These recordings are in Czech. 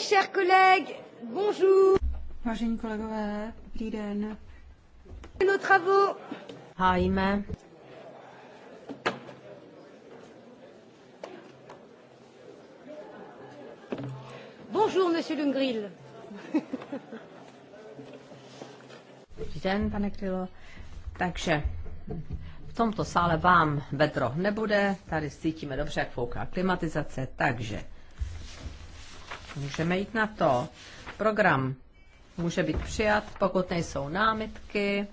chers collègues, bonjour. Vážení kolegové, dobrý den. Nos travaux. Hájíme. Bonjour, monsieur Lungril. Dobrý den, pane Krylo. Takže v tomto sále vám vedro nebude, tady cítíme dobře, jak fouká klimatizace, takže Můžeme jít na to. Program může být přijat, pokud nejsou námitky.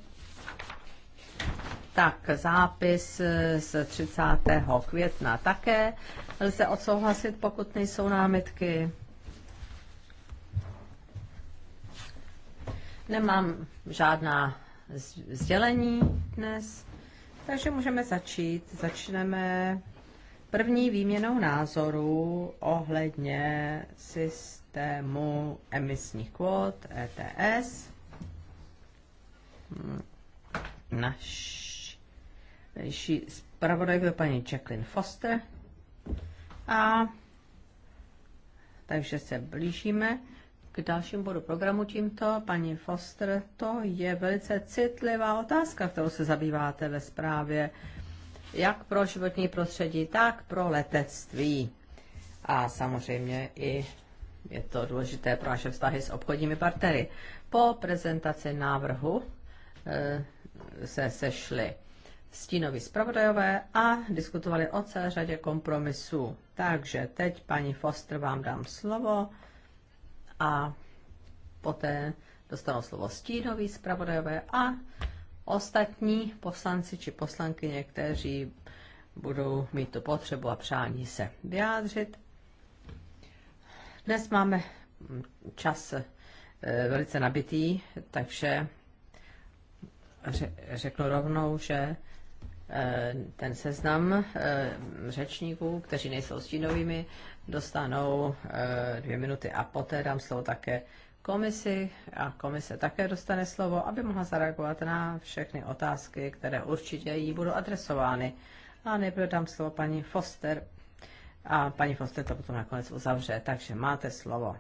Tak zápis z 30. května také lze odsouhlasit, pokud nejsou námitky. Nemám žádná sdělení dnes, takže můžeme začít. Začneme První výměnou názorů ohledně systému emisních kvót ETS. Naší zpravodajkou paní Jacqueline Foster. A takže se blížíme k dalšímu bodu programu tímto. Paní Foster, to je velice citlivá otázka, kterou se zabýváte ve zprávě jak pro životní prostředí, tak pro letectví. A samozřejmě i je to důležité pro naše vztahy s obchodními partnery. Po prezentaci návrhu eh, se sešli stínoví zpravodajové a diskutovali o celé řadě kompromisů. Takže teď, paní Foster, vám dám slovo a poté dostanou slovo stínoví zpravodajové a ostatní poslanci či poslankyně, kteří budou mít tu potřebu a přání se vyjádřit. Dnes máme čas eh, velice nabitý, takže řeknu rovnou, že eh, ten seznam eh, řečníků, kteří nejsou stínovými, dostanou dvě minuty a poté dám slovo také komisi a komise také dostane slovo, aby mohla zareagovat na všechny otázky, které určitě jí budou adresovány. A nejprve dám slovo paní Foster a paní Foster to potom nakonec uzavře, takže máte slovo.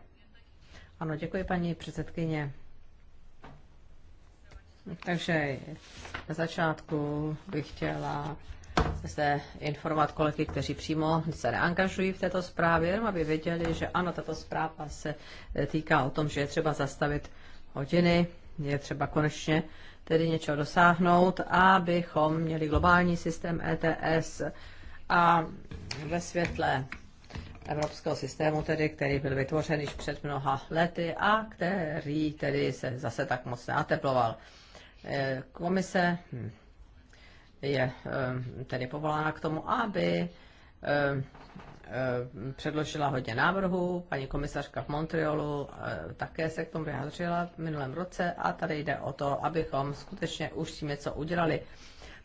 Ano, děkuji paní předsedkyně. Takže na začátku bych chtěla zde informovat kolegy, kteří přímo se neangažují v této zprávě, jenom aby věděli, že ano, tato zpráva se eh, týká o tom, že je třeba zastavit hodiny, je třeba konečně tedy něčeho dosáhnout, abychom měli globální systém ETS a ve světle evropského systému, tedy, který byl vytvořen již před mnoha lety a který tedy se zase tak moc neateploval. Eh, komise hm, je eh, tedy povolána k tomu, aby eh, eh, předložila hodně návrhů, paní komisařka v Montrealu také se k tomu vyjádřila v minulém roce a tady jde o to, abychom skutečně už s tím něco udělali,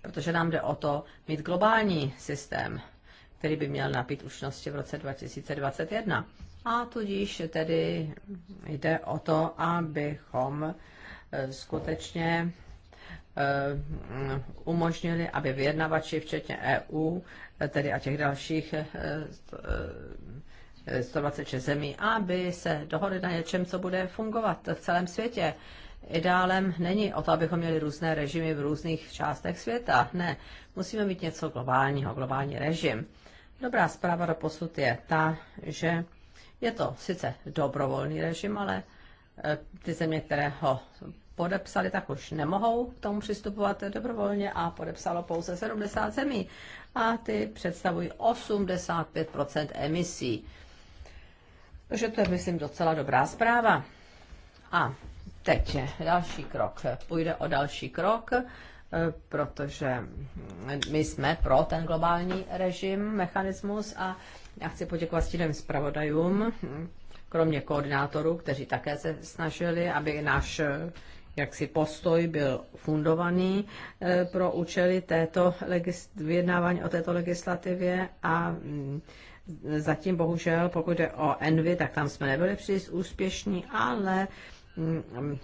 protože nám jde o to mít globální systém, který by měl napít účinnosti v roce 2021. A tudíž tedy jde o to, abychom skutečně Eh, umožnili, aby vyjednavači, včetně EU, eh, tedy a těch dalších 126 eh, zemí, aby se dohodli na něčem, co bude fungovat v celém světě. Ideálem není o to, abychom měli různé režimy v různých částech světa. Ne, musíme mít něco globálního, globální režim. Dobrá zpráva do posud je ta, že je to sice dobrovolný režim, ale ty země, které ho podepsali, tak už nemohou k tomu přistupovat dobrovolně a podepsalo pouze 70 zemí. A ty představují 85 emisí. Takže to je, myslím, docela dobrá zpráva. A teď další krok. Půjde o další krok, eh, protože my jsme pro ten globální režim, mechanismus a já chci poděkovat stílem zpravodajům, kromě koordinátorů, kteří také se snažili, aby náš jaksi postoj byl fundovaný eh, pro účely této vyjednávání o této legislativě a mm, zatím bohužel, pokud jde o Envy, tak tam jsme nebyli příliš úspěšní, ale mm, mm,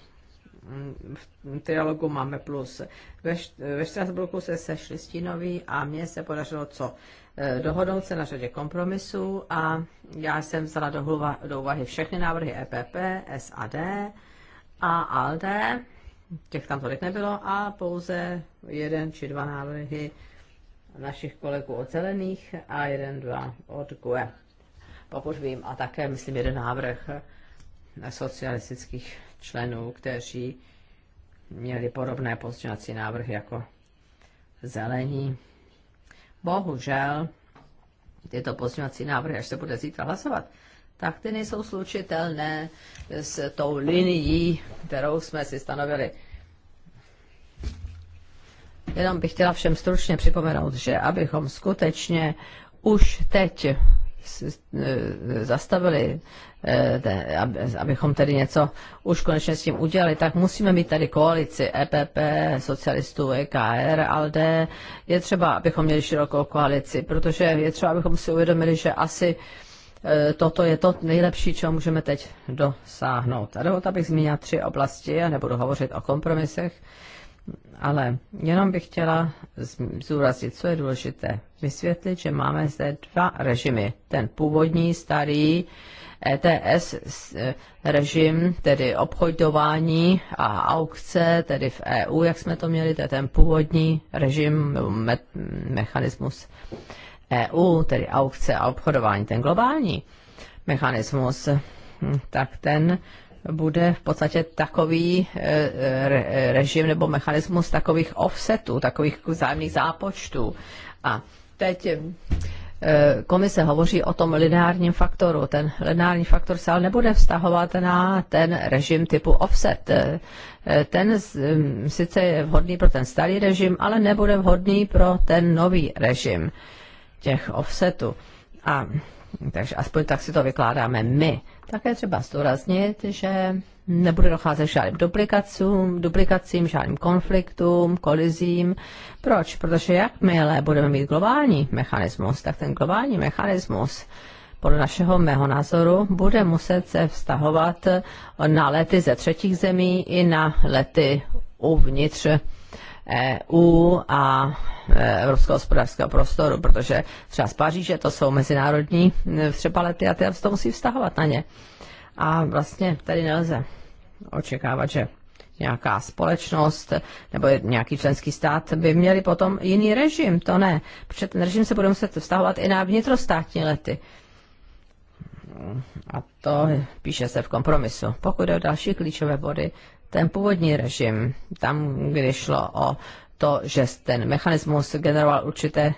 v trialogu máme plus. Ve, ve Štrasburku se sešli stínoví a mně se podařilo co? Eh, dohodnout se na řadě kompromisů a já jsem vzala do, hluva, do úvahy všechny návrhy EPP, SAD, a ALDE, těch tam tolik nebylo, a pouze jeden či dva návrhy našich kolegů od zelených a jeden, dva od GUE. Pokud vím, a také, myslím, jeden návrh socialistických členů, kteří měli podobné pozměňovací návrhy jako zelení. Bohužel tyto pozměňovací návrhy, až se bude zítra hlasovat, tak ty nejsou slučitelné s tou linií, kterou jsme si stanovili. Jenom bych chtěla všem stručně připomenout, že abychom skutečně už teď e, zastavili, e, abychom tedy něco už konečně s tím udělali, tak musíme mít tady koalici EPP, socialistů, EKR, ALD. Je třeba, abychom měli širokou koalici, protože je třeba, abychom si uvědomili, že asi E, toto je to nejlepší, co můžeme teď dosáhnout. A dovolte, abych zmínila tři oblasti, já nebudu hovořit o kompromisech, ale jenom bych chtěla zúraznit, co je důležité. Vysvětlit, že máme zde dva režimy. Ten původní, starý ETS e, režim, tedy obchodování a aukce, tedy v EU, jak jsme to měli, to je ten původní režim, me mechanismus EU, tedy aukce a obchodování, ten globální mechanismus, tak ten bude v podstatě takový e, režim nebo mechanismus takových offsetů, takových vzájemných zápočtů. A teď e, komise hovoří o tom lineárním faktoru. Ten lineární faktor se ale nebude vztahovat na ten režim typu offset. E, ten sice je vhodný pro ten starý režim, ale nebude vhodný pro ten nový režim těch offsetů. A, takže aspoň tak si to vykládáme my. Také třeba zdůraznit, že nebude docházet žádným duplikacím, duplikacím, žádným konfliktům, kolizím. Proč? Protože jakmile budeme mít globální mechanismus, tak ten globální mechanismus podle našeho mého názoru bude muset se vztahovat na lety ze třetích zemí i na lety uvnitř EU a e, Evropského hospodářského prostoru, protože třeba z Paříže to jsou mezinárodní přepalety e, a ty to musí vztahovat na ně. A vlastně tady nelze očekávat, že nějaká společnost nebo nějaký členský stát by měli potom jiný režim, to ne. Protože ten režim se bude muset vztahovat i na vnitrostátní lety. A to píše se v kompromisu. Pokud jde o další klíčové body, ten původní režim, tam, kde šlo o to, že ten mechanismus generoval určité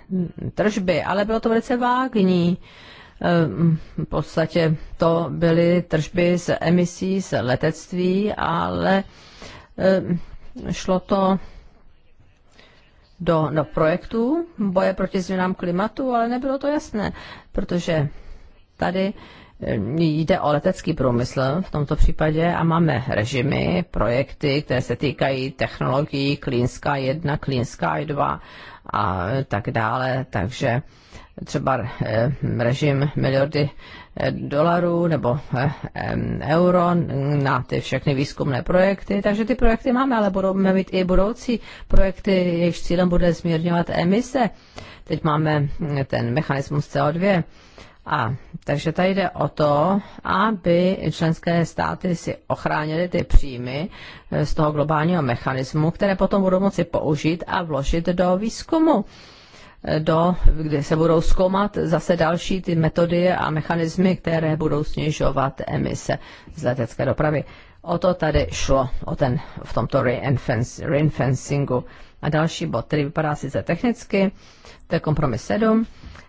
tržby, ale bylo to velice vágní. Ehm, v podstatě to byly tržby z emisí, z letectví, ale ehm, šlo to do, do projektů boje proti změnám klimatu, ale nebylo to jasné, protože tady uh, Ehm, jde o letecký průmysl v tomto případě a máme režimy, projekty, které se týkají technologií Klínská 1, Klínská 2 a tak dále. Takže třeba ehm, režim miliardy eh, dolarů nebo ehm, euro na ty všechny výzkumné projekty. Takže ty projekty máme, ale budeme mít i budoucí projekty, jejichž cílem bude zmírňovat emise. Teď máme mm, ten mechanismus CO2 a takže tady jde o to, aby členské státy si ochránily ty příjmy eh, z toho globálního mechanismu, které potom budou moci použít a vložit do výzkumu eh, do, kde se budou zkoumat zase další ty metody a mechanismy, které budou snižovat emise z letecké dopravy. O to tady šlo, o ten, v tomto reinfencingu. A další bod, který vypadá sice technicky, to je kompromis 7.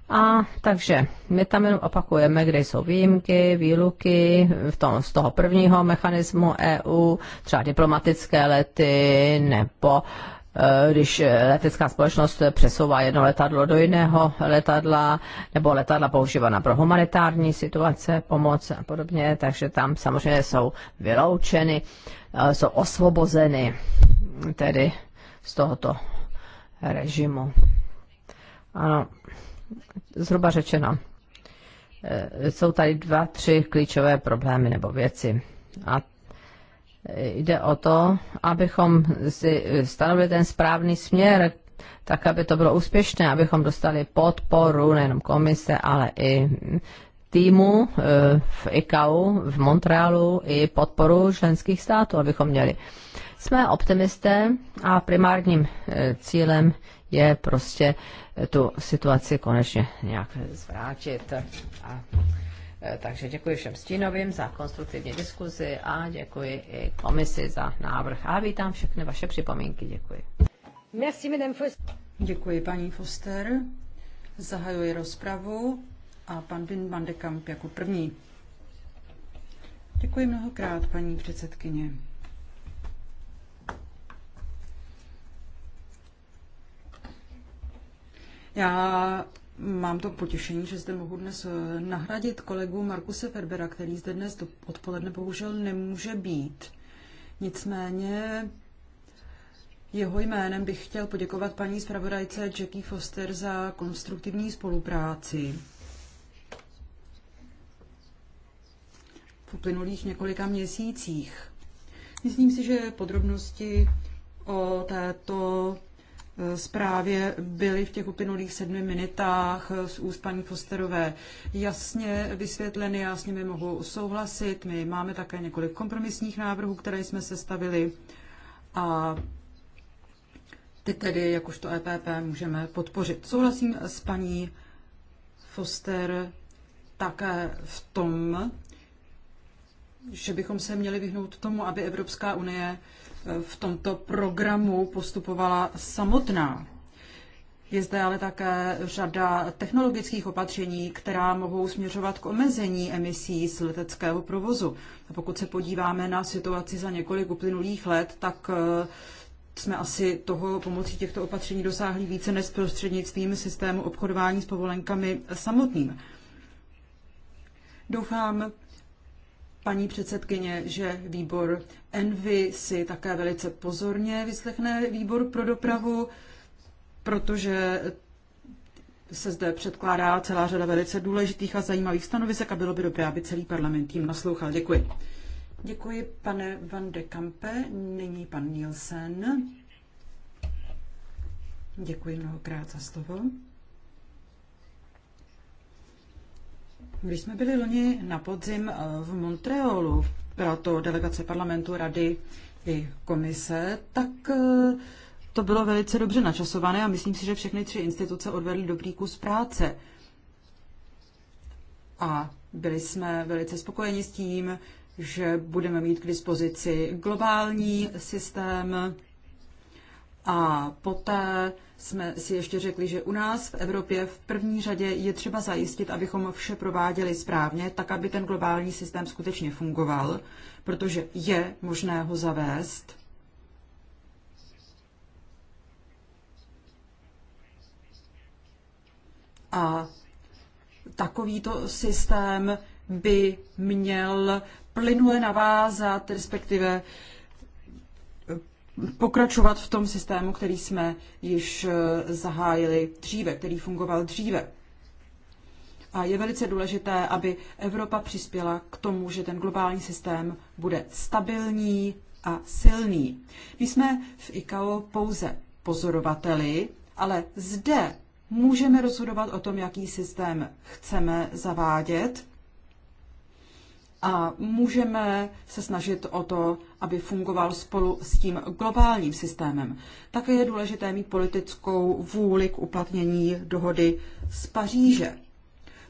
A takže my tam jenom opakujeme, kde jsou výjimky, výluky v tom, z toho prvního mechanismu EU, třeba diplomatické lety nebo Eh, když eh, letecká společnost přesouvá jedno letadlo do jiného letadla, nebo letadla používaná pro humanitární situace, pomoc a podobně, takže tam samozřejmě jsou vyloučeny, eh, jsou osvobozeny tedy z tohoto režimu. Ano, zhruba řečeno, jsou tady dva, tři klíčové problémy nebo věci. A jde o to, abychom si stanovili ten správný směr, tak aby to bylo úspěšné, abychom dostali podporu nejenom komise, ale i týmu eh, v ICAO, v Montrealu i podporu členských států, abychom měli. Jsme optimisté a primárním eh, cílem je prostě tu situaci konečně nějak zvrátit. A Eh, takže děkuji všem stínovým za konstruktivní diskuzi a děkuji i komisi za návrh. A vítám všechny vaše připomínky. Děkuji. Merci, Děkuji, paní Foster. Zahajuji rozpravu a pan Bin Bandekamp jako první. Děkuji mnohokrát, paní předsedkyně. Já Mám to potěšení, že zde mohu dnes eh, nahradit kolegu Markuse Ferbera, který zde dnes odpoledne bohužel nemůže být. Nicméně jeho jménem bych chtěl poděkovat paní zpravodajce Jackie Foster za konstruktivní spolupráci. V uplynulých několika měsících. Myslím si, že podrobnosti o této zprávě byly v těch uplynulých sedmi minutách z úst paní Fosterové jasně vysvětleny, já s nimi mohu souhlasit. My máme také několik kompromisních návrhů, které jsme sestavili a ty tedy jakožto EPP můžeme podpořit. Souhlasím s paní Foster také v tom, že bychom se měli vyhnout tomu, aby Evropská unie v tomto programu postupovala samotná. Je zde ale také řada technologických opatření, která mohou směřovat k omezení emisí z leteckého provozu. A pokud se podíváme na situaci za několik uplynulých let, tak eh, jsme asi toho pomocí těchto opatření dosáhli více než prostřednictvím systému obchodování s povolenkami samotným. Doufám, paní předsedkyně, že výbor Envy si také velice pozorně vyslechne výbor pro dopravu, protože se zde předkládá celá řada velice důležitých a zajímavých stanovisek a bylo by dobré, aby celý parlament jim naslouchal. Děkuji. Děkuji, pane Van de Kampe. Nyní pan Nielsen. Děkuji mnohokrát za slovo. Když jsme byli loni na podzim v Montrealu, byla to delegace parlamentu, rady i komise, tak eh, to bylo velice dobře načasované a myslím si, že všechny tři instituce odvedly dobrý kus práce. A byli jsme velice spokojeni s tím, že budeme mít k dispozici globální systém a poté jsme si ještě řekli, že u nás v Evropě v první řadě je třeba zajistit, abychom vše prováděli správně, tak aby ten globální systém skutečně fungoval, protože je možné ho zavést. A takovýto systém by měl plynule navázat, respektive pokračovat v tom systému, který jsme již eh, zahájili dříve, který fungoval dříve. A je velice důležité, aby Evropa přispěla k tomu, že ten globální systém bude stabilní a silný. My jsme v ICAO pouze pozorovateli, ale zde můžeme rozhodovat o tom, jaký systém chceme zavádět a můžeme se snažit o to, aby fungoval spolu s tím globálním systémem. Také je důležité mít politickou vůli k uplatnění dohody z Paříže,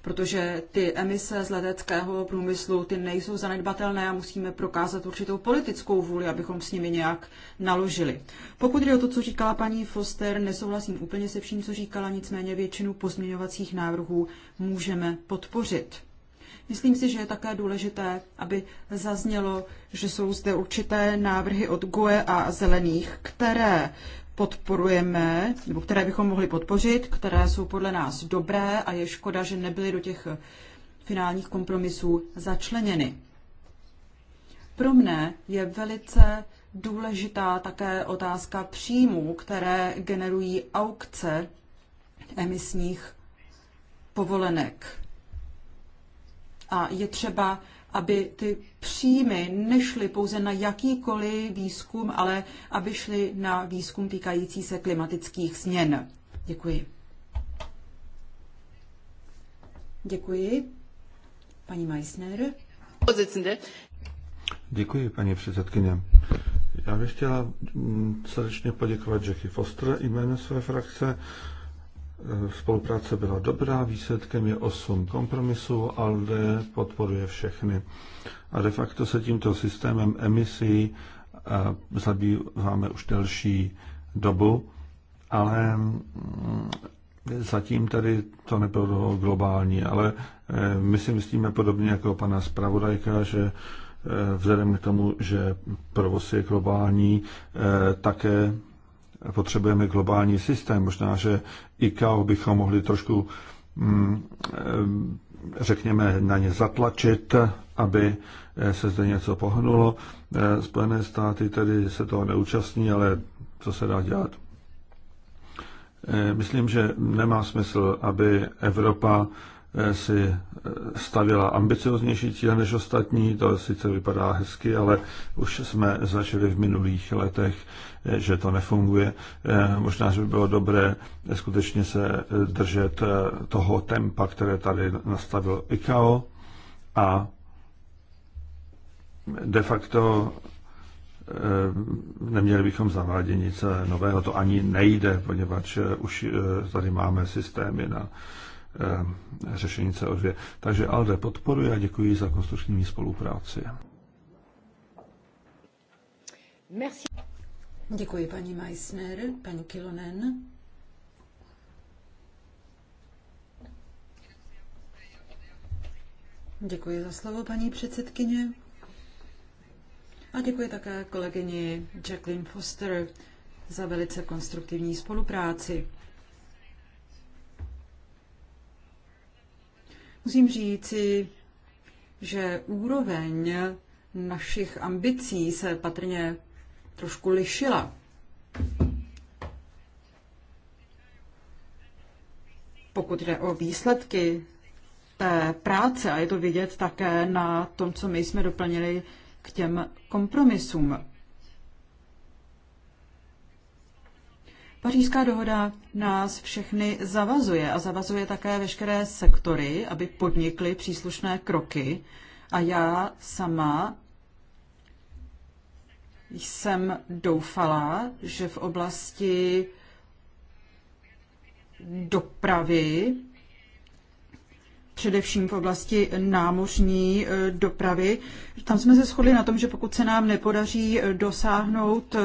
protože ty emise z leteckého průmyslu ty nejsou zanedbatelné a musíme prokázat určitou politickou vůli, abychom s nimi nějak naložili. Pokud jde o to, co říkala paní Foster, nesouhlasím úplně se vším, co říkala, nicméně většinu pozměňovacích návrhů můžeme podpořit. Myslím si, že je také důležité, aby zaznělo, že jsou zde určité návrhy od GUE a zelených, které podporujeme, nebo které bychom mohli podpořit, které jsou podle nás dobré a je škoda, že nebyly do těch finálních kompromisů začleněny. Pro mne je velice důležitá také otázka příjmů, které generují aukce emisních povolenek. A je třeba, aby ty příjmy nešly pouze na jakýkoliv výzkum, ale aby šly na výzkum týkající se klimatických změn. Děkuji. Děkuji. Paní Meissner. Děkuji, paní předsedkyně. Já bych chtěla mm, srdečně poděkovat Jackie Foster jménem své frakce Spolupráce byla dobrá, výsledkem je 8 kompromisů, ALDE podporuje všechny. A de facto se tímto systémem emisí eh, zabýváme už delší dobu, ale mm, zatím tady to nebylo globální, ale eh, my si myslíme podobně jako pana zpravodajka, že eh, vzhledem k tomu, že provoz je globální, také potřebujeme globální systém. Možná, že ICAO bychom mohli trošku, mm, eh, řekněme, na ně zatlačit, aby eh, se zde něco pohnulo. Eh, Spojené státy tedy se toho neúčastní, ale co se dá dělat? Myslím, že nemá smysl, aby Evropa Eh, si eh, stavila ambicioznější cíle než ostatní, to sice vypadá hezky, ale už jsme zažili v minulých letech, eh, že to nefunguje. Možná, že by bylo dobré skutečně se držet toho tempa, které tady nastavil ICAO a de facto neměli bychom zavádět nic nového, to ani nejde, poněvadž už tady máme systémy na Eh, řešení CO2. Takže ALDE podporuji a děkuji za konstruktivní spolupráci. Merci. Děkuji paní Meissner, paní Kilonen. Děkuji za slovo, paní předsedkyně. A děkuji také kolegyni Jacqueline Foster za velice konstruktivní spolupráci. Musím říci, že úroveň našich ambicí se patrně trošku lišila. Pokud jde o výsledky té práce, a je to vidět také na tom, co my jsme doplnili k těm kompromisům. Pařížská dohoda nás všechny zavazuje a zavazuje také veškeré sektory, aby podnikly příslušné kroky. A já sama jsem doufala, že v oblasti dopravy především v oblasti námořní eh, dopravy. Tam jsme se shodli na tom, že pokud se nám nepodaří eh, dosáhnout eh,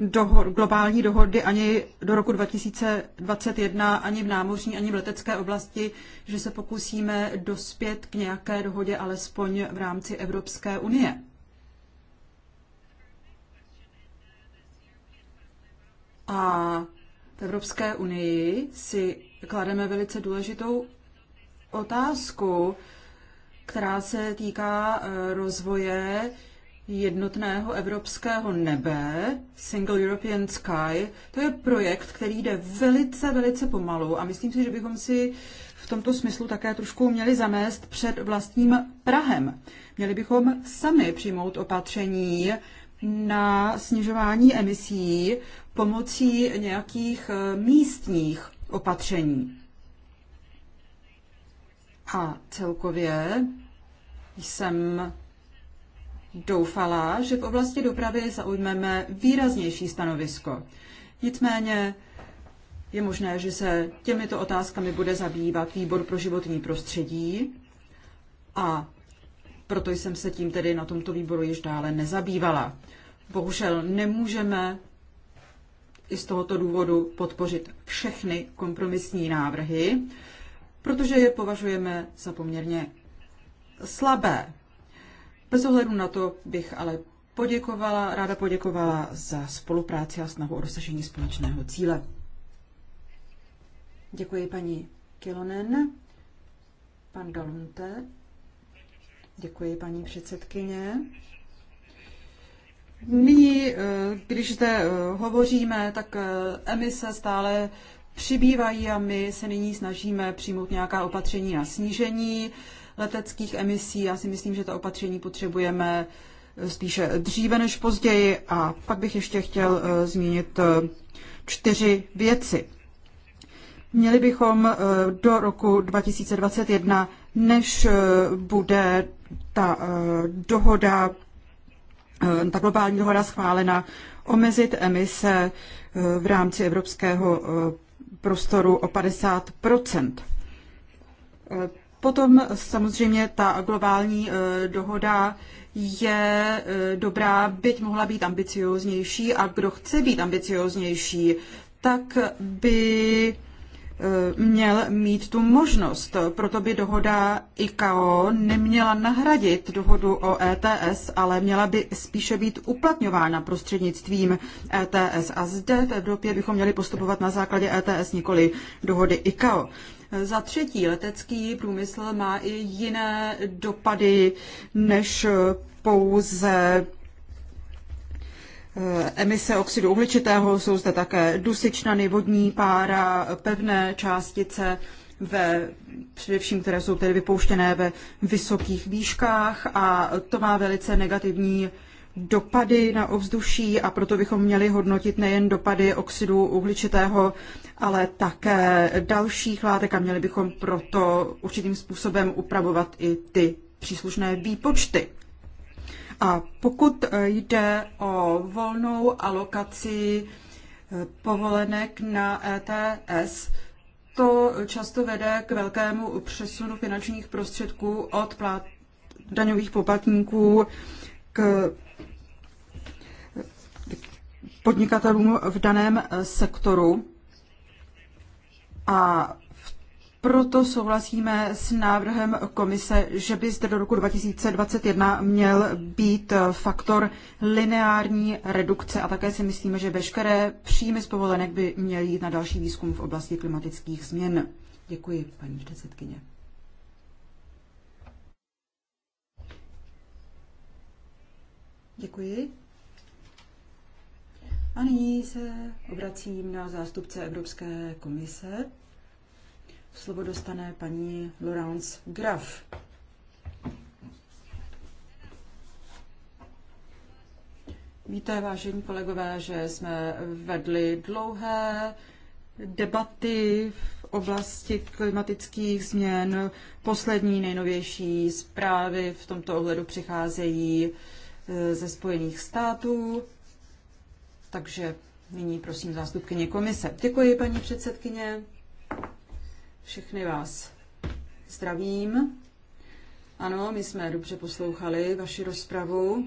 doho- globální dohody ani do roku 2021, ani v námořní, ani v letecké oblasti, že se pokusíme dospět k nějaké dohodě alespoň v rámci Evropské unie. A v Evropské unii si klademe velice důležitou otázku, která se týká eh, rozvoje jednotného evropského nebe, Single European Sky. To je projekt, který jde velice, velice pomalu a myslím si, že bychom si v tomto smyslu také trošku měli zamést před vlastním Prahem. Měli bychom sami přijmout opatření na snižování emisí pomocí nějakých eh, místních opatření. A celkově jsem doufala, že v oblasti dopravy zaujmeme výraznější stanovisko. Nicméně je možné, že se těmito otázkami bude zabývat výbor pro životní prostředí a proto jsem se tím tedy na tomto výboru již dále nezabývala. Bohužel nemůžeme i z tohoto důvodu podpořit všechny kompromisní návrhy, protože je považujeme za poměrně slabé. Bez ohledu na to bych ale poděkovala, ráda poděkovala za spolupráci a snahu o dosažení společného cíle. Děkuji paní Kilonen, pan Galunte, Děkuji paní předsedkyně. Nyní, eh, když zde eh, hovoříme, tak eh, emise stále přibývají a my se nyní snažíme přijmout nějaká opatření na snížení leteckých emisí. Já si myslím, že to opatření potřebujeme eh, spíše dříve než později. A pak bych ještě chtěl eh, zmínit eh, čtyři věci. Měli bychom do roku 2021, než bude ta dohoda, ta globální dohoda schválena, omezit emise v rámci evropského prostoru o 50 eh, Potom samozřejmě ta globální eh, dohoda je eh, dobrá, byť mohla být ambicioznější a kdo chce být ambicioznější, tak by Eh, měl mít tu možnost. Proto by dohoda ICAO neměla nahradit dohodu o ETS, ale měla by spíše být uplatňována prostřednictvím ETS. A zde v Evropě bychom měli postupovat na základě ETS, nikoli dohody ICAO. Za třetí, letecký průmysl má i jiné dopady než pouze Eh, emise oxidu uhličitého, jsou zde také dusičnany, vodní pára, pevné částice, ve, především které jsou tedy vypouštěné ve vysokých výškách a to má velice negativní dopady na ovzduší a proto bychom měli hodnotit nejen dopady oxidu uhličitého, ale také dalších látek a měli bychom proto určitým způsobem upravovat i ty příslušné výpočty. A pokud e, jde o volnou alokaci e, povolenek na ETS, to často vede k velkému přesunu finančních prostředků od plát, daňových poplatníků k podnikatelům v daném sektoru. A proto souhlasíme s návrhem komise, že by zde do roku 2021 měl být faktor lineární redukce a také si myslíme, že veškeré příjmy z povolenek by měly jít na další výzkum v oblasti klimatických změn. Děkuji, paní předsedkyně. Děkuji. A nyní se obracím na zástupce Evropské komise. Slovo dostane paní Laurence Graf. Víte, vážení kolegové, že jsme vedli dlouhé debaty v oblasti klimatických změn. Poslední nejnovější zprávy v tomto ohledu přicházejí eh, ze Spojených států. Takže nyní prosím zástupkyně komise. Děkuji, paní předsedkyně. Všechny vás zdravím. Ano, my jsme dobře poslouchali vaši rozpravu.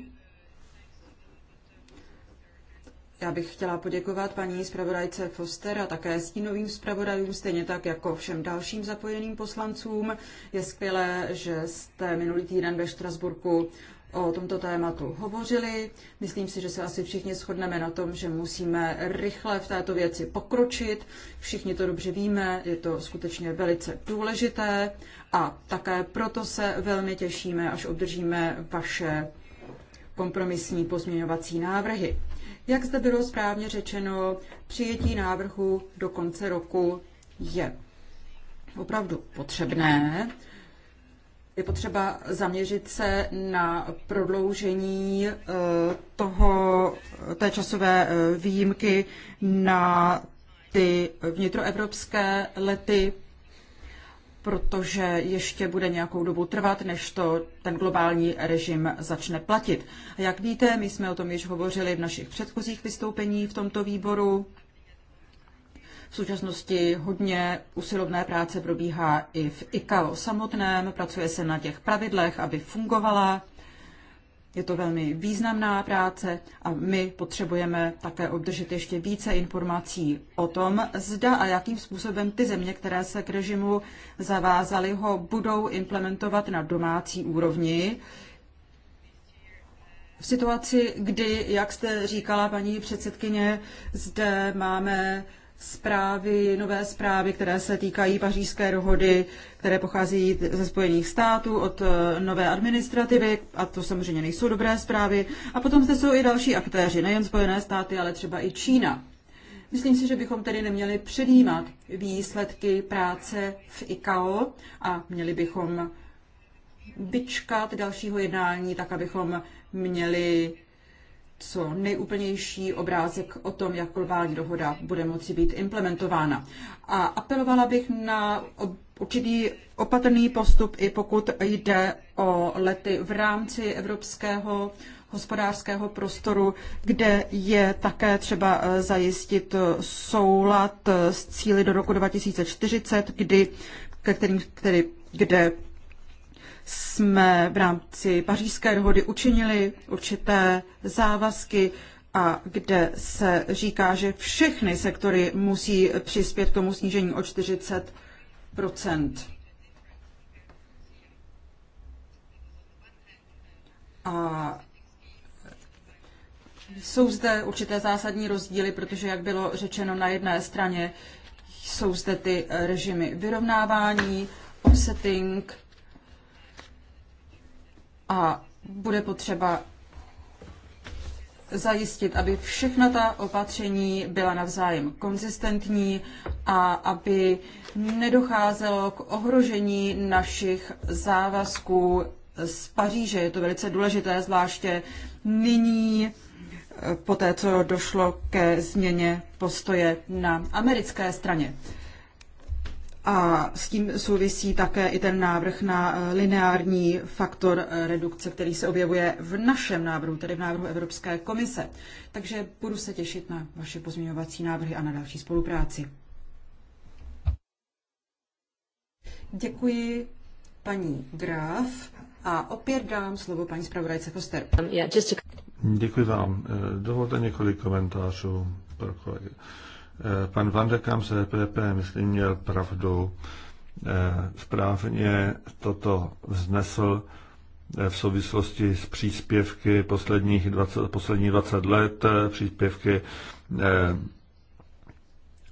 Já bych chtěla poděkovat paní zpravodajce Foster a také stínovým zpravodajům, stejně tak jako všem dalším zapojeným poslancům. Je skvělé, že jste minulý týden ve Štrasburku o tomto tématu hovořili. Myslím si, že se asi všichni shodneme na tom, že musíme rychle v této věci pokročit. Všichni to dobře víme, je to skutečně velice důležité a také proto se velmi těšíme, až obdržíme vaše kompromisní pozměňovací návrhy. Jak zde bylo správně řečeno, přijetí návrhu do konce roku je opravdu potřebné je potřeba zaměřit se na prodloužení eh, toho, té časové eh, výjimky na ty vnitroevropské lety, protože ještě bude nějakou dobu trvat, než to ten globální režim začne platit. jak víte, my jsme o tom již hovořili v našich předchozích vystoupeních v tomto výboru. V současnosti hodně usilovné práce probíhá i v ICAO samotném, pracuje se na těch pravidlech, aby fungovala. Je to velmi významná práce a my potřebujeme také obdržet ještě více informací o tom, zda a jakým způsobem ty země, které se k režimu zavázaly, ho budou implementovat na domácí úrovni. V situaci, kdy, jak jste říkala, paní předsedkyně, zde máme zprávy, nové zprávy, které se týkají pařížské dohody, které pochází ze Spojených států, od eh, nové administrativy, a to samozřejmě nejsou dobré zprávy. A potom zde jsou i další aktéři, nejen Spojené státy, ale třeba i Čína. Myslím si, že bychom tedy neměli předjímat výsledky práce v ICAO a měli bychom vyčkat dalšího jednání, tak abychom měli co nejúplnější obrázek o tom, jak globální dohoda bude moci být implementována. A apelovala bych na určitý opatrný postup, i pokud jde o lety v rámci evropského hospodářského prostoru, kde je také třeba eh, zajistit eh, soulad eh, s cíly do roku 2040, kdy, ke kterým, který, kde jsme v rámci pařížské dohody učinili určité závazky a kde se říká, že všechny sektory musí přispět k tomu snížení o 40 A jsou zde určité zásadní rozdíly, protože, jak bylo řečeno, na jedné straně jsou zde ty režimy vyrovnávání, offsetting, a bude potřeba zajistit, aby všechna ta opatření byla navzájem konzistentní a aby nedocházelo k ohrožení našich závazků z Paříže. Je to velice důležité, zvláště nyní, eh, po té, co došlo ke změně postoje na americké straně a s tím souvisí také i ten návrh na eh, lineární faktor eh, redukce, který se objevuje v našem návrhu, tedy v návrhu Evropské komise. Takže budu se těšit na vaše pozměňovací návrhy a na další spolupráci. Děkuji paní Graf a opět dám slovo paní zpravodajce Foster. Um, Děkuji vám. Eh, dovolte několik komentářů pro kolegy. Eh, pan Van der Kamp z EPP, myslím, měl pravdu. Eh, správně toto vznesl eh, v souvislosti s příspěvky posledních 20, posledních 20 let, příspěvky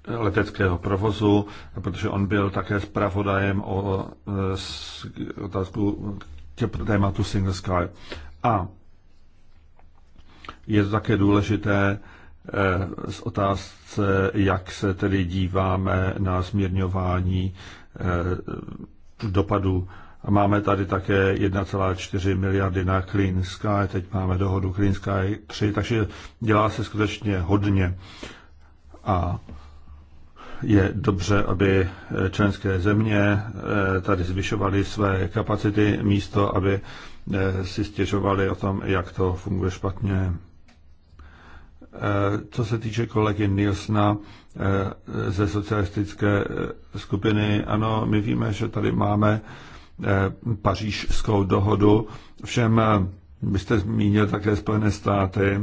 leteckého provozu, protože on byl také zpravodajem o otázku tématu Single Sky. A je také důležité Eh, z otázce, jak se tedy díváme na zmírňování eh, dopadů. Máme tady také 1,4 miliardy na Clean Sky, teď máme dohodu Clean Sky 3, takže dělá se skutečně hodně. A je dobře, aby členské země eh, tady zvyšovaly své kapacity místo, aby si stěžovali o tom, jak to funguje špatně. Eh, co se týče kolegy Nilsna eh, ze socialistické eh, skupiny, ano, my víme, že tady máme pařížskou dohodu, všem byste zmínil také Spojené státy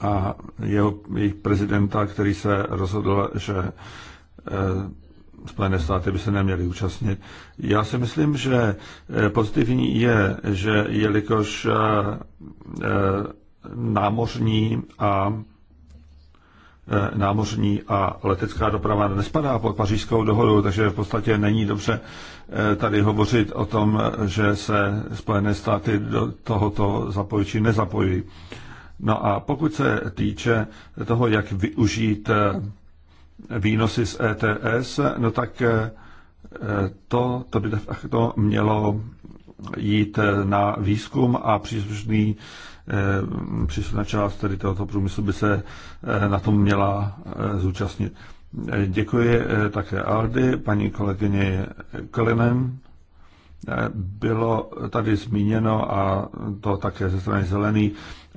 a jeho, jejich prezidenta, který se rozhodl, že Spojené státy by se neměly účastnit. Já si myslím, že pozitivní je, že jelikož námořní a e, námořní a letecká doprava nespadá pod pařížskou dohodu, takže v podstatě není dobře e, tady hovořit o tom, že se Spojené státy do tohoto zapojí či nezapojí. No a pokud se týče toho, jak využít e, výnosy z ETS, no tak to, to by de facto mělo jít na výzkum a příslušný Eh, příslušná část tady tohoto průmyslu by se eh, na tom měla eh, zúčastnit. Děkuji také Aldy, paní kolegyně Kelinen. Bylo tady zmíněno, a to také ze strany zelený,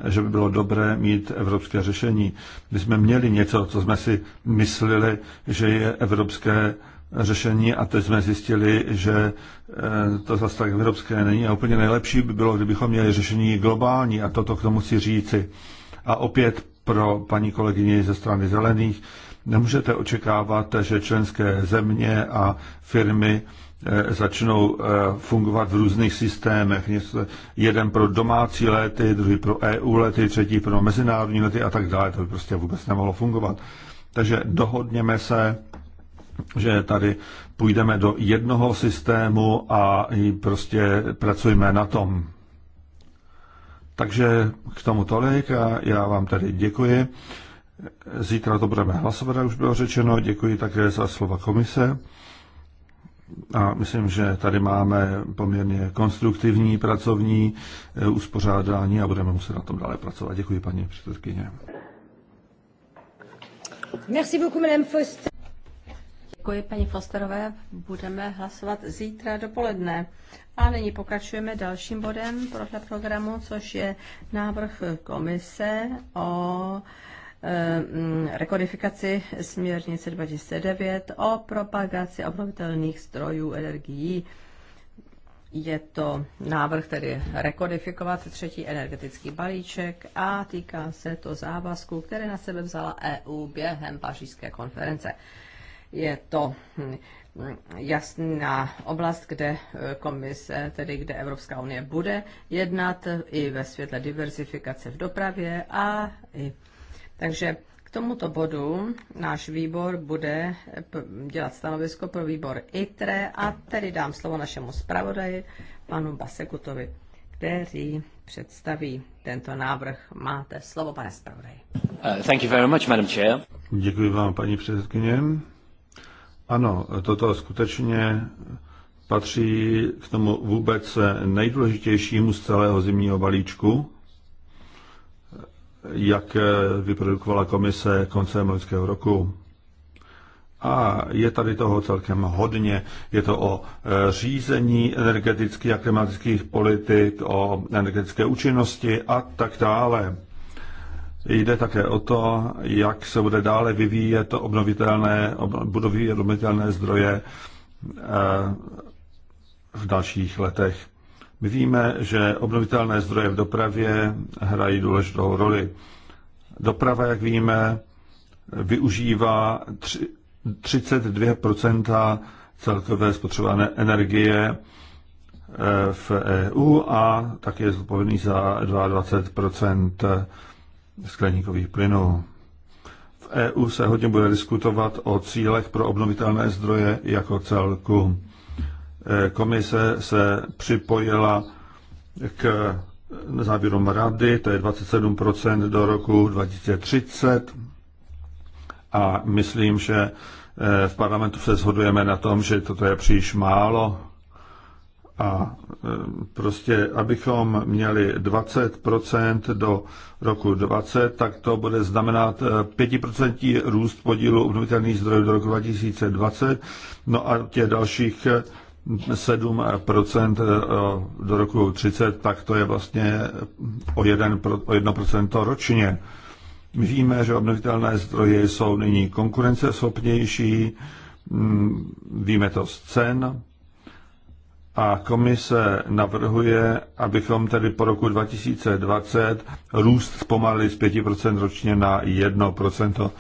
že by bylo dobré mít evropské řešení. My jsme měli něco, co jsme si mysleli, že je evropské řešení a teď jsme zjistili, že eh, to zase tak evropské není a úplně nejlepší by bylo, kdybychom měli řešení globální a toto k tomu si říci. A opět pro paní kolegyni ze strany zelených, nemůžete očekávat, že členské země a firmy eh, začnou eh, fungovat v různých systémech. Jeden pro domácí lety, druhý pro EU lety, třetí pro mezinárodní lety a tak dále. To by prostě vůbec nemohlo fungovat. Takže dohodněme se, že tady půjdeme do jednoho systému a prostě pracujeme na tom. Takže k tomu tolik a já vám tady děkuji. Zítra to budeme hlasovat, jak už bylo řečeno. Děkuji také za slova komise. A myslím, že tady máme poměrně konstruktivní pracovní eh, uspořádání a budeme muset na tom dále pracovat. Děkuji, paní předsedkyně. Merci beaucoup, Madame Foster. Děkuji paní Fosterové. Budeme hlasovat zítra dopoledne. A nyní pokračujeme dalším bodem podle programu, což je návrh komise o eh, mm, rekodifikaci směrnice 29 o propagaci obnovitelných zdrojů energií. Je to návrh tedy rekodifikovat třetí energetický balíček a týká se to závazku, které na sebe vzala EU během pařížské konference je to hm, jasná oblast, kde eh, komise, tedy kde Evropská unie bude jednat eh, i ve světle diversifikace v dopravě a i. Takže k tomuto bodu náš výbor bude eh, dělat stanovisko pro výbor ITRE a tedy dám slovo našemu zpravodaji, panu Basekutovi, který představí tento návrh. Máte slovo, pane zpravodaji. Uh, thank you very much, Madam Chair. Děkuji vám, paní předsedkyně. Ano, toto skutečně patří k tomu vůbec nejdůležitějšímu z celého zimního balíčku, jak vyprodukovala komise koncem loňského roku. A je tady toho celkem hodně. Je to o e, řízení energetických a klimatických politik, o energetické účinnosti a tak dále. Jde také o to, jak se bude dále vyvíjet obnovitelné, budou obnovitelné zdroje eh, v dalších letech. My víme, že obnovitelné zdroje v dopravě hrají důležitou roli. Doprava, jak víme, využívá 32 celkové spotřebované energie eh, v EU a také je zodpovědný za 22 skleníkových plynů. V EU se hodně bude diskutovat o cílech pro obnovitelné zdroje jako celku. E, komise se připojila k závěrům rady, to je 27 do roku 2030. A myslím, že e, v parlamentu se shodujeme na tom, že toto je příliš málo a e, prostě, abychom měli 20% do roku 20, tak to bude znamenat 5% e, růst podílu obnovitelných zdrojů do roku 2020, no a těch dalších 7% e, do roku 30, tak to je vlastně o, 1, o 1% ročně. My víme, že obnovitelné zdroje jsou nyní konkurenceschopnější, víme to z cen, a komise navrhuje, abychom tedy po roku 2020 růst zpomalili z 5% ročně na 1%.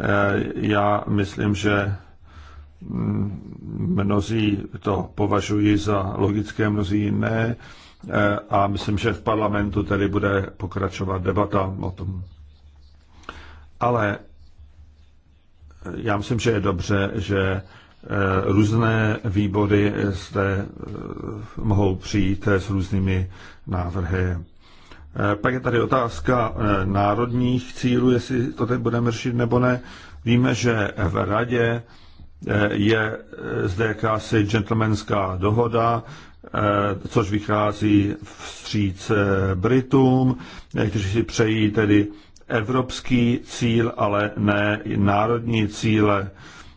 Eh, já myslím, že mm, mnozí to považují za logické, mnozí ne. Eh, a myslím, že v parlamentu tedy bude pokračovat debata o tom. Ale já myslím, že je dobře, že Eh, různé výbory eh, zde eh, mohou přijít s různými návrhy. Pak je tady otázka národních cílů, jestli to teď budeme řešit nebo ne. Víme, že v radě je zde jakási gentlemanská dohoda, což vychází vstříc Britům, kteří si přejí tedy evropský cíl, ale ne národní cíle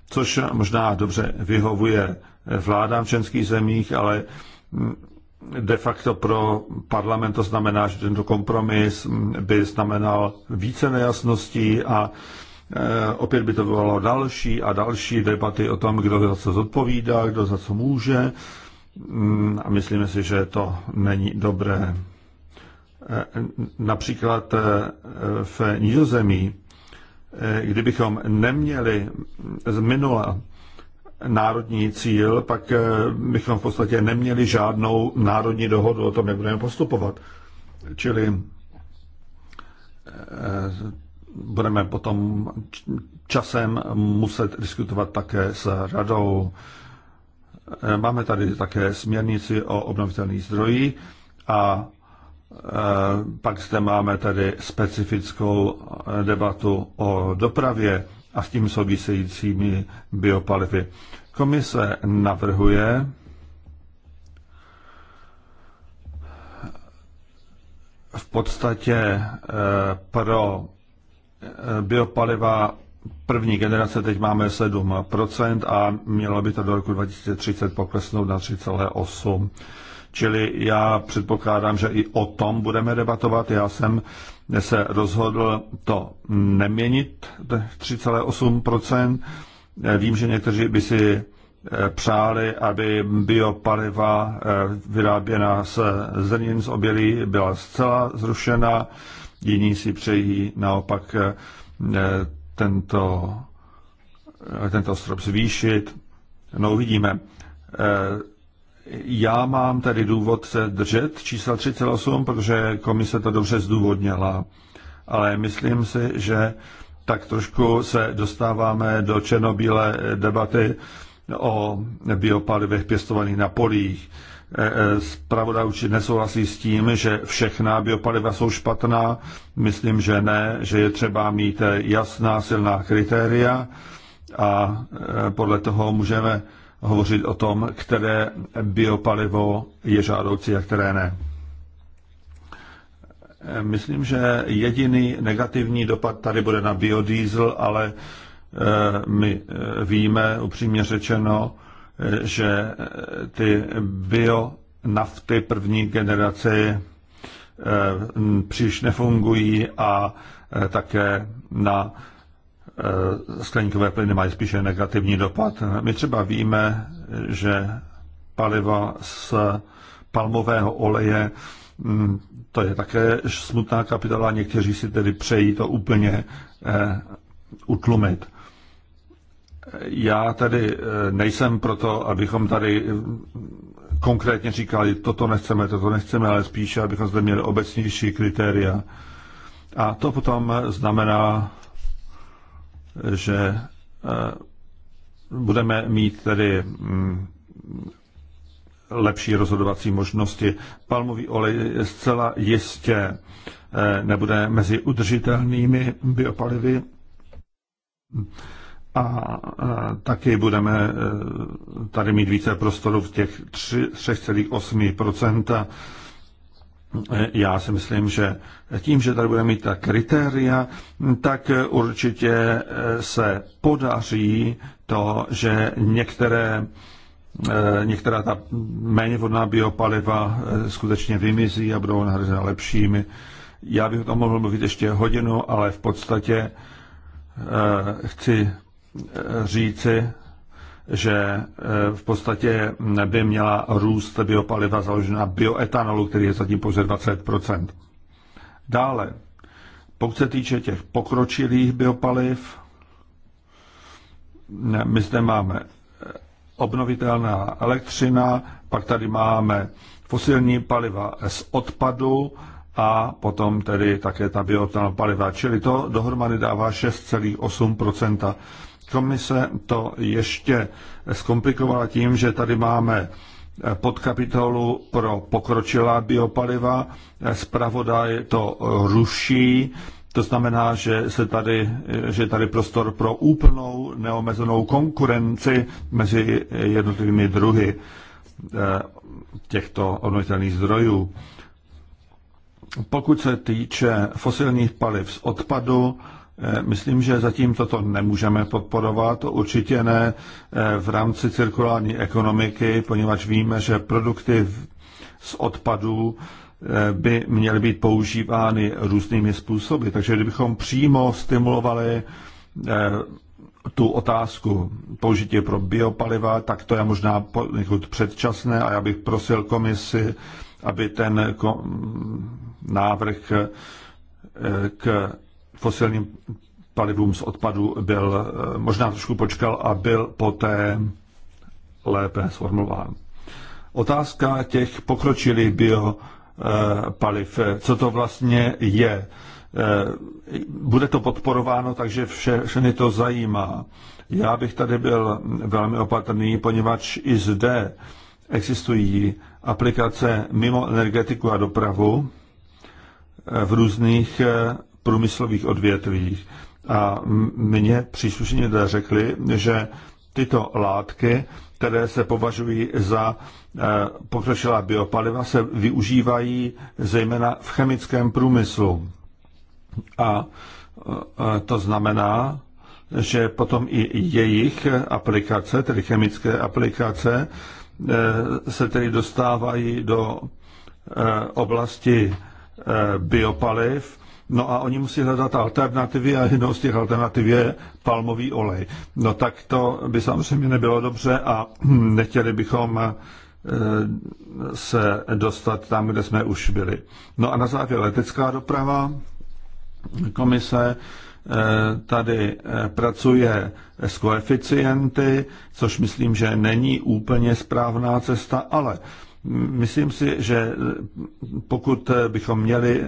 což možná dobře vyhovuje vládám v členských zemích, ale de facto pro parlament to znamená, že tento kompromis by znamenal více nejasností a e, opět by to bylo další a další debaty o tom, kdo za co zodpovídá, kdo za co může mm, a myslíme si, že to není dobré. E, například e, v Nizozemí Eh, kdybychom neměli z minula národní cíl, pak eh, bychom v podstatě neměli žádnou národní dohodu o tom, jak budeme postupovat. Čili eh, budeme potom časem muset diskutovat také s radou. Máme tady také směrnici o obnovitelných zdrojích a Eh, pak zde máme tedy specifickou eh, debatu o dopravě a s tím souvisejícími biopalivy. Komise navrhuje, v podstatě eh, pro biopaliva první generace teď máme 7% a mělo by to do roku 2030 poklesnout na Čili já předpokládám, že i o tom budeme debatovat. Já jsem se rozhodl to neměnit, 3,8%. Vím, že někteří by si eh, přáli, aby biopaliva eh, vyráběná z zrnin z obilí byla zcela zrušena. Jiní si přejí naopak eh, tento, tento strop zvýšit. No uvidíme. Já mám tady důvod se držet čísla 3,8, protože komise to dobře zdůvodnila, ale myslím si, že tak trošku se dostáváme do černobílé debaty o biopalivech pěstovaných na polích. Spravodaj určitě nesouhlasí s tím, že všechna biopaliva jsou špatná. Myslím, že ne, že je třeba mít jasná, silná kritéria a podle toho můžeme hovořit o tom, které biopalivo je žádoucí a které ne. Myslím, že jediný negativní dopad tady bude na biodiesel, ale e, my e, víme, upřímně řečeno, e, že ty bionafty první generace příliš nefungují a také na Eh, skleníkové plyny mají spíše negativní dopad. My třeba víme, že paliva z palmového oleje, hm, to je také smutná kapitola, někteří si tedy přejí to úplně eh, utlumit. Já tedy eh, nejsem proto, abychom tady hm, konkrétně říkali, toto nechceme, toto nechceme, ale spíše, abychom zde měli obecnější kritéria. A to potom znamená že eh, budeme mít tedy mm, lepší rozhodovací možnosti. Palmový olej zcela jistě eh, nebude mezi udržitelnými biopalivy a eh, taky budeme tady mít více prostoru v těch 3,8 Eh, já si myslím, že tím, že tady budeme mít ta kritéria, tak eh, určitě eh, se podaří to, že některé některá ta méně vodná biopaliva skutečně vymizí a budou nahrazena lepšími. Já bych o tom mohl mluvit ještě hodinu, ale v podstatě chci říci, že e, v podstatě by měla růst biopaliva založená bioetanolu, který je zatím pouze 20 Dále, pokud se týče těch pokročilých biopaliv, my zde máme e, obnovitelná elektřina, pak tady máme fosilní paliva z odpadu a potom tedy také ta biopaliva. Čili to dohromady dává 6,8 Komise to ještě zkomplikovala tím, že tady máme eh, podkapitolu pro pokročilá biopaliva. Eh, zpravodaj to eh, ruší, to znamená, že, se tady, že je tady prostor pro úplnou neomezenou konkurenci mezi jednotlivými druhy těchto obnovitelných zdrojů. Pokud se týče fosilních paliv z odpadu, Eh, myslím, že zatím toto nemůžeme podporovat, určitě ne eh, v rámci cirkulární ekonomiky, poněvadž víme, že produkty z odpadů eh, by měly být používány různými způsoby. Takže kdybychom přímo stimulovali tu otázku použití pro biopaliva, tak to je možná někud předčasné a já bych prosil komisi, aby ten návrh k fosilním palivům z odpadu byl, eh, možná trošku počkal a byl poté lépe sformulován. Otázka těch pokročilých biopaliv, eh, co to vlastně je. Eh, bude to podporováno, takže vše, všechny to zajímá. Já bych tady byl velmi opatrný, poněvadž i zde existují aplikace mimo energetiku a dopravu v různých průmyslových odvětvích. A mně příslušně řekli, že tyto látky, které se považují za e, pokročilá biopaliva, se využívají zejména v chemickém průmyslu. A e, e, to znamená, že potom i jejich aplikace, tedy chemické aplikace, se tedy dostávají do oblasti biopaliv, No a oni musí hledat alternativy a jednou z těch alternativ je palmový olej. No tak to by samozřejmě nebylo dobře a nechtěli bychom eh, se dostat tam, kde jsme už byli. No a na závěr letecká doprava. Komise eh, tady eh, pracuje s koeficienty, což myslím, že není úplně správná cesta, ale mm, myslím si, že pokud bychom měli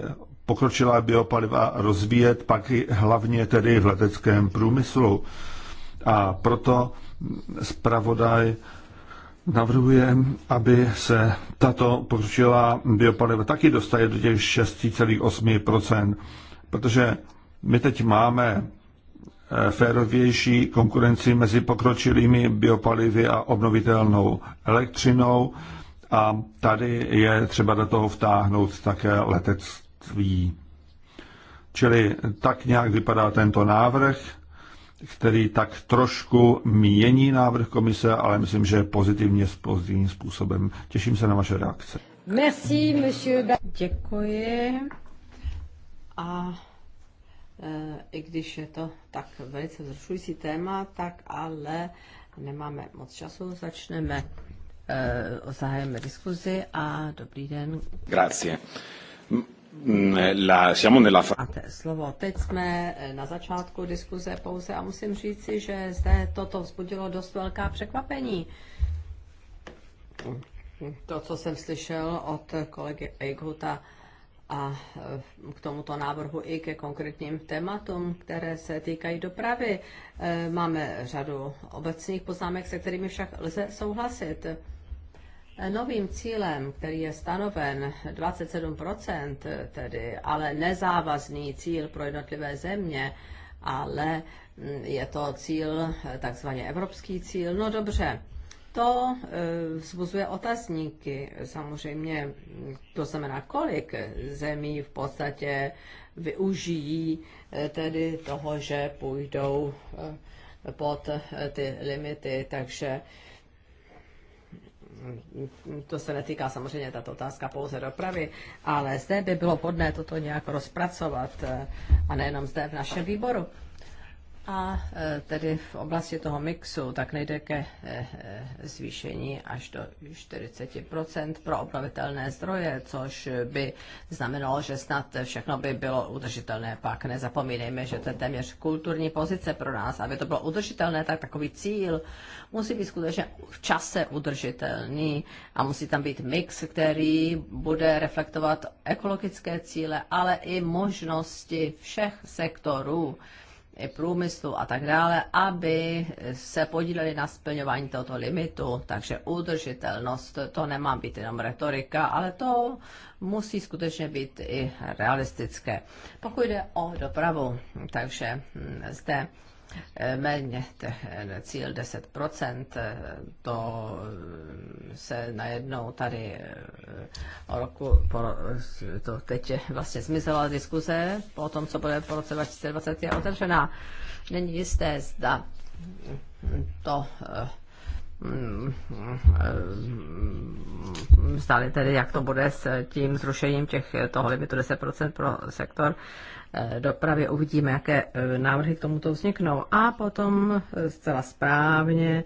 pokročilá biopaliva rozvíjet, pak i hlavně tedy v leteckém průmyslu. A proto zpravodaj navrhuje, aby se tato pokročilá biopaliva taky dostaje do těch 6,8%, protože my teď máme eh, férovější konkurenci mezi pokročilými biopalivy a obnovitelnou elektřinou a tady je třeba do toho vtáhnout také letectví vlastnictví. Čili tak nějak vypadá tento návrh, který tak trošku mění návrh komise, ale myslím, že pozitivně s pozitivním způsobem. Těším se na vaše reakce. Merci, monsieur. Děkuji. A eh, i když je to tak velice vzrušující téma, tak ale nemáme moc času, začneme, eh, zahájeme diskuzi a dobrý den. Grazie. Mm, la, siamo nella... Máte slovo. Teď jsme eh, na začátku diskuze pouze a musím říci, že zde toto vzbudilo dost velká překvapení. To, co jsem slyšel od kolegy Eichhuta a eh, k tomuto návrhu i ke konkrétním tématům, které se týkají dopravy. Eh, máme řadu obecných poznámek, se kterými však lze souhlasit. Novým cílem, který je stanoven 27%, tedy, ale nezávazný cíl pro jednotlivé země, ale je to cíl, takzvaně evropský cíl, no dobře, to eh, vzbuzuje otazníky. Samozřejmě to znamená, kolik zemí v podstatě využijí eh, tedy toho, že půjdou eh, pod ty limity, takže to se netýká samozřejmě tato otázka pouze dopravy, ale zde by bylo podné toto nějak rozpracovat eh, a nejenom zde v našem výboru. A e, tedy v oblasti toho mixu tak nejde ke e, e, zvýšení až do 40 pro obnovitelné zdroje, což by znamenalo, že snad všechno by bylo udržitelné. Pak nezapomínejme, že to je téměř kulturní pozice pro nás. Aby to bylo udržitelné, tak takový cíl musí být skutečně v čase udržitelný a musí tam být mix, který bude reflektovat ekologické cíle, ale i možnosti všech sektorů i průmyslu a tak dále, aby se podíleli na splňování tohoto limitu. Takže udržitelnost, to nemá být jenom retorika, ale to musí skutečně být i realistické. Pokud jde o dopravu, takže zde méně ten cíl 10%, eh, to eh, se najednou tady eh, o roku, po, to teď je vlastně zmizela diskuze po tom, co bude po roce 2020, je otevřená. Není jisté, zda to stále mm, mm, mm, tedy, jak to bude s tím zrušením těch, toho limitu 10% pro sektor Eh, dopravě. Uvidíme, jaké eh, návrhy k tomuto vzniknou. A potom eh, zcela správně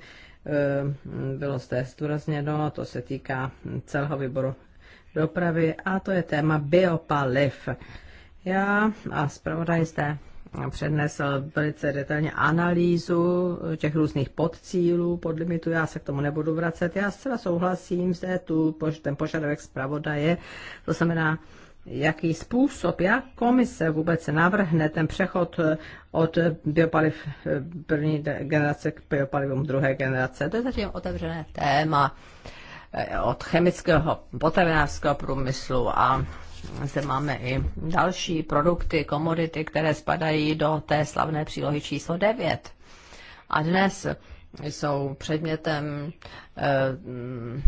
bylo zde zdůrazněno, to se týká celého výboru dopravy a to je téma biopaliv. Já a zpravodaj zde přednesl velice detailně analýzu těch různých podcílů, podlimitu, já se k tomu nebudu vracet. Já zcela souhlasím zde tu, ten požadavek zpravodaje, to znamená jaký způsob, jak komise vůbec navrhne ten přechod eh, od biopaliv eh, první generace k biopalivům druhé generace. To je zatím otevřené téma eh, od chemického potravinářského průmyslu a zde máme i další produkty, komodity, které spadají do té slavné přílohy číslo 9. A dnes jsou předmětem eh, mm,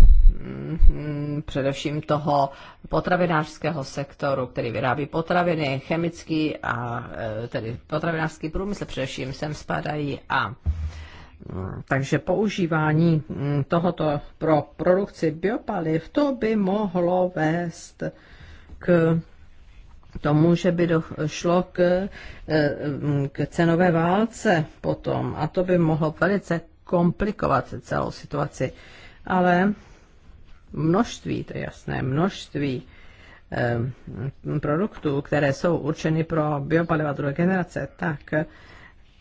především toho potravinářského sektoru, který vyrábí potraviny, chemický a eh, tedy potravinářský průmysl především sem spadají a mm, takže používání mm, tohoto pro produkci biopaliv, to by mohlo vést k tomu, že by došlo k, eh, k cenové válce potom a to by mohlo velice komplikovat celou situaci. Ale množství, to je jasné, množství eh, produktů, které jsou určeny pro biopaliva druhé generace, tak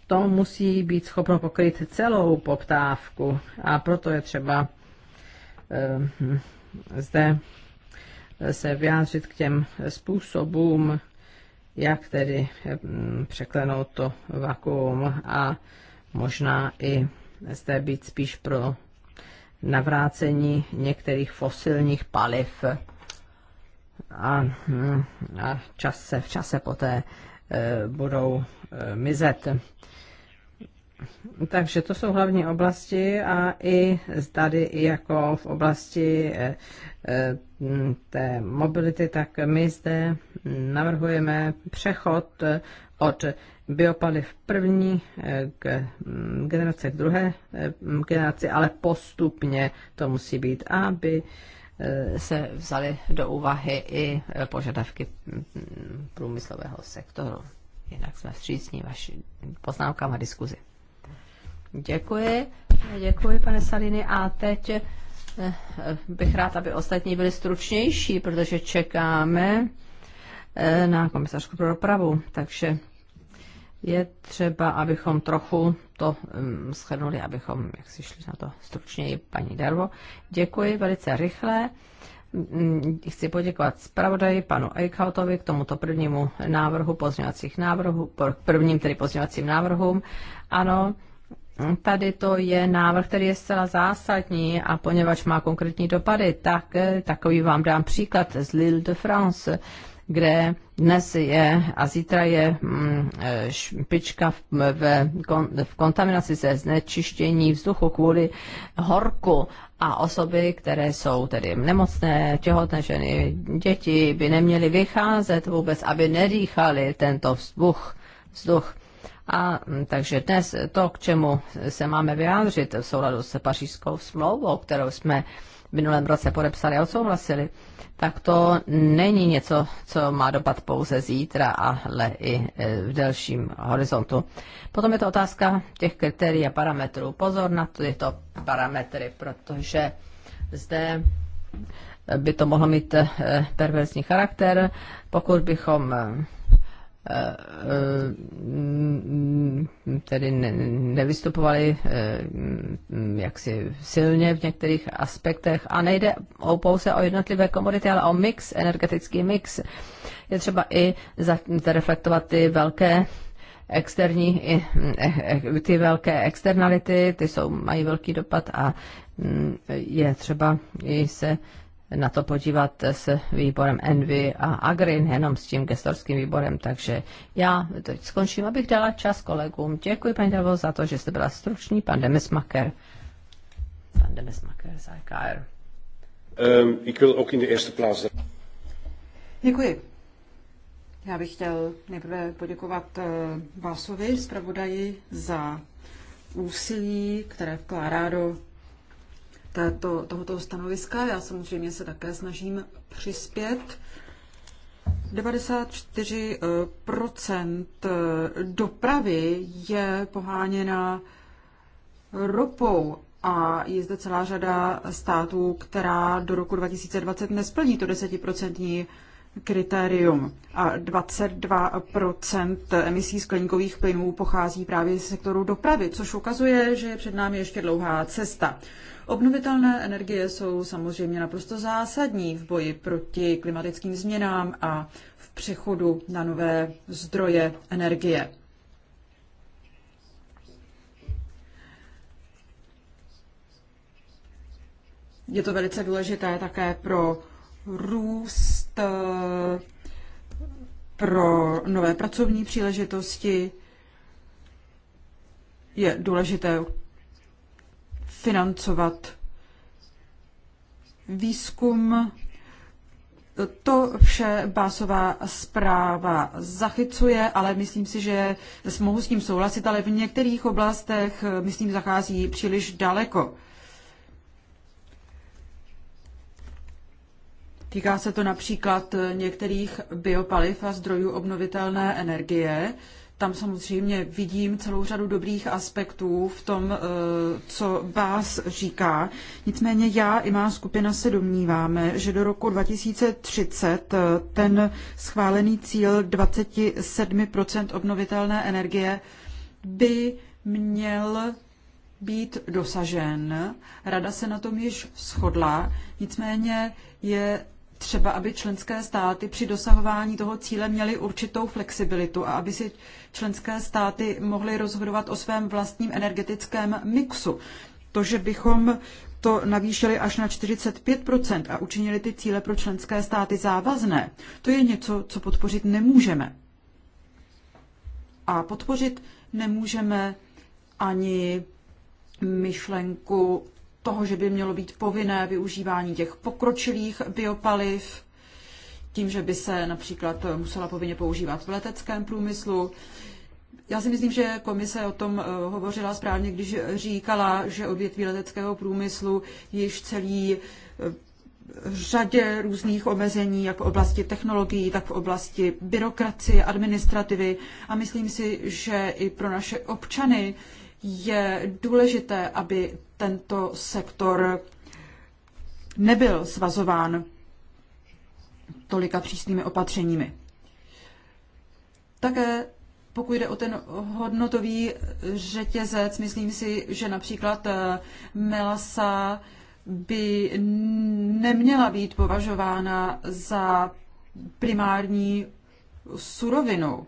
to musí být schopno pokryt celou poptávku a proto je třeba eh, zde se vyjádřit k těm způsobům, jak tedy eh, překlenout to vakuum a možná i zde být spíš pro navrácení některých fosilních paliv a, hm, a čase, v čase poté e, budou e, mizet. Takže to jsou hlavní oblasti a i tady i jako v oblasti eh, hm, té mobility, tak my zde navrhujeme přechod od biopaliv první eh, k mm, generace k druhé eh, mm, generaci, ale postupně to musí být, aby eh, se vzaly do úvahy i požadavky mm, průmyslového sektoru. Jinak jsme vstřícní vaši poznámkám a diskuzi. Děkuji, děkuji pane Saliny a teď bych rád, aby ostatní byli stručnější, protože čekáme na komisařku pro dopravu, takže je třeba, abychom trochu to um, mm, schrnuli, abychom jak si šli na to stručněji, paní Darvo. Děkuji velice rychle. Mm, chci poděkovat zpravodaji panu Eichhautovi k tomuto prvnímu návrhu pozměňovacích návrhů, prvním tedy pozměňovacím návrhům. Ano, Tady to je návrh, který je zcela zásadní a poněvadž má konkrétní dopady, tak eh, takový vám dám příklad z Lille de France kde dnes je a zítra je mm, e, špička v, v kontaminaci se znečištění vzduchu kvůli horku a osoby, které jsou tedy nemocné, těhotné ženy, děti by neměly vycházet vůbec, aby nedýchali tento vzduch. vzduch. A mm, takže dnes to, k čemu se máme vyjádřit v souladu se pařížskou smlouvou, kterou jsme uh, minulém roce podepsali a odsouhlasili, tak to není něco, co má dopad pouze zítra, ale i e, v delším horizontu. Potom je to otázka těch kritérií a parametrů. Pozor na tyto parametry, protože zde by to mohlo mít e, perverzní charakter, pokud bychom e, tedy nevystupovali eh, jaksi silně v některých aspektech a nejde o pouze o jednotlivé komodity, ale o mix, energetický mix. Je třeba i zareflektovat ty velké externí, eh, ty velké externality, ty jsou, mají velký dopad a mm, je třeba i se na to podívat s výborem Envy a Agrin, jenom s tím gestorským výborem, takže já teď skončím, abych dala čas kolegům. Děkuji, paní Davo, za to, že jste byla struční, pan Demesmaker. Pan Demesmaker z IKR. Um, ehm, ik wil ook in de eerste plaats... Děkuji. Já bych chtěl nejprve poděkovat eh, Vásovi, zpravodaji, za úsilí, které vkládá do této, tohoto stanoviska. Já samozřejmě se také snažím přispět. 94 eh, eh, dopravy je poháněna ropou a je zde celá řada států, která do roku 2020 nesplní to desetiprocentní kritérium a 22 emisí skleníkových plynů pochází právě z sektoru dopravy, což ukazuje, že je před námi ještě dlouhá cesta. Obnovitelné energie jsou samozřejmě naprosto zásadní v boji proti klimatickým změnám a v přechodu na nové zdroje energie. Je to velice důležité také pro růst, eh, pro nové pracovní příležitosti. Je důležité financovat výzkum. To vše básová zpráva zachycuje, ale myslím si, že mohu s tím souhlasit, ale v některých oblastech, eh, myslím, zachází příliš daleko. Týká se to například eh, některých biopaliv a zdrojů obnovitelné energie. Tam samozřejmě vidím celou řadu dobrých aspektů v tom, eh, co vás říká. Nicméně já i má skupina se domníváme, že do roku 2030 eh, ten schválený cíl 27% obnovitelné energie by měl být dosažen. Rada se na tom již shodla, nicméně je třeba, aby členské státy při dosahování toho cíle měly určitou flexibilitu a aby si členské státy mohly rozhodovat o svém vlastním energetickém mixu. To, že bychom to navýšili až na 45% a učinili ty cíle pro členské státy závazné, to je něco, co podpořit nemůžeme. A podpořit nemůžeme ani myšlenku toho, že by mělo být povinné využívání těch pokročilých biopaliv, tím, že by se například musela povinně používat v leteckém průmyslu. Já si myslím, že komise o tom eh, hovořila správně, když říkala, že odvětví leteckého průmyslu již celý eh, řadě různých omezení, jak v oblasti technologií, tak v oblasti byrokracie, administrativy. A myslím si, že i pro naše občany je důležité, aby tento sektor nebyl svazován tolika přísnými opatřeními. Také pokud jde o ten hodnotový řetězec, myslím si, že například eh, melasa by neměla být považována za primární surovinu.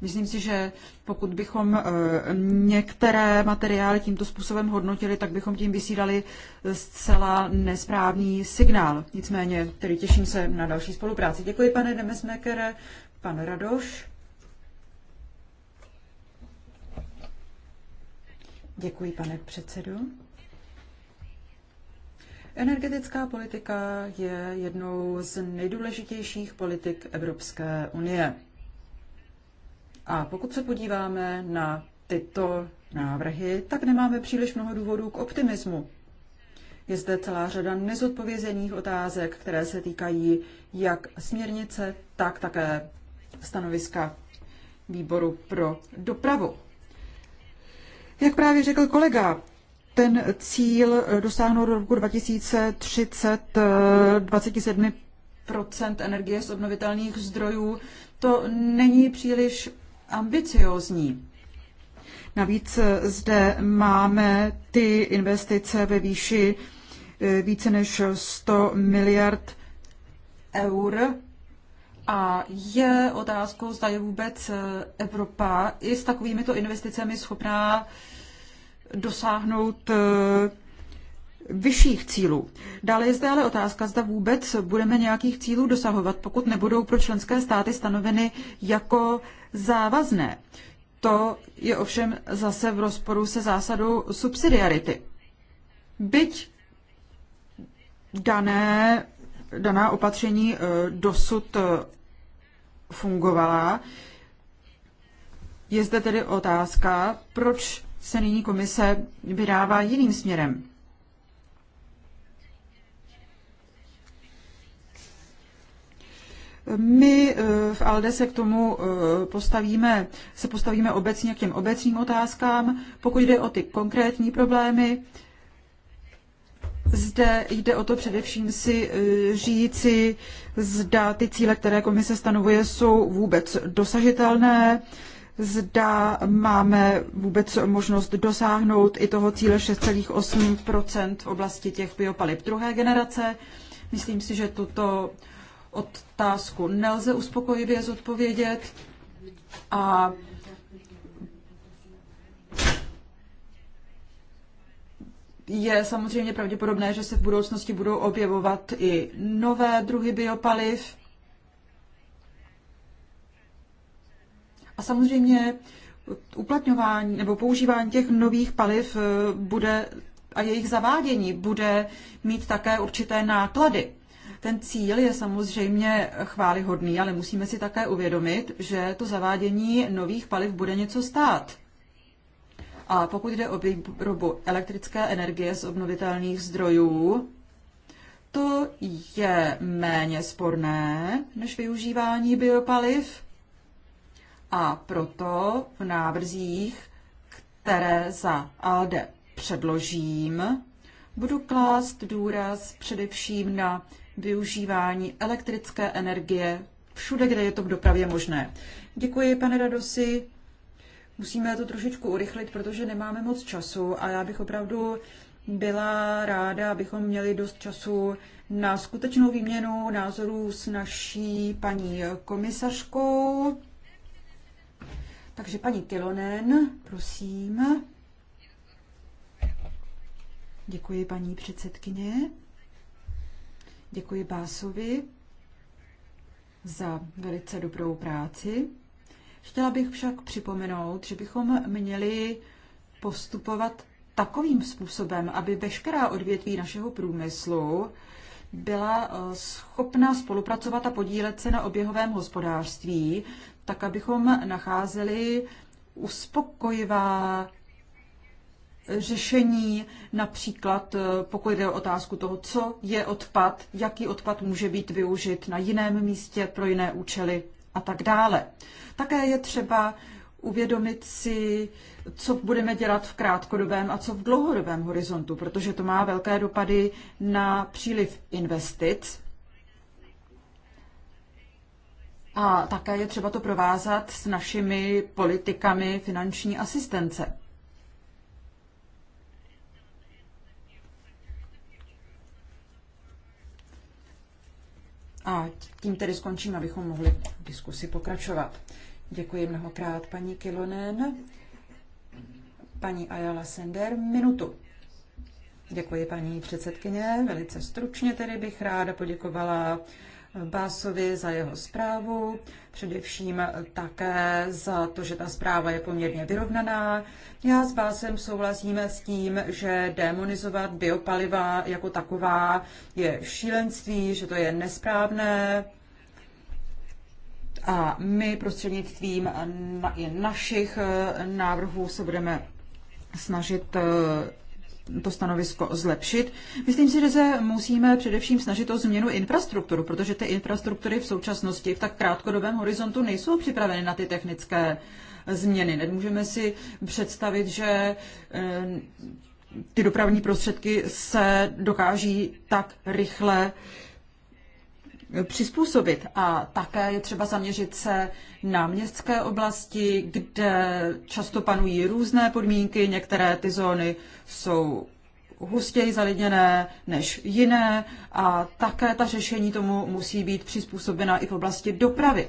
Myslím si, že pokud bychom eh, některé materiály tímto způsobem hodnotili, tak bychom tím vysílali eh, zcela nesprávný signál. Nicméně, tedy těším se na další spolupráci. Děkuji, pane Demesmekere, pan Radoš. Děkuji, pane předsedu. Energetická politika je jednou z nejdůležitějších politik Evropské unie. A pokud se podíváme na tyto návrhy, tak nemáme příliš mnoho důvodů k optimismu. Je zde celá řada nezodpovězených otázek, které se týkají jak směrnice, tak také stanoviska výboru pro dopravu. Jak právě řekl kolega, ten cíl dosáhnout do roku 2030 27 energie z obnovitelných zdrojů, to není příliš ambiciózní. Navíc eh, zde máme ty investice ve výši eh, více než 100 miliard eur a je otázkou, zda je vůbec eh, Evropa i s takovýmito investicemi schopná dosáhnout vyšších cílů. Dále je zde ale otázka, zda vůbec budeme nějakých cílů dosahovat, pokud nebudou pro členské státy stanoveny jako závazné. To je ovšem zase v rozporu se zásadou subsidiarity. Byť dané, daná opatření eh, dosud eh, fungovala, je zde tedy otázka, proč se nyní komise vydává jiným směrem. My eh, v ALDE se k tomu eh, postavíme, se postavíme obecně k těm obecným otázkám. Pokud jde o ty konkrétní problémy, zde jde o to především si eh, říci, zda ty cíle, které komise stanovuje, jsou vůbec dosažitelné, zda máme vůbec možnost dosáhnout i toho cíle 6,8 v oblasti těch biopaliv druhé generace. Myslím si, že tuto otázku nelze uspokojivě zodpovědět a je samozřejmě pravděpodobné, že se v budoucnosti budou objevovat i nové druhy biopaliv. A samozřejmě uplatňování nebo používání těch nových paliv eh, bude a jejich zavádění bude mít také určité náklady. Ten cíl je samozřejmě chválihodný, ale musíme si také uvědomit, že to zavádění nových paliv bude něco stát. A pokud jde o výrobu elektrické energie z obnovitelných zdrojů, to je méně sporné než využívání biopaliv. A proto v návrzích, které za ALDE předložím, budu klást důraz především na využívání elektrické energie všude, kde je to v dopravě možné. Děkuji, pane Radosi. Musíme to trošičku urychlit, protože nemáme moc času a já bych opravdu byla ráda, abychom měli dost času na skutečnou výměnu názorů s naší paní komisařkou. Takže paní Kilonen, prosím. Děkuji, paní předsedkyně. Děkuji Básovi za velice dobrou práci. Chtěla bych však připomenout, že bychom měli postupovat takovým způsobem, aby veškerá odvětví našeho průmyslu byla eh, schopna spolupracovat a podílet se na oběhovém hospodářství, tak abychom nacházeli uspokojivá řešení, například eh, pokud jde o otázku toho, co je odpad, jaký odpad může být využit na jiném místě pro jiné účely a tak dále. Také je třeba uvědomit si, co budeme dělat v krátkodobém a co v dlouhodobém horizontu, protože to má velké dopady na příliv investic. A také je třeba to provázat s našimi politikami finanční asistence. A tím tedy skončím, abychom mohli v diskusi pokračovat. Děkuji mnohokrát paní Kilonen, paní Ayala Sender, minutu. Děkuji paní předsedkyně, velice stručně tedy bych ráda poděkovala Básovi za jeho zprávu, především také za to, že ta zpráva je poměrně vyrovnaná. Já s Básem souhlasím s tím, že demonizovat biopaliva jako taková je šílenství, že to je nesprávné. A my prostřednictvím na, i našich eh, návrhů se budeme snažit eh, to stanovisko zlepšit. Myslím si, že se musíme především snažit o změnu infrastrukturu, protože ty infrastruktury v současnosti v tak krátkodobém horizontu nejsou připraveny na ty technické změny. Nemůžeme si představit, že eh, ty dopravní prostředky se dokáží tak rychle přizpůsobit. A také je třeba zaměřit se na městské oblasti, kde často panují různé podmínky. Některé ty zóny jsou hustěji zalidněné než jiné a také ta řešení tomu musí být přizpůsobena i v oblasti dopravy.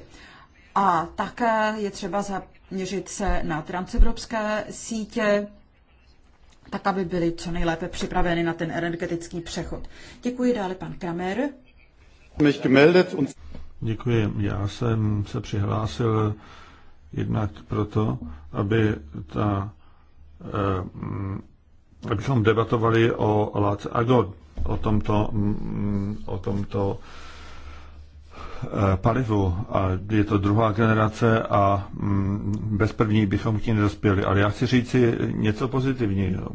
A také je třeba zaměřit se na transevropské sítě, tak aby byly co nejlépe připraveny na ten energetický přechod. Děkuji dále pan Kramer. Děkuji. Já jsem se přihlásil jednak proto, aby ta, eh, abychom debatovali o Lac Agod, o tomto, mm, o tomto eh, palivu a je to druhá generace a mm, bez první bychom k ní nedospěli. Ale já chci říct si něco pozitivního.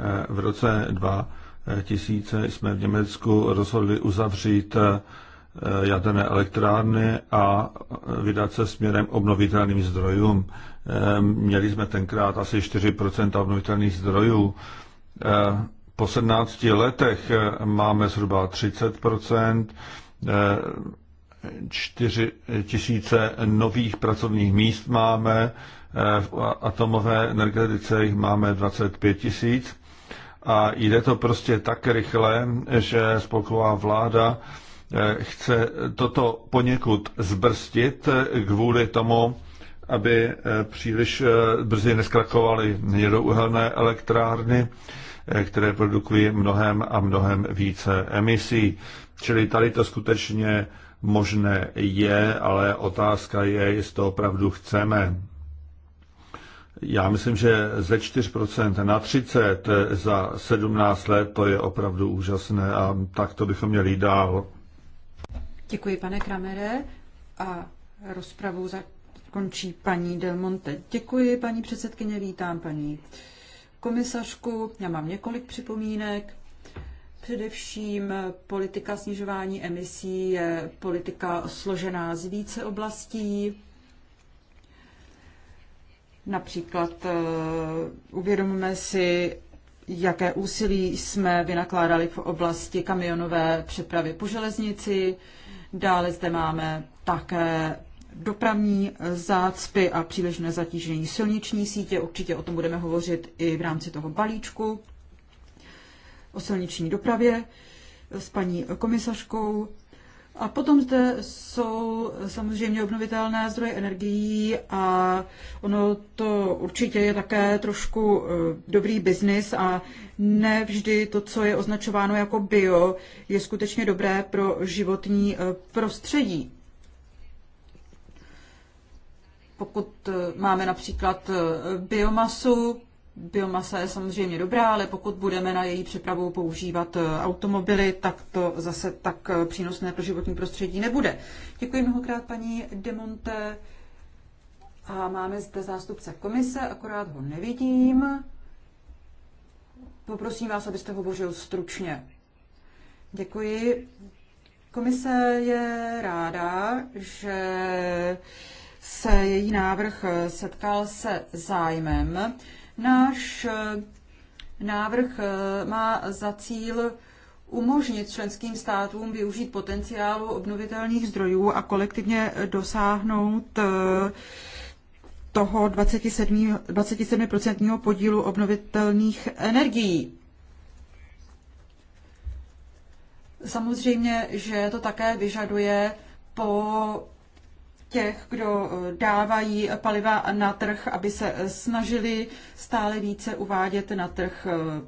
Eh, v roce 2 tisíce jsme v Německu rozhodli uzavřít eh, jaderné elektrárny a eh, vydat se směrem obnovitelným zdrojům. Eh, měli jsme tenkrát asi 4% obnovitelných zdrojů. Po 17 letech máme zhruba 30%, 4 tisíce nových pracovních míst máme, v atomové energetice jich máme 25 tisíc a jde to prostě tak rychle, že spolková vláda eh, chce toto poněkud zbrstit kvůli tomu, aby eh, příliš eh, brzy neskrakovaly hnědouhelné elektrárny, které produkují mnohem a mnohem více emisí. Čili tady to skutečně možné je, ale otázka je, jestli to opravdu chceme já myslím, že ze 4% na 30 za 17 let, to je opravdu úžasné a tak to bychom měli dál. Děkuji, pane Kramere. A rozpravu zakončí paní Del Monte. Děkuji, paní předsedkyně, vítám paní komisařku. Já mám několik připomínek. Především politika snižování emisí je politika složená z více oblastí Například eh, uvědomíme si, jaké úsilí jsme vynakládali v oblasti kamionové přepravy po železnici. Dále zde máme také dopravní zácpy a příležné zatížení silniční sítě. Určitě o tom budeme hovořit i v rámci toho balíčku o silniční dopravě s paní komisařkou. A potom zde jsou samozřejmě obnovitelné zdroje energií a ono to určitě je také trošku eh, dobrý biznis a ne vždy to, co je označováno jako bio, je skutečně dobré pro životní eh, prostředí. Pokud eh, máme například biomasu, Biomasa je samozřejmě dobrá, ale pokud budeme na její přepravu používat eh, automobily, tak to zase tak eh, přínosné pro životní prostředí nebude. Děkuji mnohokrát paní Demonte. A máme zde zástupce komise, akorát ho nevidím. Poprosím vás, abyste hovořil stručně. Děkuji. Komise je ráda, že se její návrh eh, setkal se zájmem. Náš eh, návrh eh, má za cíl umožnit členským státům využít potenciálu obnovitelných zdrojů a kolektivně dosáhnout eh, toho 27, 27% podílu obnovitelných energií. Samozřejmě, že to také vyžaduje po těch, kdo eh, dávají paliva na trh, aby se eh, snažili stále více uvádět na trh eh,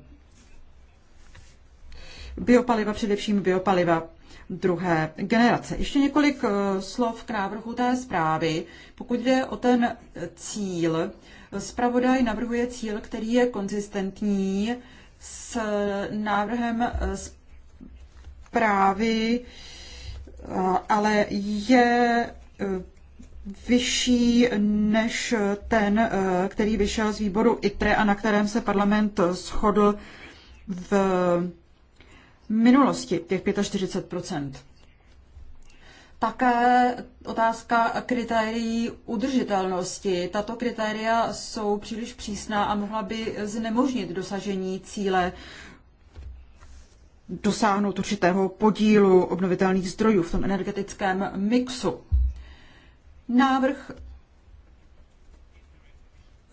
biopaliva, především biopaliva druhé generace. Ještě několik slov k návrhu té zprávy. Pokud jde o ten cíl, zpravodaj navrhuje cíl, který je konzistentní s návrhem zprávy, ale je vyšší než ten, eh, který vyšel z výboru ITRE a na kterém se parlament shodl v minulosti, těch 45 Také otázka kritérií udržitelnosti. Tato kritéria jsou příliš přísná a mohla by znemožnit dosažení cíle dosáhnout určitého podílu obnovitelných zdrojů v tom energetickém mixu. Návrh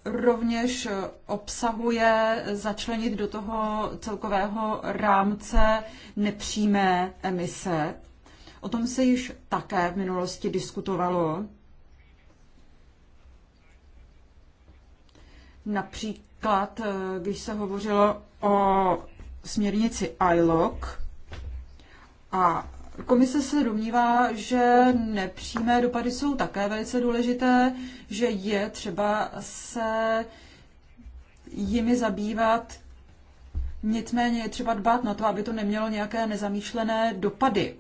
rovněž obsahuje začlenit do toho celkového rámce nepřímé emise. O tom se již také v minulosti diskutovalo. Například, eh, když se hovořilo o směrnici ILOC a Komise se domnívá, že nepřímé dopady jsou také velice důležité, že je třeba se jimi zabývat. Nicméně je třeba dbát na to, aby to nemělo nějaké nezamýšlené dopady,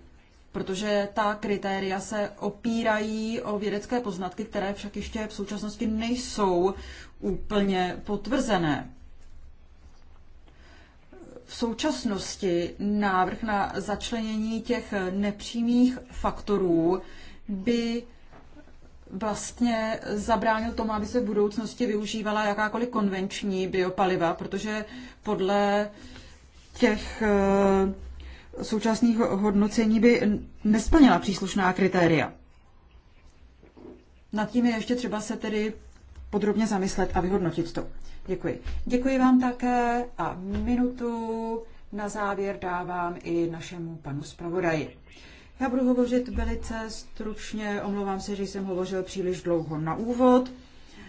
protože ta kritéria se opírají o vědecké poznatky, které však ještě v současnosti nejsou úplně potvrzené v současnosti návrh na začlenění těch nepřímých faktorů by vlastně zabránil tomu, aby se v budoucnosti využívala jakákoliv konvenční biopaliva, protože podle těch eh, současných hodnocení by nesplnila příslušná kritéria. Nad tím je ještě třeba se tedy podrobně zamyslet a vyhodnotit to. Děkuji. Děkuji vám také a minutu na závěr dávám i našemu panu zpravodaji. Já budu hovořit velice stručně, omlouvám se, že jsem hovořil příliš dlouho na úvod.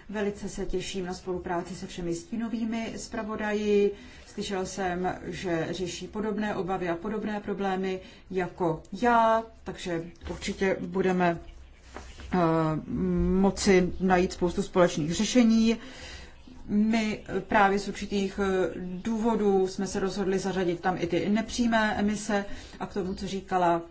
Velice se těším na spolupráci se všemi stínovými zpravodaji. Slyšel jsem, že řeší podobné obavy a podobné problémy jako já, takže určitě budeme Eh, moci najít spoustu společných řešení. My právě z určitých eh, důvodů jsme se rozhodli zařadit tam i ty nepřímé emise a k tomu, co říkala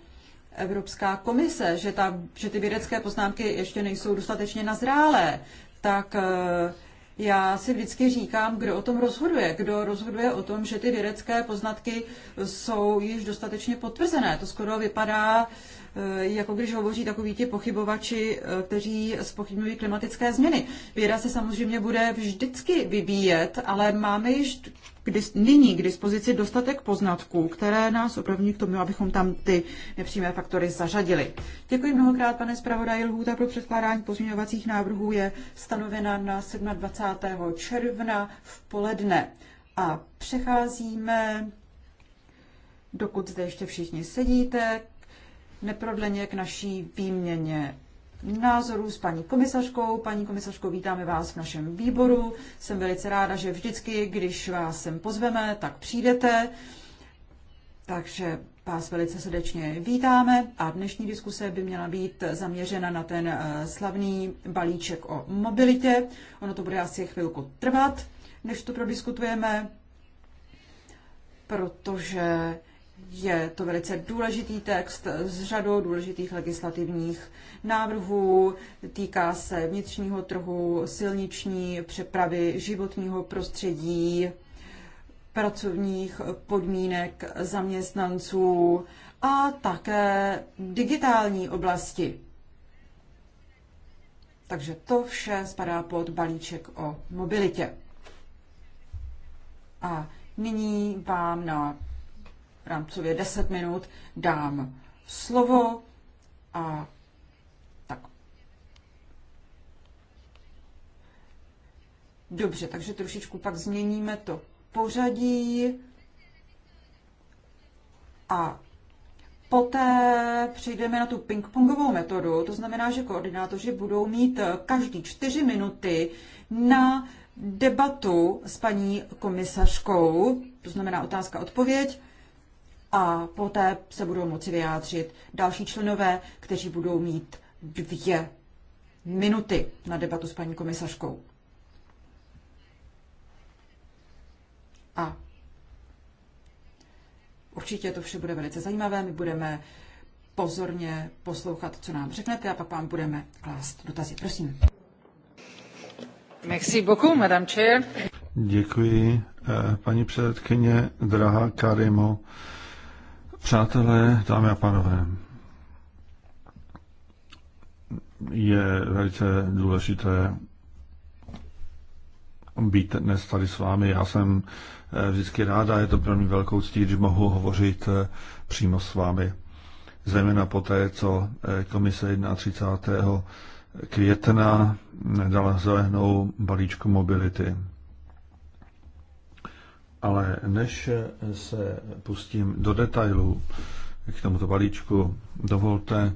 Evropská komise, že, ta, že ty vědecké poznámky ještě nejsou dostatečně nazrálé, tak eh, já si vždycky říkám, kdo o tom rozhoduje. Kdo rozhoduje o tom, že ty vědecké poznatky jsou již dostatečně potvrzené. To skoro vypadá, Eh, jako když hovoří takoví ti pochybovači, eh, kteří spochybňují klimatické změny. Věda se samozřejmě bude vždycky vyvíjet, ale máme již k dis- nyní k dispozici dostatek poznatků, které nás opravňují k tomu, abychom tam ty nepřímé faktory zařadili. Děkuji mnohokrát, pane zpravodaji. Lhůta pro předkládání pozměňovacích návrhů je stanovena na 27. června v poledne. A přecházíme, dokud zde ještě všichni sedíte, neprodleně k naší výměně názorů s paní komisařkou. Paní komisařko, vítáme vás v našem výboru. Jsem velice ráda, že vždycky, když vás sem pozveme, tak přijdete. Takže vás velice srdečně vítáme a dnešní diskuse by měla být zaměřena na ten eh, slavný balíček o mobilitě. Ono to bude asi chvilku trvat, než to prodiskutujeme, protože je to velice důležitý text s řadou důležitých legislativních návrhů. Týká se vnitřního trhu, silniční přepravy, životního prostředí, pracovních podmínek zaměstnanců a také digitální oblasti. Takže to vše spadá pod balíček o mobilitě. A nyní vám na rámcově 10 minut dám slovo a tak. Dobře, takže trošičku pak změníme to pořadí a Poté přejdeme na tu pingpongovou metodu, to znamená, že koordinátoři budou mít každý čtyři minuty na debatu s paní komisařkou, to znamená otázka-odpověď a poté se budou moci vyjádřit další členové, kteří budou mít dvě minuty na debatu s paní komisařkou. A určitě to vše bude velice zajímavé. My budeme pozorně poslouchat, co nám řeknete a pak vám budeme klást dotazy. Prosím. Merci beaucoup, Madame Chair. Děkuji, eh, paní předsedkyně, drahá Karimo. Přátelé, dámy a pánové, je velice důležité být dnes tady s vámi. Já jsem eh, vždycky ráda, je to pro mě velkou ctí, když mohu hovořit eh, přímo s vámi. Zejména poté, co eh, komise 31. května dala zelenou balíčku mobility. Ale než se pustím do detailů k tomuto balíčku, dovolte,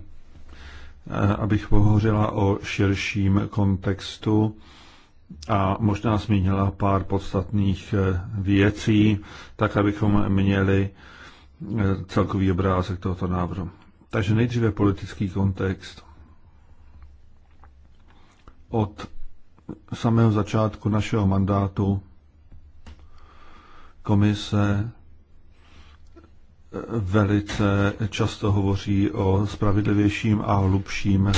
eh, abych pohořila o širším kontextu a možná zmínila pár podstatných eh, věcí, tak abychom měli eh, celkový obrázek tohoto návrhu. Takže nejdříve politický kontext. Od samého začátku našeho mandátu komise eh, velice často hovoří o spravedlivějším a hlubším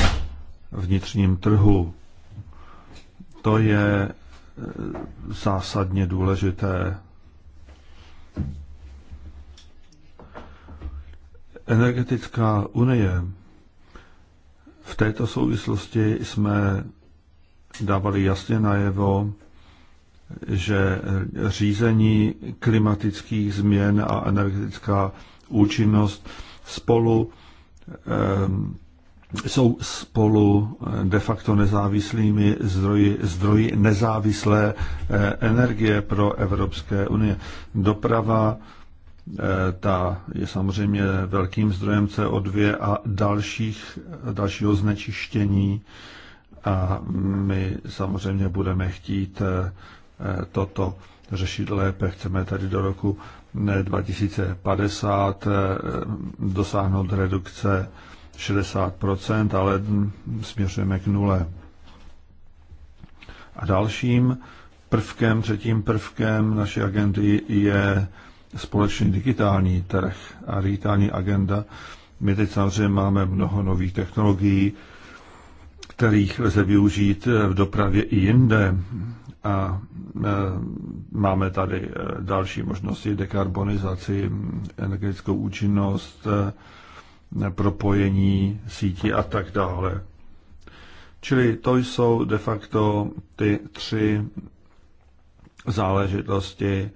vnitřním trhu. To je eh, zásadně důležité. Energetická unie. V této souvislosti jsme dávali jasně najevo, že řízení klimatických změn a energetická účinnost spolu eh, jsou spolu eh, de facto nezávislými zdroji, zdroji nezávislé eh, energie pro Evropské unie. Doprava ta je samozřejmě velkým zdrojem CO2 a dalších, dalšího znečištění a my samozřejmě budeme chtít Eh, toto řešit lépe. Chceme tady do roku 2050 eh, dosáhnout redukce 60%, ale směřujeme k nule. A dalším prvkem, třetím prvkem naší agendy je společný digitální trh a digitální agenda. My teď samozřejmě máme mnoho nových technologií, kterých lze využít v dopravě i jinde. A e, máme tady e, další možnosti dekarbonizaci, energetickou účinnost, e, propojení sítí a tak dále. Čili to jsou de facto ty tři záležitosti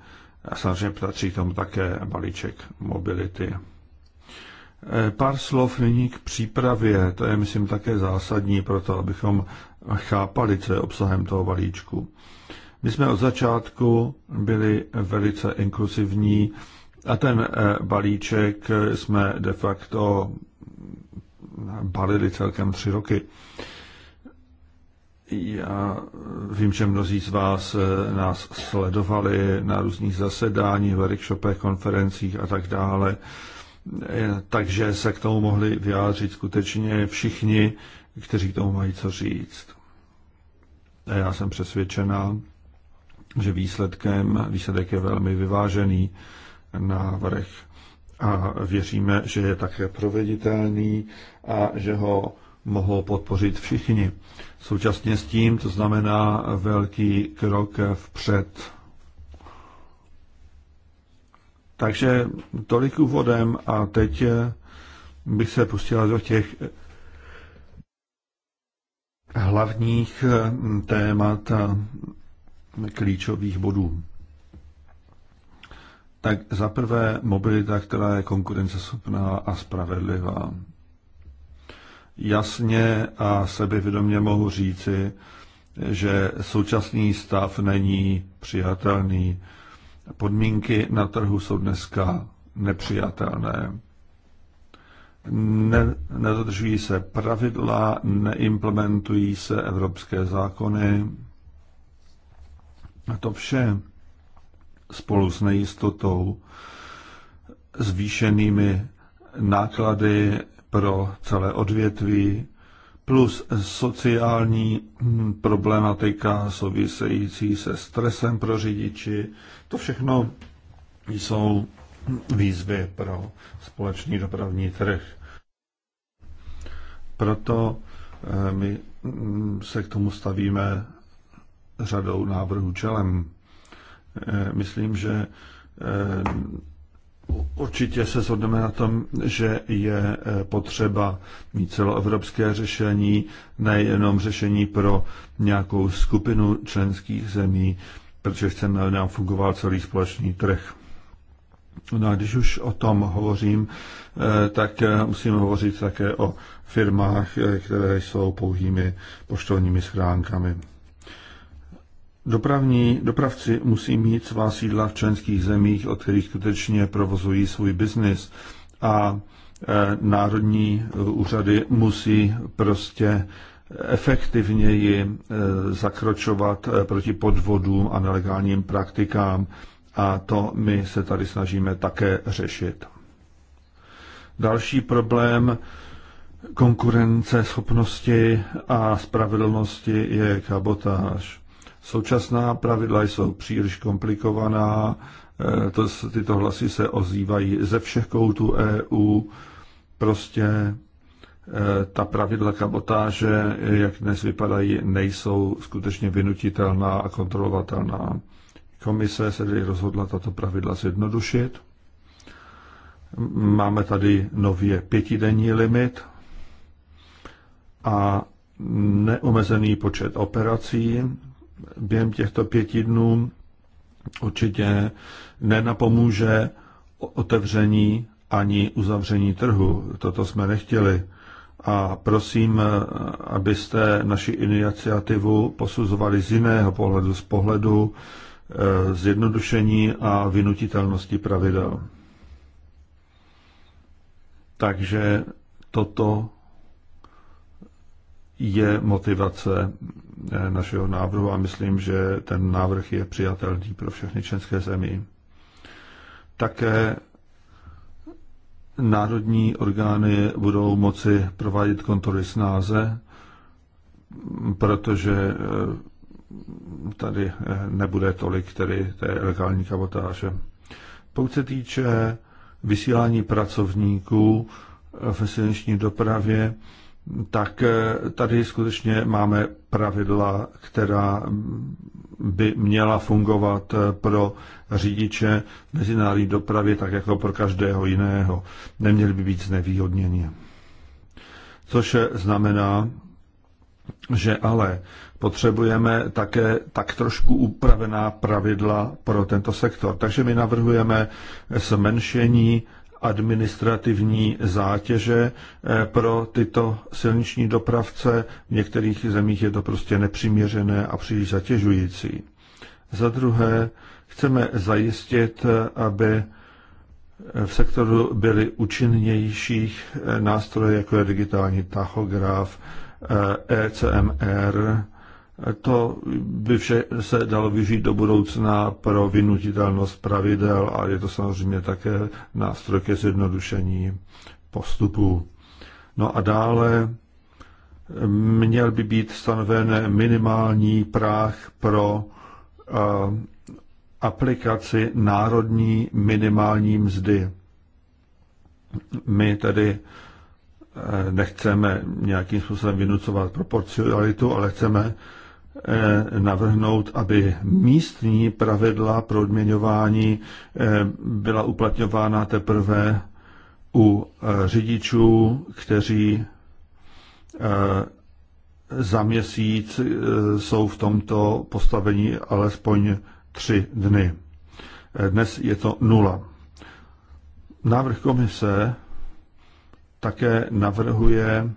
a samozřejmě patří tomu také balíček mobility. Eh, pár slov nyní k přípravě. To je, myslím, také zásadní pro to, abychom chápali, co je obsahem toho balíčku. My jsme od začátku byli velice inkluzivní a ten eh, balíček jsme de facto balili celkem tři roky. Já vím, že mnozí z vás eh, nás sledovali na různých zasedáních, workshopech, konferencích a tak dále. Eh, takže se k tomu mohli vyjádřit skutečně všichni, kteří k tomu mají co říct. A já jsem přesvědčená, že výsledkem, výsledek je velmi vyvážený návrh a věříme, že je také proveditelný a že ho mohou podpořit všichni. Současně s tím to znamená velký krok vpřed takže tolik úvodem a teď eh, bych se pustila do těch eh, hlavních eh, témat a klíčových bodů. Tak za prvé mobilita, která je konkurenceschopná a spravedlivá. Jasně a sebevědomě mohu říci, že současný stav není přijatelný podmínky na trhu jsou dneska nepřijatelné. Ne, nedodržují se pravidla, neimplementují se evropské zákony. A to vše spolu s nejistotou, zvýšenými náklady pro celé odvětví plus sociální hm, problematika související se stresem pro řidiči. To všechno jsou hm, výzvy pro společný dopravní trh. Proto eh, my hm, se k tomu stavíme řadou návrhů čelem. Eh, myslím, že eh, Určitě se shodneme na tom, že je eh, potřeba mít celoevropské řešení, nejenom řešení pro nějakou skupinu členských zemí, protože chceme, aby nám fungoval celý společný trh. No a když už o tom hovořím, eh, tak eh, musím hovořit také o firmách, které jsou pouhými poštovními schránkami. Dopravní dopravci musí mít svá sídla v členských zemích, od kterých skutečně provozují svůj biznis a e, národní e, úřady musí prostě efektivněji e, zakročovat proti podvodům a nelegálním praktikám a to my se tady snažíme také řešit. Další problém konkurence schopnosti a spravedlnosti je kabotáž. Současná pravidla jsou příliš komplikovaná, eh, to, tyto hlasy se ozývají ze všech koutů EU, prostě eh, ta pravidla kabotáže, jak dnes vypadají, nejsou skutečně vynutitelná a kontrolovatelná. Komise se tedy rozhodla tato pravidla zjednodušit. Máme tady nově pětidenní limit a neomezený počet operací, během těchto pěti dnů určitě nenapomůže otevření ani uzavření trhu. Toto jsme nechtěli. A prosím, abyste naši iniciativu posuzovali z jiného pohledu, z pohledu e, zjednodušení a vynutitelnosti pravidel. Takže toto je motivace eh, našeho návrhu a myslím, že ten návrh je přijatelný pro všechny české země. Také národní orgány budou moci provádět kontroly snáze, protože eh, tady eh, nebude tolik tedy té legální kabotáže. Pokud se týče vysílání pracovníků v silniční dopravě, tak eh, tady skutečně máme pravidla, která by měla fungovat eh, pro řidiče v mezinárodní dopravě tak jako pro každého jiného. Neměli by být znevýhodněni. Což eh, znamená, že ale potřebujeme také tak trošku upravená pravidla pro tento sektor. Takže my navrhujeme zmenšení administrativní zátěže eh, pro tyto silniční dopravce. V některých zemích je to prostě nepřiměřené a příliš zatěžující. Za druhé, chceme zajistit, aby v sektoru byly účinnějších eh, nástroje, jako je digitální tachograf, ECMR eh, e to by vše se dalo využít do budoucna pro vynutitelnost pravidel a je to samozřejmě také nástroj ke zjednodušení postupů. No a dále měl by být stanoven minimální práh pro eh, aplikaci národní minimální mzdy. My tedy eh, nechceme nějakým způsobem vynucovat proporcionalitu, ale chceme Eh, navrhnout, aby místní pravidla pro odměňování eh, byla uplatňována teprve u eh, řidičů, kteří za měsíc jsou v tomto postavení alespoň tři dny. Dnes je to nula. Návrh komise také navrhuje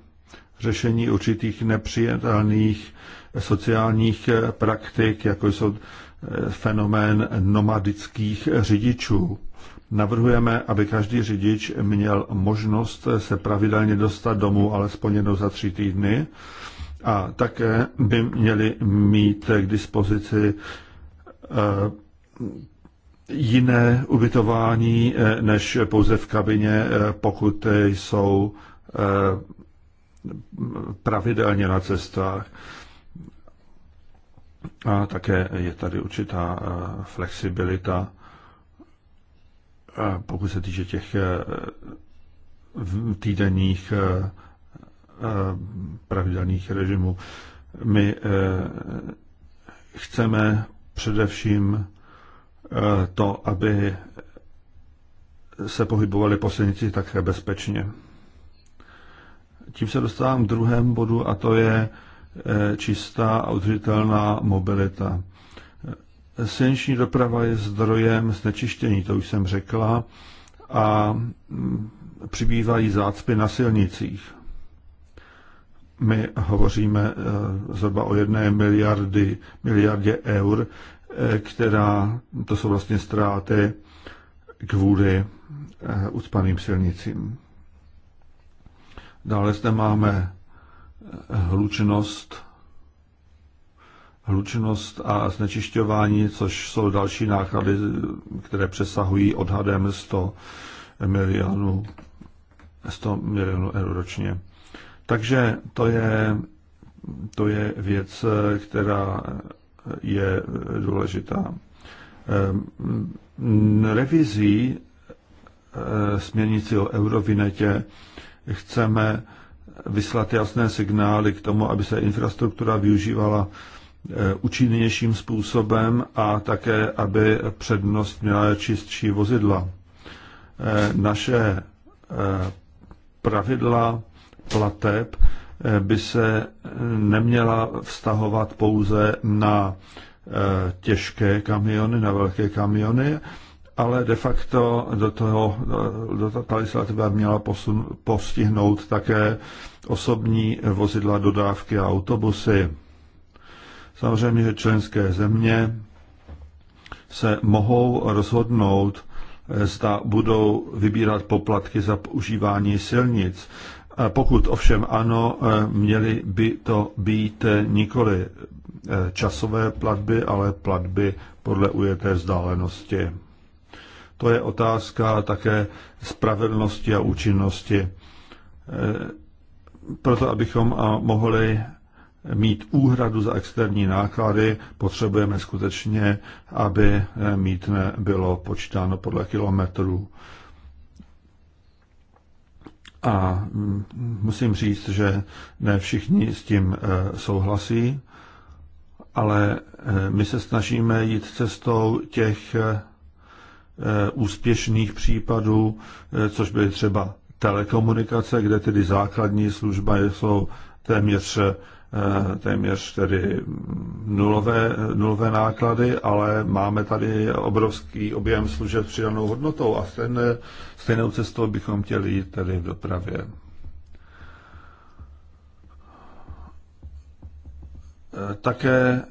řešení určitých nepřijatelných sociálních eh, praktik, jako jsou eh, fenomén nomadických řidičů. Navrhujeme, aby každý řidič měl možnost eh, se pravidelně dostat domů alespoň jednou za tři týdny a také by měli mít k dispozici jiné ubytování než pouze v kabině, pokud jsou pravidelně na cestách. A také je tady určitá eh, flexibilita, eh, pokud se týče těch eh, týdenních pravidelných režimů. My chceme především to, aby se pohybovali poslednici také bezpečně. Tím se dostávám k druhému bodu a to je Eh, čistá a udržitelná mobilita. Silniční doprava je zdrojem znečištění, to už jsem řekla, a mm, přibývají zácpy na silnicích. My hovoříme eh, zhruba o jedné miliardy, miliardě eur, eh, která, to jsou vlastně ztráty kvůli ucpaným silnicím. Dále zde máme hlučnost, hlučnost a znečišťování, což jsou další náklady, které přesahují odhadem 100 milionů, 100 milionů euro ročně. Takže to je, to je věc, která je důležitá. Ehm, revizí ehm, směrnici o eurovinetě chceme vyslat jasné signály k tomu, aby se infrastruktura využívala eh, účinnějším způsobem a také, aby přednost měla čistší vozidla. Eh, naše eh, pravidla plateb by se neměla vztahovat pouze na těžké kamiony, na velké kamiony, ale de facto do toho, do, do ta legislativa měla posun, postihnout také osobní vozidla, dodávky a autobusy. Samozřejmě, že členské země se mohou rozhodnout, eh, zda budou vybírat poplatky za používání silnic. Eh, pokud ovšem ano, eh, měly by to být nikoli časové platby, ale platby podle ujeté vzdálenosti. To je otázka také spravedlnosti a účinnosti. E, proto, abychom mohli mít úhradu za externí náklady, potřebujeme skutečně, aby e, mít bylo počítáno podle kilometrů. A mm, musím říct, že ne všichni s tím e, souhlasí, ale my se snažíme jít cestou těch Eh, úspěšných případů, eh, což byly třeba telekomunikace, kde tedy základní služba jsou téměř, eh, téměř tedy nulové, nulové náklady, ale máme tady obrovský objem služeb s přidanou hodnotou a stejné, stejnou cestou bychom chtěli jít tedy v dopravě. Také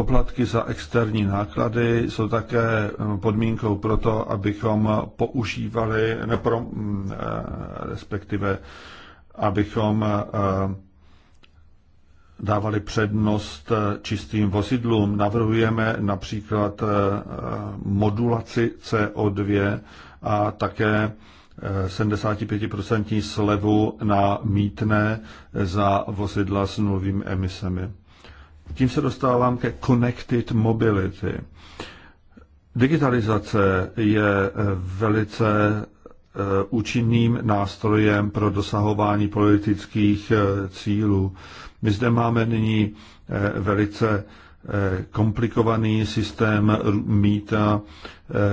Poplatky za externí náklady jsou také eh, podmínkou pro to, abychom používali, nepro, mm, eh, respektive abychom eh, dávali přednost čistým vozidlům. Navrhujeme například modulaci CO2 a také 75% slevu na mítné za vozidla s nulovými emisemi. Tím se dostávám ke connected mobility. Digitalizace je eh, velice eh, účinným nástrojem pro dosahování politických eh, cílů. My zde máme nyní velice komplikovaný systém mýta,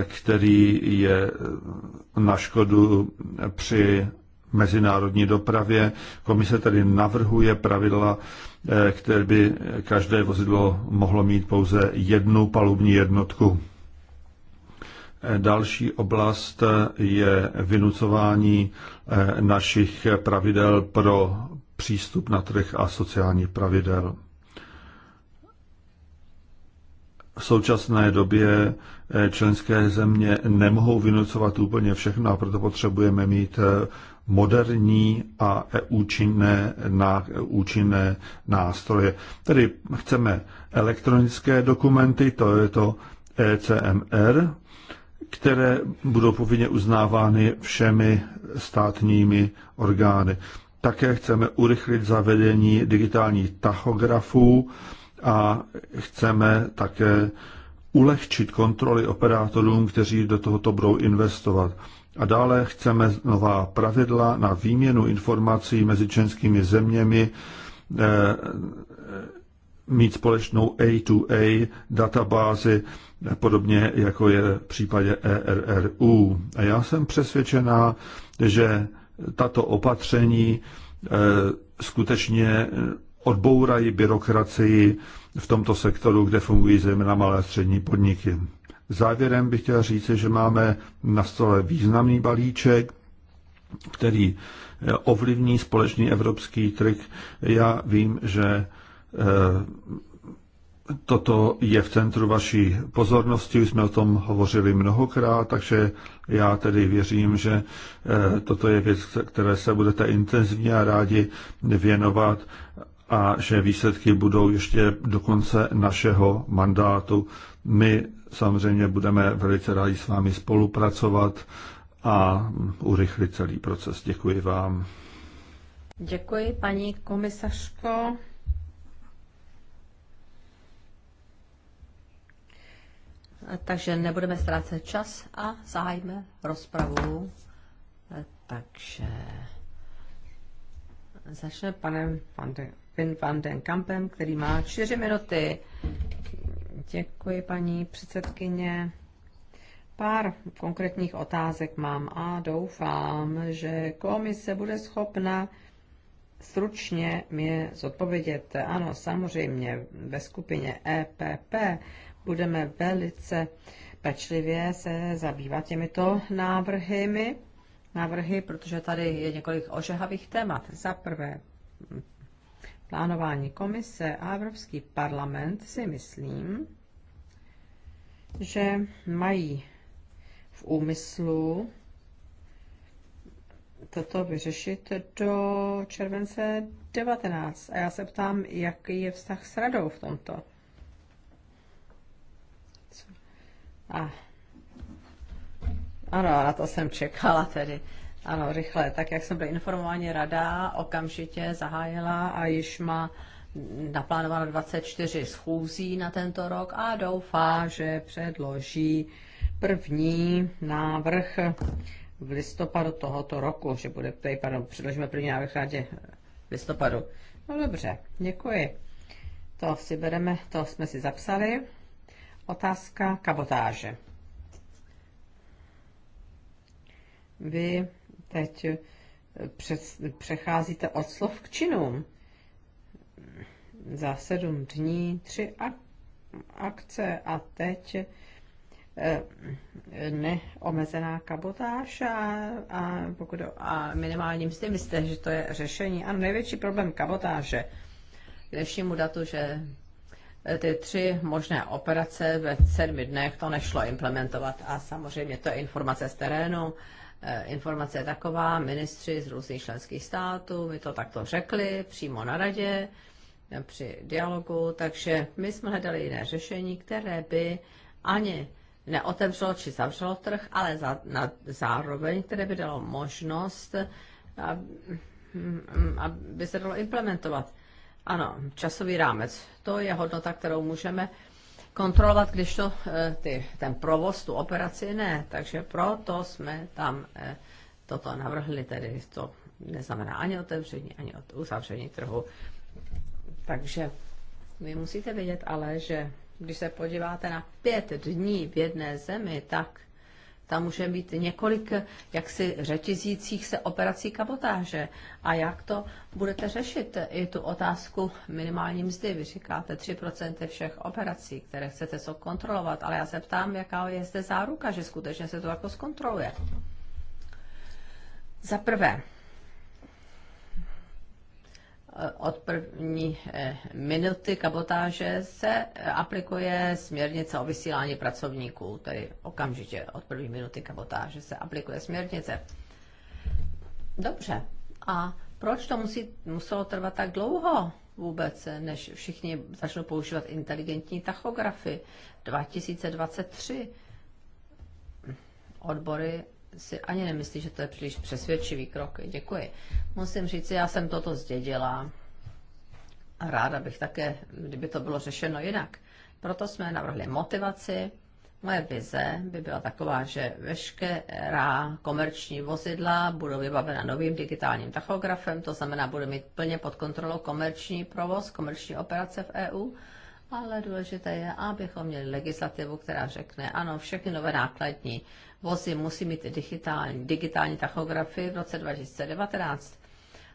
který je na škodu při mezinárodní dopravě. Komise tedy navrhuje pravidla, eh, které by každé vozidlo mohlo mít pouze jednu palubní jednotku. Eh, další oblast eh, je vynucování našich pravidel pro přístup na trh a sociální pravidel. V současné době členské země nemohou vynucovat úplně všechno a proto potřebujeme mít moderní a účinné, na, účinné nástroje. Tedy chceme elektronické dokumenty, to je to ECMR, které budou povinně uznávány všemi státními orgány. Také chceme urychlit zavedení digitálních tachografů a chceme také ulehčit kontroly operátorům, kteří do tohoto budou investovat. A dále chceme nová pravidla na výměnu informací mezi členskými zeměmi, eh, mít společnou A2A databázi, podobně jako je v případě ERRU. A já jsem přesvědčená, že tato opatření eh, skutečně odbourají byrokracii v tomto sektoru, kde fungují zejména malé a střední podniky. Závěrem bych chtěl říct, že máme na stole významný balíček, který eh, ovlivní společný evropský trh. Já vím, že eh, toto je v centru vaší pozornosti, už jsme o tom hovořili mnohokrát, takže já tedy věřím, že eh, toto je věc, které se budete intenzivně a rádi věnovat a že výsledky budou ještě do konce našeho mandátu. My Samozřejmě budeme velice rádi s vámi spolupracovat a urychlit celý proces. Děkuji vám. Děkuji, paní komisařko. Takže nebudeme ztrácet čas a zahájíme rozpravu. Takže začne panem Van den, Van den Kampem, který má čtyři minuty. Děkuji, paní předsedkyně. Pár konkrétních otázek mám a doufám, že komise bude schopna stručně mě zodpovědět. Ano, samozřejmě ve skupině EPP budeme velice pečlivě se zabývat těmito návrhy, návrhy, protože tady je několik ožehavých témat. Za prvé, plánování komise a Evropský parlament si myslím, že mají v úmyslu toto vyřešit do července 19. A já se ptám, jaký je vztah s radou v tomto. A. Ano, na to jsem čekala tedy. Ano, rychle. Tak jak jsem byla informovaný, rada okamžitě zahájila a již má Naplánovala 24 schůzí na tento rok a doufá, že předloží první návrh v listopadu tohoto roku, že bude, tady, pardon, předložíme první návrh rádě v listopadu. No dobře, děkuji. To si bereme, to jsme si zapsali. Otázka kabotáže. Vy teď přecházíte od slov k činům za sedm dní tři akce a teď eh, neomezená kabotáž a, a, pokud, a minimální mzdy. Myslíte, že to je řešení? Ano, největší problém kabotáže k dnešnímu datu, že eh, ty tři možné operace ve sedmi dnech to nešlo implementovat a samozřejmě to je informace z terénu. Eh, informace je taková, ministři z různých členských států mi to takto řekli přímo na radě při dialogu, takže my jsme hledali jiné řešení, které by ani neotevřelo či zavřelo trh, ale za, na, zároveň, které by dalo možnost, mm, aby se dalo implementovat. Ano, časový rámec, to je hodnota, kterou můžeme kontrolovat, když to, eh, ty, ten provoz, tu operaci ne. Takže proto jsme tam eh, toto navrhli, tedy to neznamená ani otevření, ani uzavření trhu. Takže vy musíte vědět ale, že když se podíváte na pět dní v jedné zemi, tak tam může být několik jaksi řetizících se operací kabotáže. A jak to budete řešit? I tu otázku minimální mzdy. Vy říkáte 3% všech operací, které chcete co kontrolovat, ale já se ptám, jaká je zde záruka, že skutečně se to jako zkontroluje. Za prvé, od první eh, minuty kabotáže se eh, aplikuje směrnice o vysílání pracovníků, tedy okamžitě od první minuty kabotáže se aplikuje směrnice. Dobře. A proč to musí, muselo trvat tak dlouho vůbec, než všichni začnou používat inteligentní tachografy 2023? Odbory si ani nemyslí, že to je příliš přesvědčivý krok. Děkuji. Musím říct, já jsem toto zdědila. Ráda bych také, kdyby to bylo řešeno jinak. Proto jsme navrhli motivaci. Moje vize by byla taková, že veškerá komerční vozidla budou vybavena novým digitálním tachografem, to znamená, bude mít plně pod kontrolou komerční provoz, komerční operace v EU, ale důležité je, abychom měli legislativu, která řekne, ano, všechny nové nákladní vozy musí mít digitální, digitální tachografy v roce 2019.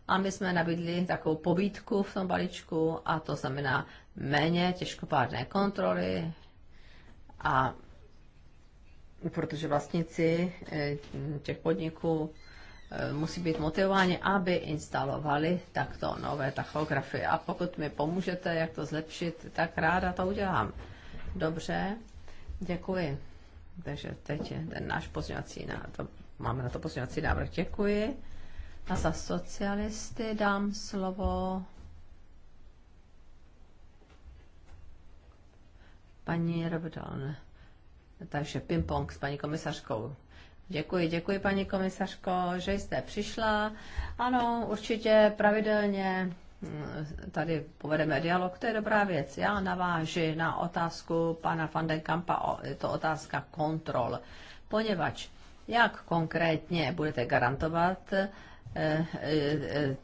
A my jsme nabídli takovou pobídku v tom balíčku a to znamená méně těžkopádné kontroly a protože vlastníci eh, těch podniků eh, musí být motivováni, aby instalovali takto nové tachografy. A pokud mi pomůžete, jak to zlepšit, tak ráda to udělám. Dobře, děkuji. Takže teď je ten náš pozňovací návrh. Máme na to pozňovací návrh. Děkuji. A za socialisty dám slovo paní Robdon. Takže ping-pong s paní komisařkou. Děkuji, děkuji paní komisařko, že jste přišla. Ano, určitě pravidelně tady povedeme dialog, to je dobrá věc. Já naváži na otázku pana van den Kampa, je to otázka kontrol, poněvadž jak konkrétně budete garantovat eh, eh,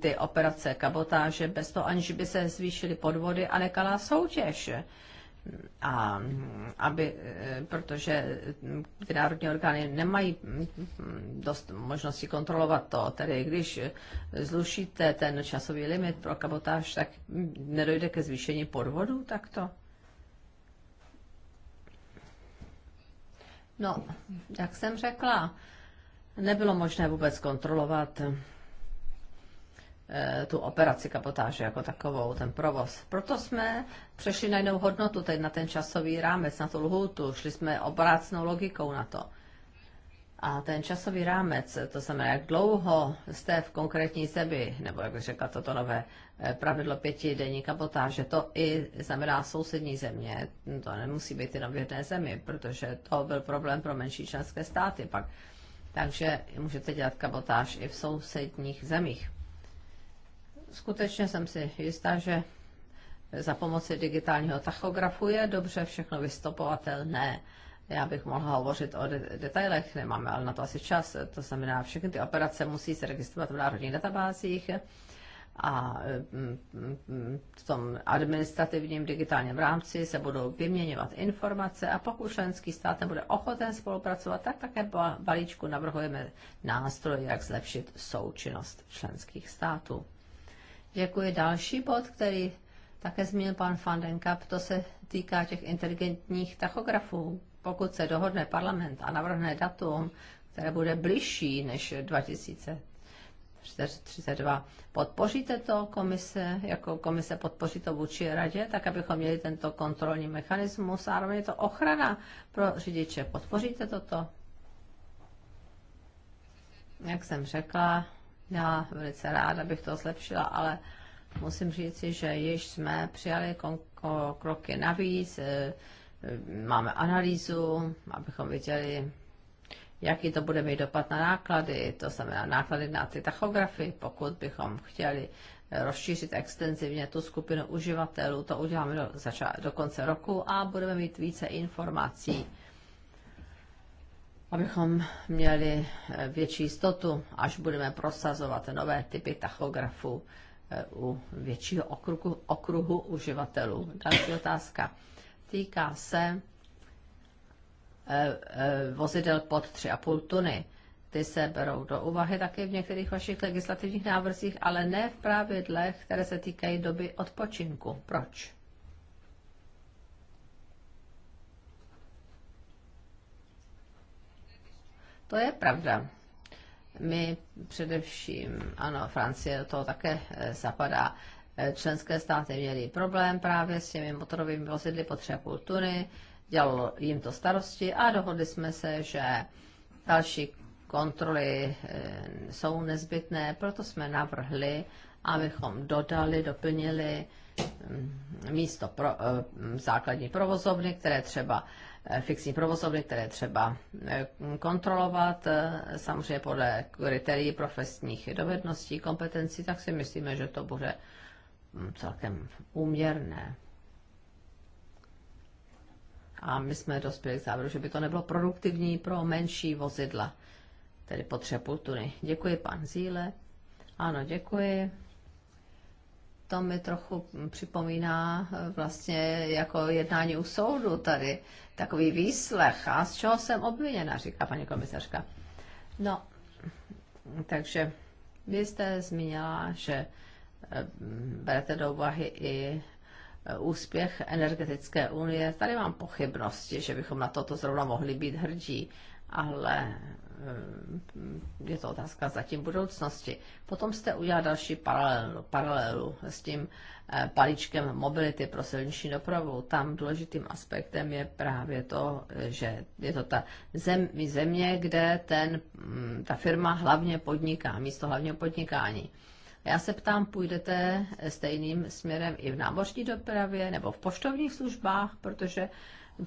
ty operace kabotáže bez toho, aniž by se zvýšily podvody a nekalá soutěž a aby, eh, protože mm, ty národní orgány nemají mm, mm, dost možnosti kontrolovat to. Tedy když zlušíte ten časový limit pro kabotáž, tak nedojde ke zvýšení podvodu takto? No, jak jsem řekla, nebylo možné vůbec kontrolovat Eh, tu operaci kapotáže jako takovou, ten provoz. Proto jsme přešli na jinou hodnotu, teď na ten časový rámec, na tu lhůtu, šli jsme obrácnou logikou na to. A ten časový rámec, to znamená, jak dlouho jste v konkrétní zemi, nebo jak řekla toto nové eh, pravidlo pěti denní kapotáže. to i znamená sousední země, to nemusí být jenom v jedné zemi, protože to byl problém pro menší členské státy pak. Takže můžete dělat kabotáž i v sousedních zemích skutečně jsem si jistá, že za pomoci digitálního tachografu je dobře všechno vystopovatelné. Já bych mohla hovořit o detailech, nemáme ale na to asi čas. To znamená, všechny ty operace musí se registrovat v národních databázích a mm, mm, v tom administrativním digitálním rámci se budou vyměňovat informace a pokud členský stát nebude ochoten spolupracovat, tak také po balíčku navrhujeme nástroj, jak zlepšit součinnost členských států. Děkuji. Další bod, který také zmínil pan van den Kamp, to se týká těch inteligentních tachografů. Pokud se dohodne parlament a navrhne datum, které bude bližší než 2032, podpoříte to komise, jako komise podpoří to vůči radě, tak abychom měli tento kontrolní mechanismus, zároveň je to ochrana pro řidiče. Podpoříte toto? Jak jsem řekla, já velice ráda bych to zlepšila, ale musím říci, že již jsme přijali kroky navíc, eh, eh, máme analýzu, abychom viděli, jaký to bude mít dopad na náklady, to znamená náklady na ty tachografy, pokud bychom chtěli eh, rozšířit extenzivně tu skupinu uživatelů, to uděláme do, zača- do konce roku a budeme mít více informací abychom měli eh, větší jistotu, až budeme prosazovat nové typy tachografů eh, u většího okruhu, okruhu uživatelů. Další otázka týká se eh, vozidel pod 3,5 tuny. Ty se berou do úvahy také v některých vašich legislativních návrzích, ale ne v pravidlech, které se týkají doby odpočinku. Proč? To je pravda. My především, ano, Francie do toho také eh, zapadá. Eh, členské státy měly problém právě s těmi motorovými vozidly po kultury, dělalo jim to starosti a dohodli jsme se, že další kontroly eh, jsou nezbytné, proto jsme navrhli, abychom dodali, doplnili mm, místo pro, základní provozovny, které třeba Eh, fixní provozovny, které třeba eh, kontrolovat, eh, samozřejmě podle kritérií profesních dovedností, kompetencí, tak si myslíme, že to bude hm, celkem úměrné. A my jsme dospěli k závěru, že by to nebylo produktivní pro menší vozidla, tedy potřebu tuny. Děkuji, pan Zíle. Ano, děkuji to mi trochu připomíná eh, vlastně jako jednání u soudu tady, takový výslech. A z čeho jsem obviněna, říká paní komisařka. No, takže vy jste zmínila, že eh, berete do úvahy i eh, úspěch energetické unie. Tady mám pochybnosti, že bychom na toto zrovna mohli být hrdí, ale Eh, je to otázka zatím budoucnosti. Potom jste udělal další paralelu, paralelu s tím eh, palíčkem mobility pro silniční dopravu. Tam důležitým aspektem je právě to, že je to ta zem, země, kde ten, mm, ta firma hlavně podniká, místo hlavně podnikání. Já se ptám, půjdete stejným směrem i v námořní dopravě nebo v poštovních službách, protože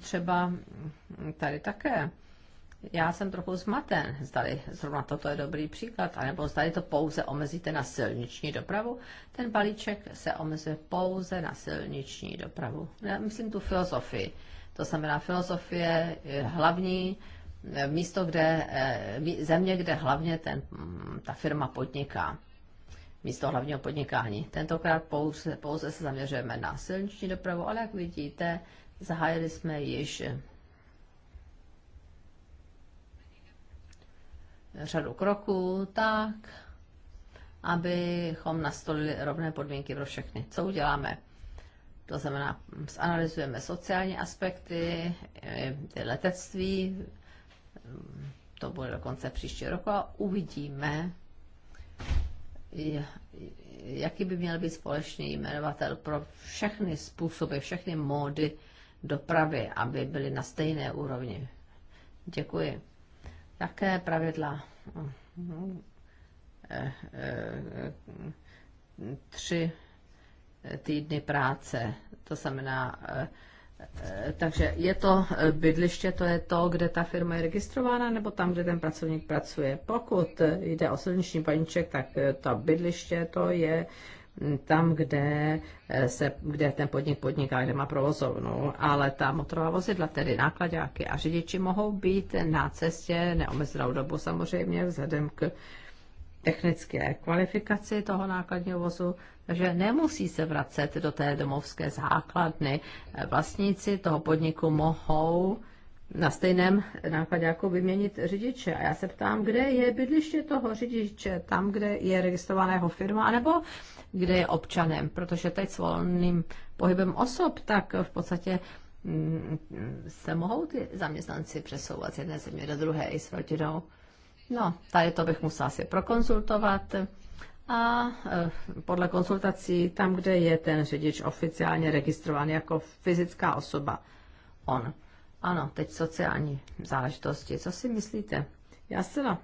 třeba tady také já jsem trochu zmaten, zdali zrovna toto je dobrý příklad, anebo zdali to pouze omezíte na silniční dopravu. Ten balíček se omezuje pouze na silniční dopravu. Já myslím tu filozofii. To znamená, filozofie hlavní eh, místo, kde, eh, země, kde hlavně ten, mm, ta firma podniká. Místo hlavního podnikání. Tentokrát pouze, pouze se zaměřujeme na silniční dopravu, ale jak vidíte, zahájili jsme již řadu kroků tak, abychom nastolili rovné podmínky pro všechny. Co uděláme? To znamená, zanalizujeme sociální aspekty, eh, letectví, to bude do konce příštího roku a uvidíme, jaký by měl být společný jmenovatel pro všechny způsoby, všechny módy dopravy, aby byly na stejné úrovni. Děkuji. Také pravidla eh, eh, tři týdny práce. To znamená, eh, takže je to bydliště, to je to, kde ta firma je registrována, nebo tam, kde ten pracovník pracuje. Pokud jde o silniční paníček, tak to bydliště, to je tam, kde, eh, se, kde ten podnik podniká, kde má provozovnu, ale ta motorová vozidla, tedy nákladáky a řidiči mohou být na cestě neomezenou dobu samozřejmě vzhledem k technické kvalifikaci toho nákladního vozu, takže nemusí se vracet do té domovské základny. Eh, vlastníci toho podniku mohou na stejném jako vyměnit řidiče. A já se ptám, kde je bydliště toho řidiče, tam, kde je registrovaná jeho firma, anebo kde je občanem, protože teď s volným pohybem osob, tak v podstatě mm, se mohou ty zaměstnanci přesouvat z jedné země do druhé i s rodinou. No, tady to bych musela si prokonzultovat. A e, podle konzultací, tam, kde je ten řidič oficiálně registrován jako fyzická osoba, on. Ano, teď sociální záležitosti. Co si myslíte? Já zcela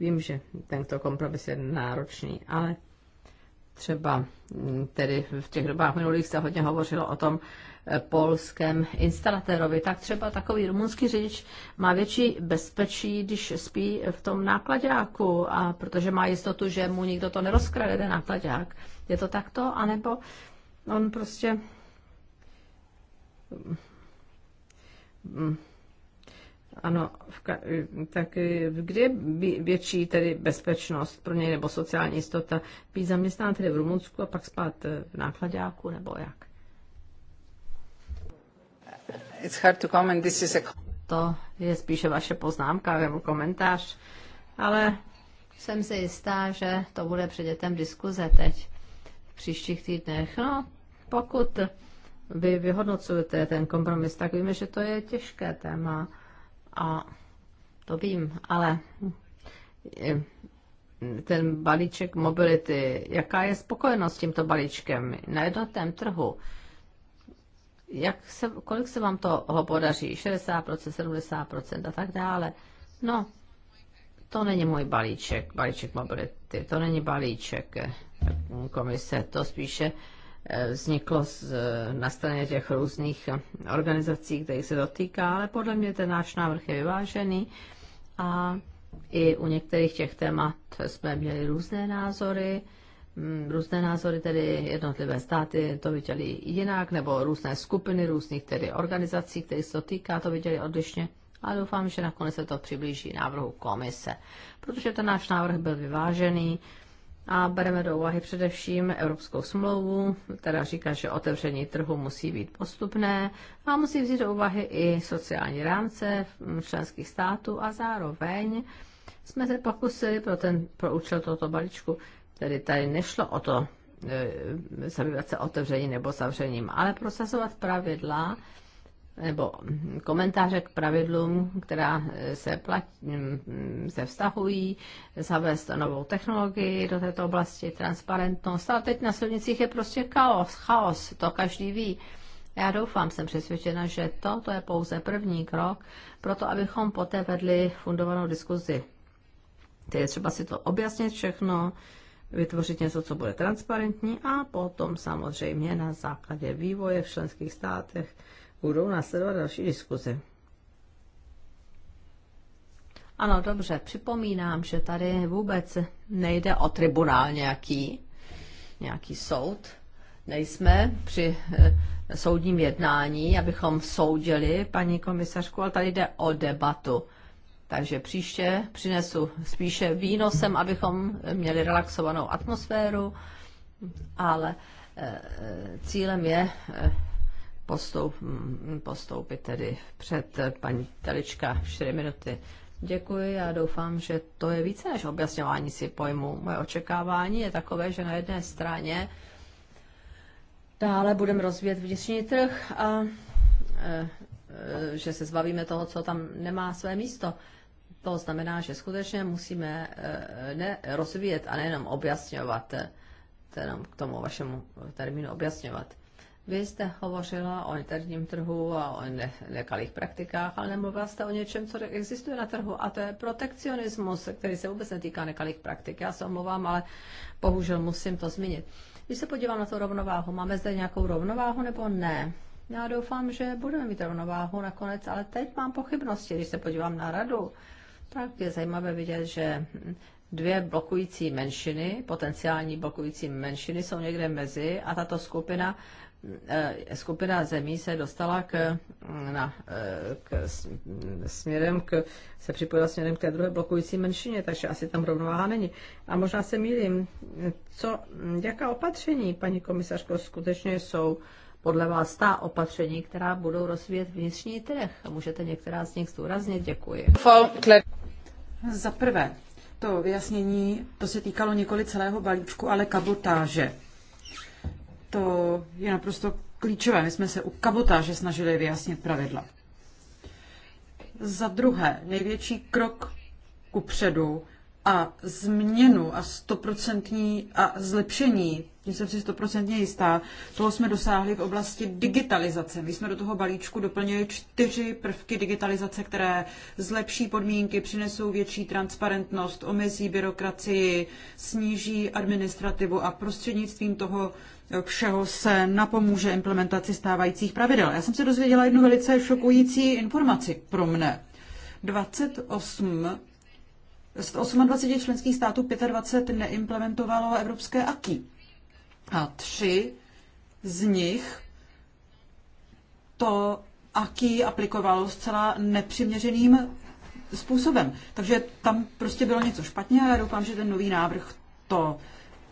vím, že tento kompromis je náročný, ale třeba mm, tedy v těch dobách minulých se hodně hovořilo o tom eh, polském instalatérovi, tak třeba takový rumunský řidič má větší bezpečí, když spí v tom nákladáku, a protože má jistotu, že mu nikdo to nerozkrade, ten nákladák. Je to takto? anebo on prostě mm, mm, ano, v ka- tak kde je větší tedy bezpečnost pro něj nebo sociální jistota? Být zaměstnán tedy v Rumunsku a pak spát eh, v nákladáku nebo jak? It's hard to comment. This is a... To je spíše vaše poznámka nebo komentář, ale jsem si jistá, že to bude předmětem diskuze teď v příštích týdnech. No, pokud vy vyhodnocujete ten kompromis, tak víme, že to je těžké téma a to vím, ale eh, ten balíček mobility, jaká je spokojenost s tímto balíčkem na jednotném trhu? Jak se, kolik se vám toho podaří? 60%, 70% a tak dále. No, to není můj balíček, balíček mobility, to není balíček eh, komise, to spíše Eh, vzniklo eh, na straně těch různých eh, organizací, kterých se dotýká, ale podle mě ten náš návrh je vyvážený a i u některých těch témat jsme měli různé názory, mm, různé názory, tedy jednotlivé státy to viděli jinak, nebo různé skupiny různých tedy organizací, kterých se to týká, to viděli odlišně. A doufám, že nakonec se to přiblíží návrhu komise, protože ten náš návrh byl vyvážený, a bereme do úvahy především Evropskou smlouvu, která říká, že otevření trhu musí být postupné a musí vzít do úvahy i sociální rámce členských států a zároveň jsme se pokusili pro, ten, pro účel tohoto balíčku, tedy tady nešlo o to e, zabývat se otevřením nebo zavřením, ale prosazovat pravidla, nebo komentáře k pravidlům, která eh, se, platí, mm, se vztahují, zavést novou technologii do této oblasti, transparentnost. A teď na silnicích je prostě chaos, chaos, to každý ví. Já doufám, jsem přesvědčena, že to, to je pouze první krok pro to, abychom poté vedli fundovanou diskuzi. Tedy je třeba si to objasnit všechno, vytvořit něco, co bude transparentní a potom samozřejmě na základě vývoje v členských státech budou následovat další diskuze. Ano, dobře, připomínám, že tady vůbec nejde o tribunál nějaký, nějaký soud. Nejsme při e, soudním jednání, abychom soudili paní komisařku, ale tady jde o debatu. Takže příště přinesu spíše výnosem, abychom měli relaxovanou atmosféru, ale e, cílem je postoup, mm, postoupit tedy před paní Telička 4 minuty. Děkuji, já doufám, že to je více než objasňování si pojmu. Moje očekávání je takové, že na jedné straně dále budeme rozvíjet vnitřní trh a e, e, že se zbavíme toho, co tam nemá své místo. To znamená, že skutečně musíme e, ne, rozvíjet a nejenom objasňovat, e, jenom k tomu vašemu termínu objasňovat. Vy jste hovořila o interním trhu a o ne- nekalých praktikách, ale nemluvila jste o něčem, co existuje na trhu, a to je protekcionismus, který se vůbec netýká nekalých praktik. Já se omlouvám, ale bohužel musím to zmínit. Když se podívám na tu rovnováhu, máme zde nějakou rovnováhu nebo ne? Já doufám, že budeme mít rovnováhu nakonec, ale teď mám pochybnosti, když se podívám na radu. Tak je zajímavé vidět, že dvě blokující menšiny, potenciální blokující menšiny jsou někde mezi a tato skupina Eh, skupina zemí se dostala k, na, eh, k směrem k, se připojila směrem k té druhé blokující menšině, takže asi tam rovnováha není. A možná se mýlím, co, jaká opatření, paní komisařko, skutečně jsou podle vás ta opatření, která budou rozvíjet vnitřní trh? Můžete některá z nich zdůraznit? Děkuji. Za prvé, to vyjasnění, to se týkalo nikoli celého balíčku, ale kabotáže to je naprosto klíčové. My jsme se u kabotáže snažili vyjasnit pravidla. Za druhé, největší krok kupředu a změnu a stoprocentní a zlepšení, tím jsem si stoprocentně jistá, toho jsme dosáhli v oblasti digitalizace. My jsme do toho balíčku doplnili čtyři prvky digitalizace, které zlepší podmínky, přinesou větší transparentnost, omezí byrokracii, sníží administrativu a prostřednictvím toho všeho se napomůže implementaci stávajících pravidel. Já jsem se dozvěděla jednu velice šokující informaci pro mne. 28 z 28 členských států 25 neimplementovalo evropské aký. A tři z nich to aký aplikovalo zcela nepřiměřeným způsobem. Takže tam prostě bylo něco špatně a já doufám, že ten nový návrh to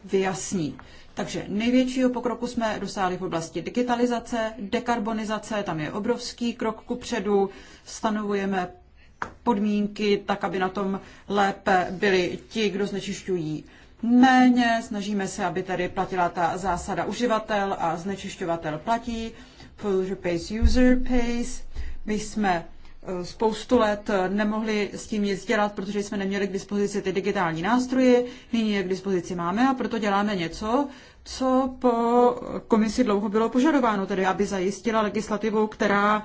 vyjasní. Takže největšího pokroku jsme dosáhli v oblasti digitalizace, dekarbonizace, tam je obrovský krok ku předu, stanovujeme podmínky, tak aby na tom lépe byli ti, kdo znečišťují méně. Snažíme se, aby tady platila ta zásada uživatel a znečišťovatel platí. Polluter pays, user pays. My jsme eh, spoustu let eh, nemohli s tím nic dělat, protože jsme neměli k dispozici ty digitální nástroje, nyní je k dispozici máme a proto děláme něco, co po komisi dlouho bylo požadováno, tedy aby zajistila legislativu, která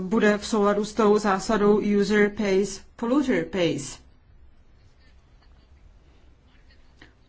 bude v souladu s tou zásadou user pays, polluter pays.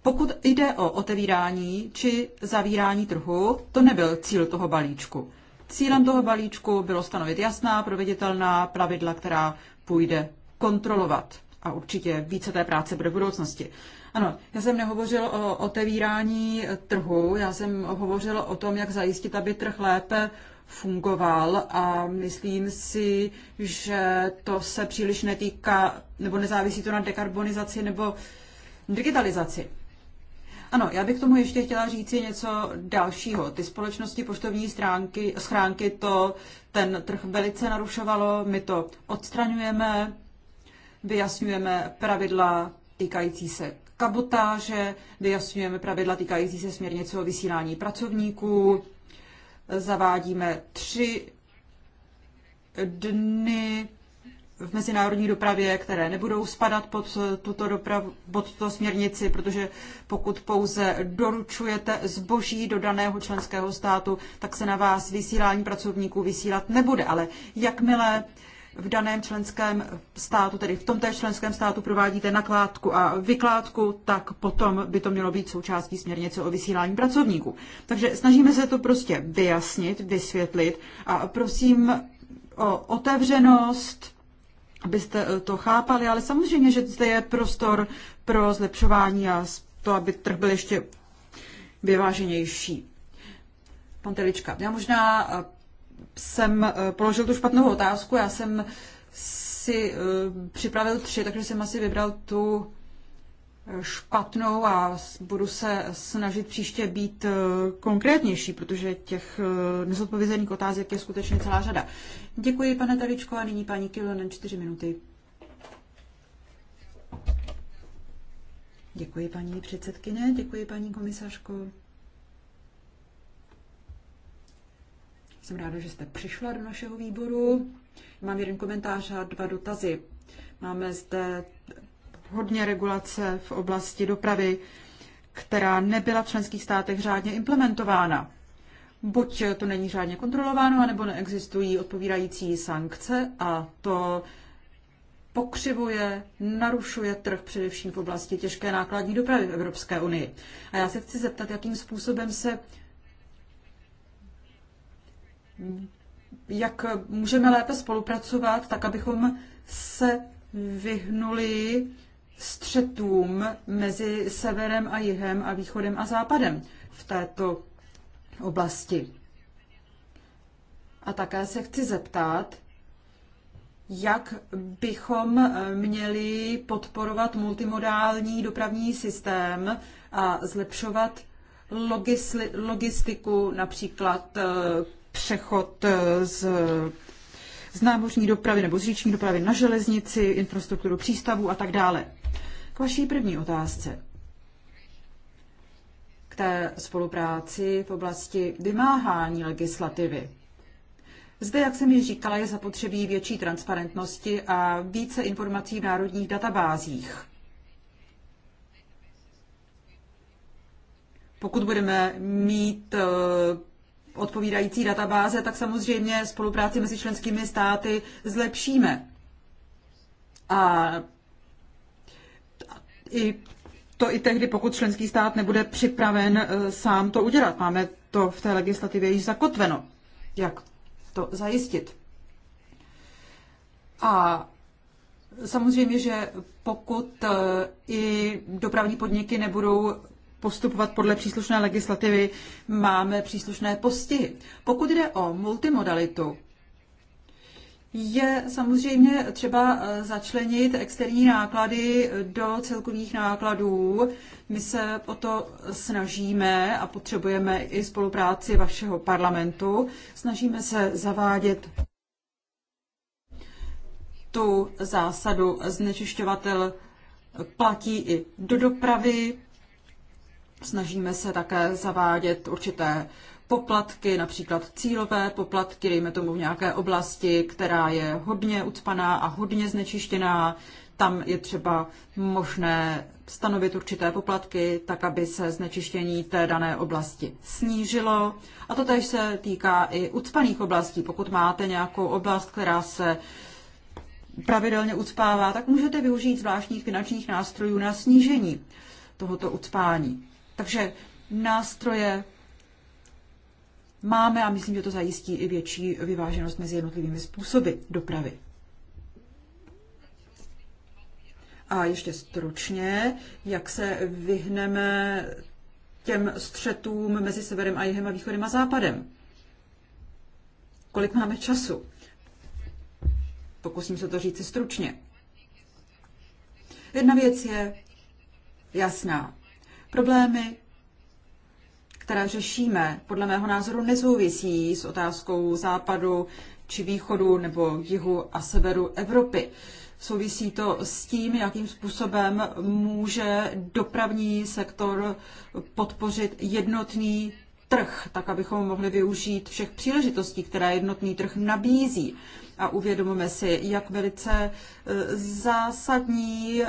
Pokud jde o otevírání či zavírání trhu, to nebyl cíl toho balíčku. Cílem toho balíčku bylo stanovit jasná, proveditelná pravidla, která půjde kontrolovat. A určitě více té práce bude v budoucnosti. Ano, já jsem nehovořil o otevírání trhu, já jsem hovořil o tom, jak zajistit, aby trh lépe fungoval a myslím si, že to se příliš netýká, nebo nezávisí to na dekarbonizaci nebo digitalizaci. Ano, já bych k tomu ještě chtěla říci něco dalšího. Ty společnosti poštovní stránky, schránky, to ten trh velice narušovalo, my to odstraňujeme, vyjasňujeme pravidla týkající se kabotáže, vyjasňujeme pravidla týkající se směrnice o vysílání pracovníků, zavádíme tři dny v mezinárodní dopravě, které nebudou spadat pod tuto, dopravu, pod tuto směrnici, protože pokud pouze doručujete zboží do daného členského státu, tak se na vás vysílání pracovníků vysílat nebude. Ale jakmile v daném členském státu, tedy v tomto členském státu provádíte nakládku a vykládku, tak potom by to mělo být součástí směrnice o vysílání pracovníků. Takže snažíme se to prostě vyjasnit, vysvětlit a prosím o otevřenost, abyste eh, to chápali, ale samozřejmě, že zde je prostor pro zlepšování a to, aby trh byl ještě vyváženější. Pan Telička, já možná eh, jsem eh, položil tu špatnou otázku. Já jsem si eh, připravil tři, takže jsem asi vybral tu eh, špatnou a budu se snažit příště být konkrétnější, protože těch nezodpovězených otázek je skutečně celá řada. Děkuji, pane Taličko, a nyní paní Kilo na čtyři minuty. Děkuji, paní předsedkyně, děkuji, paní komisařko. Jsem ráda, že jste přišla do našeho výboru. Mám jeden komentář a dva dotazy. Máme zde hodně regulace v oblasti dopravy, která nebyla v členských státech řádně implementována. Buď to není řádně kontrolováno, anebo neexistují odpovídající sankce a to pokřivuje, narušuje trh především v oblasti těžké nákladní dopravy v Evropské unii. A já se chci zeptat, jakým způsobem se jak můžeme lépe spolupracovat, tak abychom se vyhnuli střetům mezi severem a jihem a východem a západem v této oblasti. A také se chci zeptat, jak bychom měli podporovat multimodální dopravní systém a zlepšovat logistiku například eh, přechod eh, z z námořní dopravy nebo z říční dopravy na železnici, infrastrukturu přístavů a tak dále. K vaší první otázce. K té spolupráci v oblasti vymáhání legislativy. Zde, jak jsem již říkala, je zapotřebí větší transparentnosti a více informací v národních databázích. Pokud budeme mít eh, odpovídající databáze, tak samozřejmě spolupráci mezi členskými státy zlepšíme. A i to i tehdy, pokud členský stát nebude připraven eh, sám to udělat. Máme to v té legislativě již zakotveno, jak to zajistit. A samozřejmě, že pokud eh, i dopravní podniky nebudou postupovat podle příslušné legislativy, máme příslušné postihy. Pokud jde o multimodalitu, je samozřejmě třeba eh, začlenit externí náklady do celkových nákladů. My se o to snažíme a potřebujeme i spolupráci vašeho parlamentu. Snažíme se zavádět tu zásadu znečišťovatel platí i do dopravy. Snažíme se také zavádět určité poplatky, například cílové poplatky, dejme tomu v nějaké oblasti, která je hodně ucpaná a hodně znečištěná. Tam je třeba možné stanovit určité poplatky, tak aby se znečištění té dané oblasti snížilo. A to tež se týká i ucpaných oblastí. Pokud máte nějakou oblast, která se pravidelně ucpává, tak můžete využít zvláštních finančních nástrojů na snížení tohoto ucpání. Takže nástroje máme a myslím, že to zajistí i větší vyváženost mezi jednotlivými způsoby dopravy. A ještě stručně, jak se vyhneme těm střetům mezi severem a jihem a východem a západem. Kolik máme času? Pokusím se to říct stručně. Jedna věc je jasná. Problémy, které řešíme, podle mého názoru nesouvisí s otázkou západu či východu nebo jihu a severu Evropy. Souvisí to s tím, jakým způsobem může dopravní sektor podpořit jednotný trh, tak abychom mohli využít všech příležitostí, které jednotný trh nabízí. A uvědomíme si, jak velice e, zásadní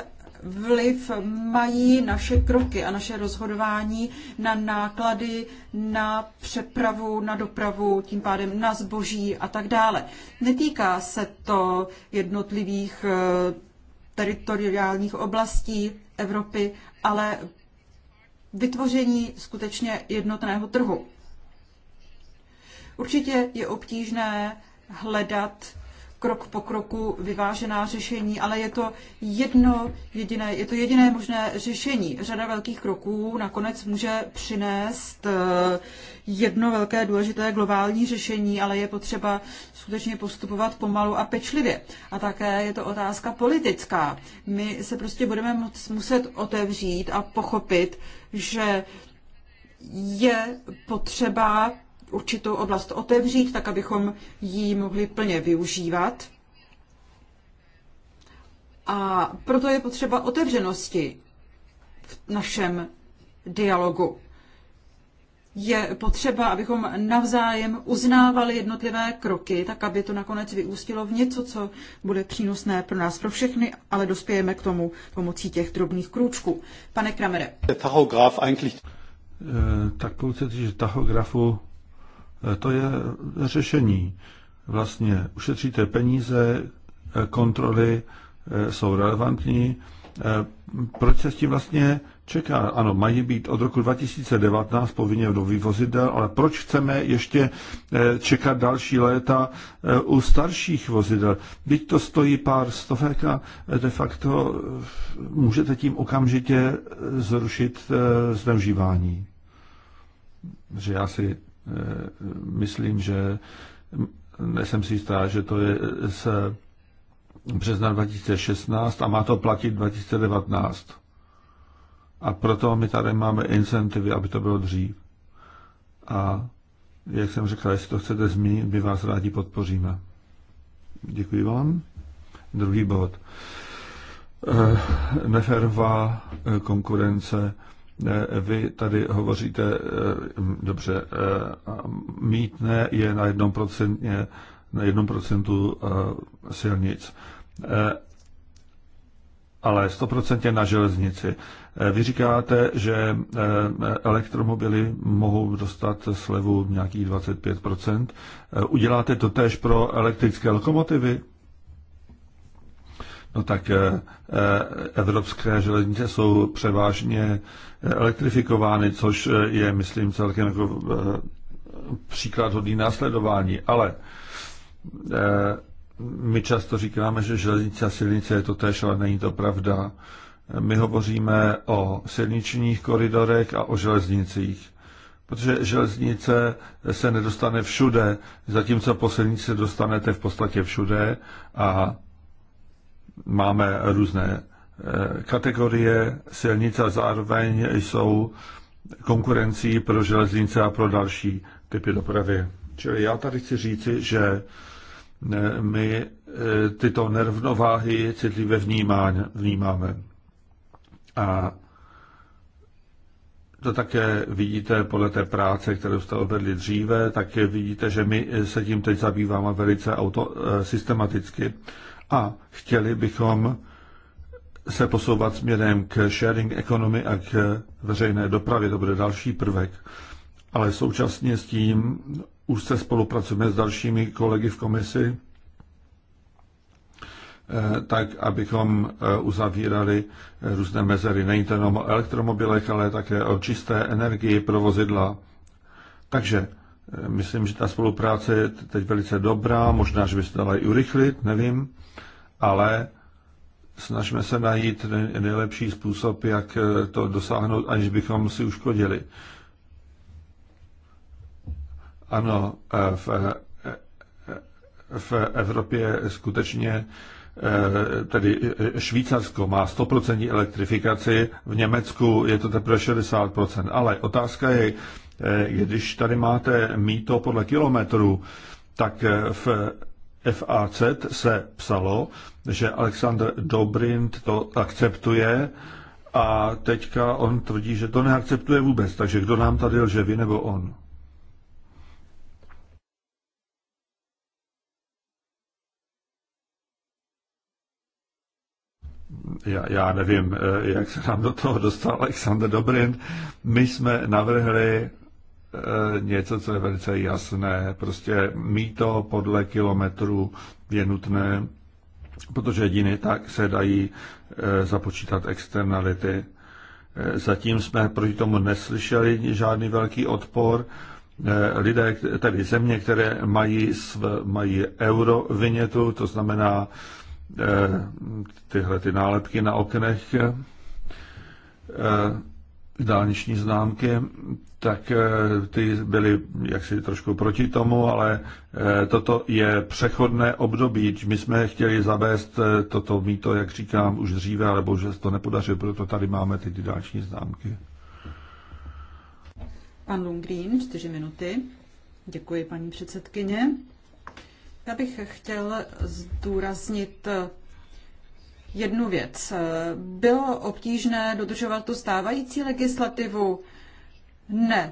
vliv mají naše kroky a naše rozhodování na náklady, na přepravu, na dopravu, tím pádem na zboží a tak dále. Netýká se to jednotlivých eh, teritoriálních oblastí Evropy, ale vytvoření skutečně jednotného trhu. Určitě je obtížné hledat krok po kroku vyvážená řešení, ale je to jedno jediné, je to jediné možné řešení. Řada velkých kroků nakonec může přinést eh, jedno velké důležité globální řešení, ale je potřeba skutečně postupovat pomalu a pečlivě. A také je to otázka politická. My se prostě budeme muset otevřít a pochopit, že je potřeba určitou oblast otevřít, tak abychom ji mohli plně využívat. A proto je potřeba otevřenosti v našem dialogu. Je potřeba, abychom navzájem uznávali jednotlivé kroky, tak aby to nakonec vyústilo v něco, co bude přínosné pro nás, pro všechny, ale dospějeme k tomu pomocí těch drobných krůčků. Pane Kramere. Tachograf eh, Tak pouze, že tachografu Eh, to je řešení. Vlastně ušetříte peníze, eh, kontroly eh, jsou relevantní. Proč se s tím vlastně čeká? Ano, mají být od roku 2019 povinně do vozidel, ale proč chceme ještě čekat další léta u starších vozidel? Byť to stojí pár stovek a de facto můžete tím okamžitě zrušit zneužívání. Že já si myslím, že nejsem si jistá, že to je z března 2016 a má to platit 2019. A proto my tady máme incentivy, aby to bylo dřív. A jak jsem řekl, jestli to chcete změnit, my vás rádi podpoříme. Děkuji vám. Druhý bod. Eh, Neferová eh, konkurence vy tady hovoříte, eh, dobře, eh, mítné je na jednom procentně, na jednom procentu eh, silnic, ale stoprocentně na železnici. Vy říkáte, že elektromobily mohou dostat slevu nějakých 25%. Uděláte to též pro elektrické lokomotivy? No tak eh, eh, evropské železnice jsou převážně eh, elektrifikovány, což je, myslím, celkem jako příklad hodný následování, ale my často říkáme, že železnice a silnice je to tež, ale není to pravda. My hovoříme o silničních koridorech a o železnicích, protože železnice se nedostane všude, zatímco po silnici dostanete v podstatě všude a máme různé eh, kategorie silnic a zároveň jsou konkurencí pro železnice a pro další typy dopravy. Čili já tady chci říci, že eh, my eh, tyto nerovnováhy citlivě vnímáme. A to také vidíte podle té práce, kterou jste odvedli dříve, tak vidíte, že my se tím teď zabýváme velice auto, systematicky a chtěli bychom se posouvat směrem k sharing economy a k veřejné dopravě. To bude další prvek. Ale současně s tím už se spolupracujeme s dalšími kolegy v komisi, eh, tak abychom eh, uzavírali eh, různé mezery. Není to jenom o elektromobilech, ale také o čisté energii pro vozidla. Takže Myslím, že ta spolupráce je teď velice dobrá, možná, že by se dala i urychlit, nevím, ale snažíme se najít nejlepší způsob, jak eh, to dosáhnout, aniž bychom si uškodili. Ano, eh, v, eh, v Evropě skutečně tedy Švýcarsko má 100% elektrifikaci, v Německu je to teprve 60%, ale otázka je, Eh, když tady máte míto podle kilometru, tak eh, v FAC se psalo, že Alexander Dobrind to akceptuje a teďka on tvrdí, že to neakceptuje vůbec. Takže kdo nám tady lže, vy nebo on? já, já nevím, eh, jak se nám do toho dostal Alexander Dobrind. My jsme navrhli Eh, něco, co je velice jasné. Prostě míto podle kilometru je nutné, protože jedině tak se dají eh, započítat externality. Eh, zatím jsme proti tomu neslyšeli žádný velký odpor. Lidé, tedy země, které mají, mají euro vynětu, to znamená tyhle ty nálepky na oknech, dálniční známky, tak eh, ty byly jaksi trošku proti tomu, ale eh, toto je přechodné období. My jsme chtěli zavést eh, toto mýto, jak říkám, už dříve, ale bohužel se to nepodařilo, proto tady máme ty další známky. Pan Lundgren, čtyři minuty. Děkuji, paní předsedkyně. Já bych chtěl zdůraznit jednu věc. Bylo obtížné dodržovat tu stávající legislativu, ne.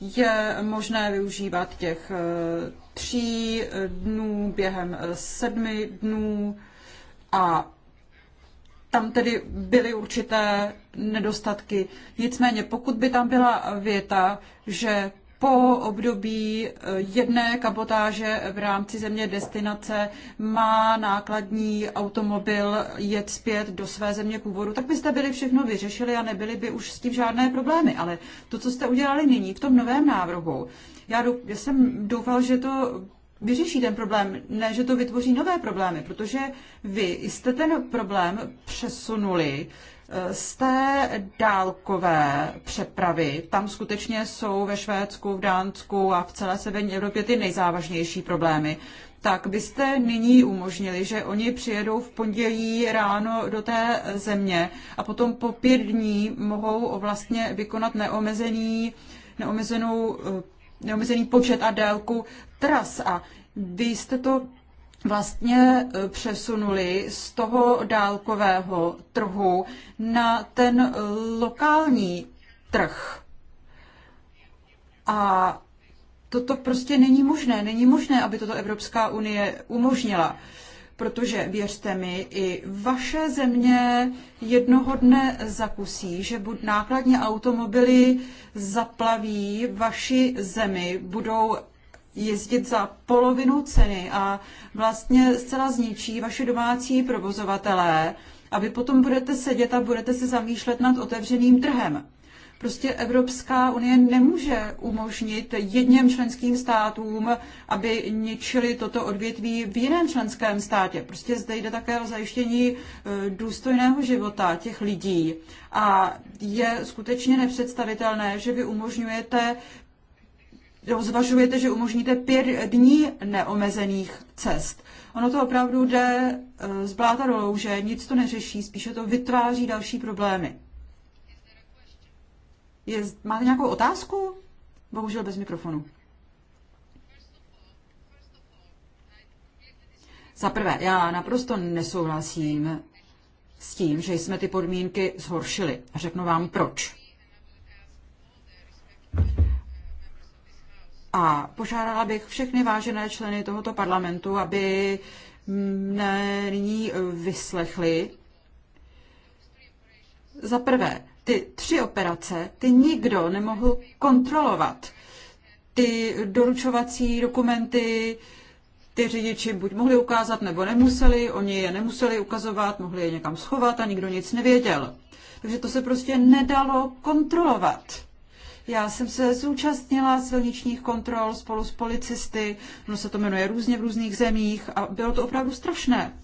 Je možné využívat těch eh, tří dnů během eh, sedmi dnů a tam tedy byly určité nedostatky. Nicméně, pokud by tam byla věta, že po období eh, jedné kabotáže v rámci země destinace má nákladní automobil jet zpět do své země původu, tak byste byli všechno vyřešili a nebyly by už s tím žádné problémy. Ale to, co jste udělali nyní v tom novém návrhu, já, douf, já jsem doufal, že to vyřeší ten problém, ne, že to vytvoří nové problémy, protože vy jste ten problém přesunuli z té dálkové přepravy, tam skutečně jsou ve Švédsku, v Dánsku a v celé severní Evropě ty nejzávažnější problémy. Tak byste nyní umožnili, že oni přijedou v pondělí ráno do té země a potom po pět dní mohou vlastně vykonat neomezený, neomezenou, eh, neomezený počet a délku tras. A vy jste to vlastně e, přesunuli z toho dálkového trhu na ten e, lokální trh. A toto prostě není možné. Není možné, aby toto Evropská unie umožnila. Protože věřte mi, i vaše země jednoho dne zakusí, že buď nákladní automobily zaplaví vaši zemi, budou jezdit za polovinu ceny a vlastně zcela zničí vaše domácí provozovatelé a vy potom budete sedět a budete se zamýšlet nad otevřeným trhem. Prostě Evropská unie nemůže umožnit jedním členským státům, aby ničili toto odvětví v jiném členském státě. Prostě zde jde také o zajištění e, důstojného života těch lidí. A je skutečně nepředstavitelné, že vy umožňujete zvažujete, že umožníte pět dní neomezených cest. Ono to opravdu jde eh, z bláta do louže, nic to neřeší, spíše to vytváří další problémy. Je, máte nějakou otázku? Bohužel bez mikrofonu. Za prvé, já naprosto nesouhlasím s tím, že jsme ty podmínky zhoršili. A řeknu vám proč. A požádala bych všechny vážené členy tohoto parlamentu, aby mne nyní vyslechli. Za prvé, ty tři operace, ty nikdo nemohl kontrolovat. Ty doručovací dokumenty, ty řidiči buď mohli ukázat, nebo nemuseli, oni je nemuseli ukazovat, mohli je někam schovat a nikdo nic nevěděl. Takže to se prostě nedalo kontrolovat. Já jsem se zúčastnila silničních kontrol spolu s policisty, ono se to jmenuje různě v různých zemích a bylo to opravdu strašné.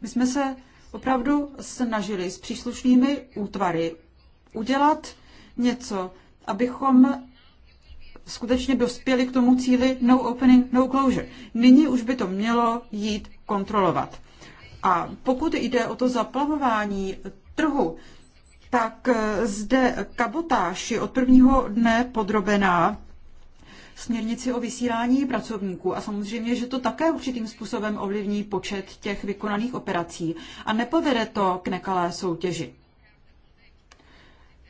My jsme se opravdu snažili s příslušnými útvary udělat něco, abychom skutečně dospěli k tomu cíli no opening, no closure. Nyní už by to mělo jít kontrolovat. A pokud jde o to zaplavování trhu, tak eh, zde kabotáž je od prvního dne podrobená směrnici o vysílání pracovníků a samozřejmě, že to také určitým způsobem ovlivní počet těch vykonaných operací a nepovede to k nekalé soutěži.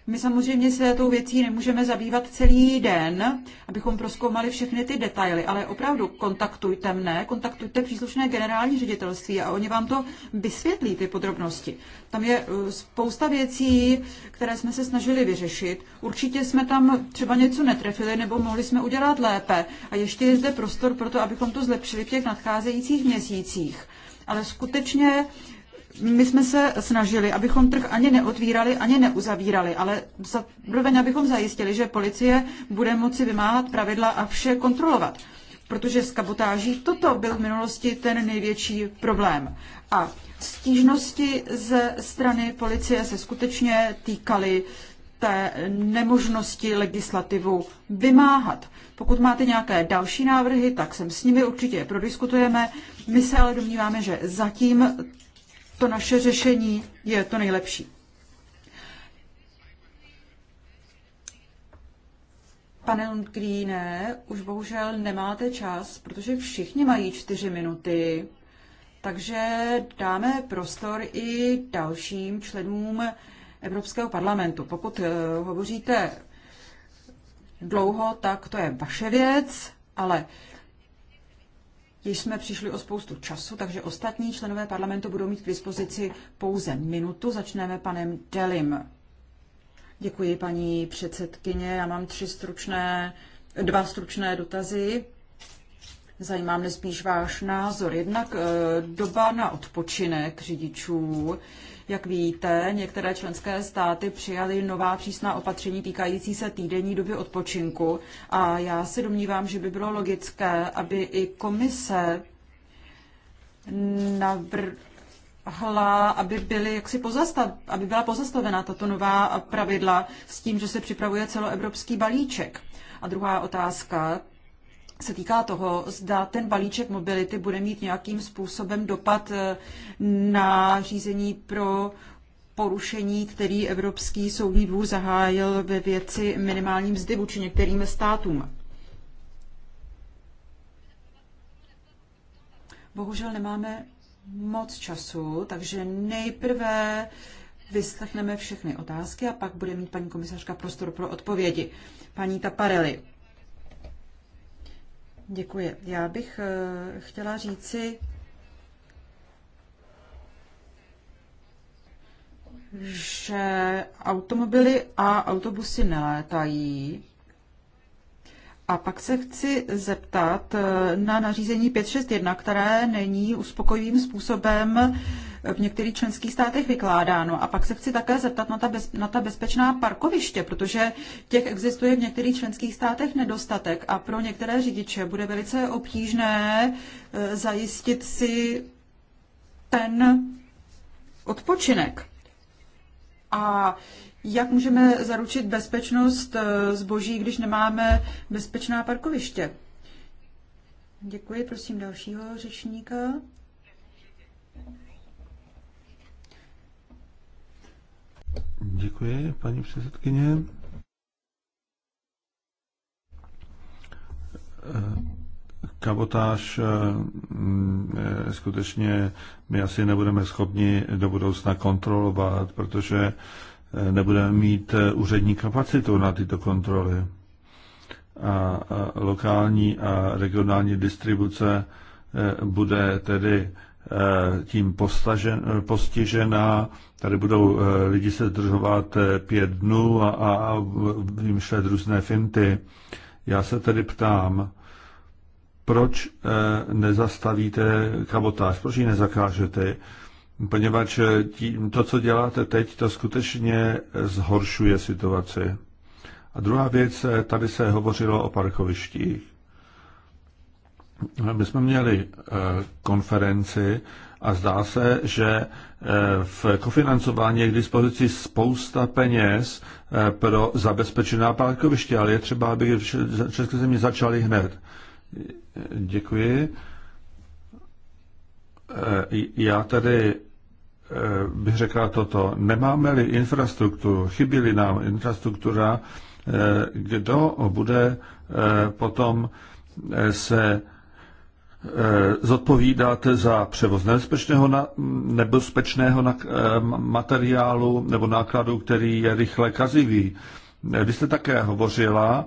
My samozřejmě se tou věcí nemůžeme zabývat celý den, abychom proskoumali všechny ty detaily, ale opravdu kontaktujte mne, kontaktujte příslušné generální ředitelství a oni vám to vysvětlí, ty podrobnosti. Tam je uh, spousta věcí, které jsme se snažili vyřešit. Určitě jsme tam třeba něco netrefili nebo mohli jsme udělat lépe a ještě je zde prostor pro to, abychom to zlepšili v těch nadcházejících měsících. Ale skutečně my jsme se snažili, abychom trh ani neotvírali, ani neuzavírali, ale zároveň abychom zajistili, že policie bude moci vymáhat pravidla a vše kontrolovat. Protože s kabotáží toto byl v minulosti ten největší problém. A stížnosti ze strany policie se skutečně týkaly té nemožnosti legislativu vymáhat. Pokud máte nějaké další návrhy, tak sem s nimi určitě prodiskutujeme. My se ale domníváme, že zatím to naše řešení je to nejlepší. Pane Lundgríne, už bohužel nemáte čas, protože všichni mají čtyři minuty, takže dáme prostor i dalším členům Evropského parlamentu. Pokud eh, hovoříte dlouho, tak to je vaše věc, ale jsme přišli o spoustu času, takže ostatní členové parlamentu budou mít k dispozici pouze minutu. Začneme panem Delim. Děkuji, paní předsedkyně. Já mám tři stručné, dva stručné dotazy. Zajímá mě spíš váš názor. Jednak eh, doba na odpočinek řidičů. Jak víte, některé členské státy přijaly nová přísná opatření týkající se týdenní doby odpočinku a já se domnívám, že by bylo logické, aby i komise navrhla, aby, byly jaksi pozastav, aby byla pozastavena tato nová pravidla s tím, že se připravuje celoevropský balíček. A druhá otázka, se týká toho, zda ten balíček mobility bude mít nějakým způsobem dopad eh, na řízení pro porušení, který Evropský soudní dvůr zahájil ve věci minimální mzdy vůči některým státům. Bohužel nemáme moc času, takže nejprve vyslechneme všechny otázky a pak bude mít paní komisařka prostor pro odpovědi. Paní Taparelli. Děkuji. Já bych eh, chtěla říci, že automobily a autobusy nelétají. A pak se chci zeptat eh, na nařízení 561, které není uspokojivým způsobem v některých členských státech vykládáno. A pak se chci také zeptat na ta, bez, na ta bezpečná parkoviště, protože těch existuje v některých členských státech nedostatek a pro některé řidiče bude velice obtížné eh, zajistit si ten odpočinek. A jak můžeme zaručit bezpečnost eh, zboží, když nemáme bezpečná parkoviště? Děkuji, prosím dalšího řečníka. Děkuji, paní předsedkyně. Eh, kabotáž eh, eh, skutečně my asi nebudeme schopni do budoucna kontrolovat, protože nebudeme mít úřední kapacitu na tyto kontroly. A lokální a regionální distribuce bude tedy Eh, tím postažen, eh, postižená. Tady budou eh, lidi se držovat pět dnů a, a vymýšlet různé finty. Já se tedy ptám, proč nezastavíte kabotáž, proč ji nezakážete? Poněvadž tím, to, co děláte teď, to skutečně zhoršuje situaci. A druhá věc, tady se hovořilo o parkovištích. My jsme měli eh, konferenci a zdá se, že eh, v kofinancování je k dispozici spousta peněz eh, pro zabezpečená parkoviště, ale je třeba, aby české země začaly hned. Děkuji. Já tady bych řekla toto. Nemáme-li infrastrukturu, chybí-li nám infrastruktura, kdo bude potom se Eh, zodpovídat za převoz nebezpečného, na, nebezpečného na, eh, materiálu nebo nákladu, který je rychle kazivý. Eh, vy jste také hovořila,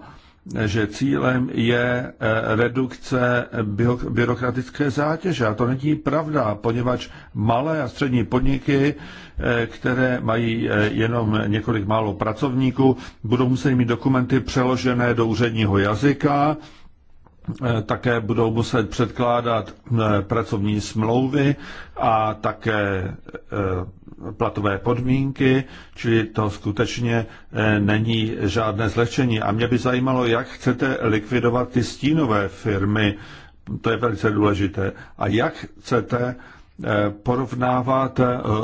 že cílem je redukce byrokratické zátěže. A to není pravda, poněvadž malé a střední podniky, které mají jenom několik málo pracovníků, budou muset mít dokumenty přeložené do úředního jazyka, Eh, také budou muset předkládat eh, pracovní smlouvy a také eh, platové podmínky, čili to skutečně není žádné zlehčení. A mě by zajímalo, jak chcete likvidovat ty stínové firmy, to je velice důležité, a jak chcete porovnávat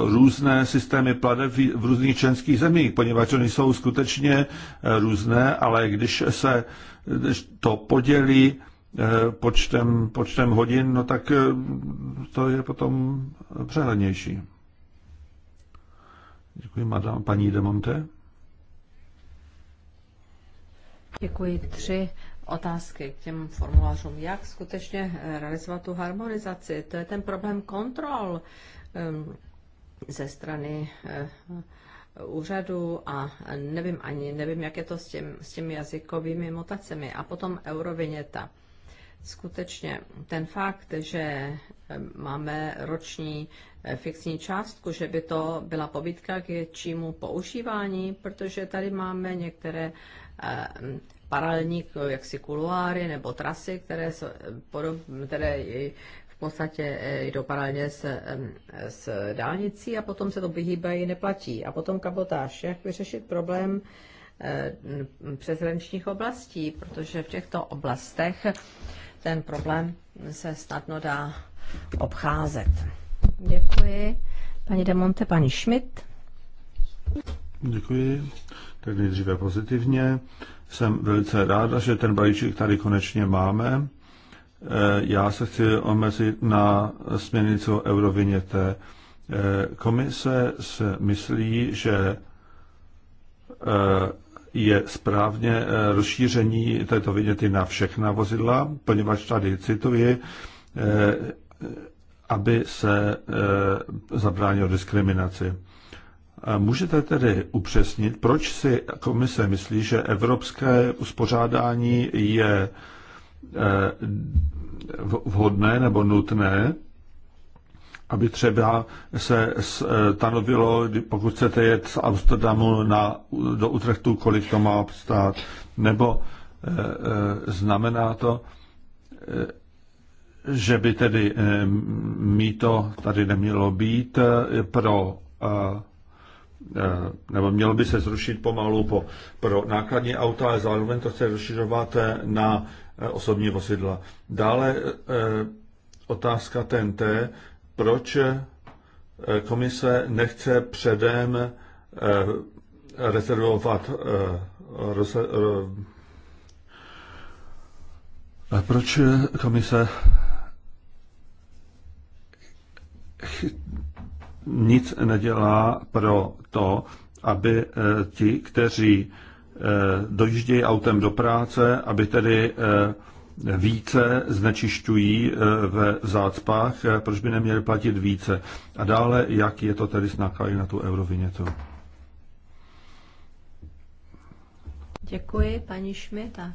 různé systémy plateb v různých členských zemích, poněvadž oni jsou skutečně různé, ale když se to podělí Eh, počtem, počtem hodin, no tak eh, to je potom přehlednější. Děkuji, madam, paní Demonte. Děkuji. Tři otázky k těm formulářům. Jak skutečně eh, realizovat tu harmonizaci? To je ten problém kontrol ze strany úřadu a nevím ani, nevím, jak je to s, těm, s těmi jazykovými mutacemi. A potom euroviněta skutečně ten fakt, že eh, máme roční eh, fixní částku, že by to byla pobytka k většímu používání, protože tady máme některé eh, paralelní jaksi kuluáry nebo trasy, které, jsou, které v podstatě jdou paralelně s, s dálnicí a potom se to vyhýbají, neplatí. A potom kabotáž. Jak vyřešit problém přeshraničních oblastí, protože v těchto oblastech ten problém se snadno dá obcházet. Děkuji. Paní Demonte, paní Schmidt. Děkuji. Tak nejdříve pozitivně. Jsem velice ráda, že ten balíček tady konečně máme. Eh, já se chci omezit na směrnici o té eh, Komise se myslí, že eh, je správně eh, rozšíření této viněty na všechna vozidla, poněvadž tady cituji, eh, aby se eh, zabránilo diskriminaci. Můžete tedy upřesnit, proč si komise myslí, že evropské uspořádání je vhodné nebo nutné aby třeba se stanovilo, pokud chcete jet z Amsterdamu na, do Utrechtu, kolik to má stát, nebo e, znamená to, e, že by tedy e, mýto tady nemělo být pro e, nebo mělo by se zrušit pomalu po, pro nákladní auta, ale zároveň to chce rozšiřovat na osobní vozidla. Dále otázka TNT proč eh, komise nechce předem eh, rezervovat eh, proč komise nic nedělá pro to, aby ti, kteří dojíždějí autem do práce, aby tedy více znečišťují eh, ve zácpách, eh, proč by neměli platit více. A dále, jak je to tedy s náklady na tu eurovinětu. Děkuji, paní Šmit. A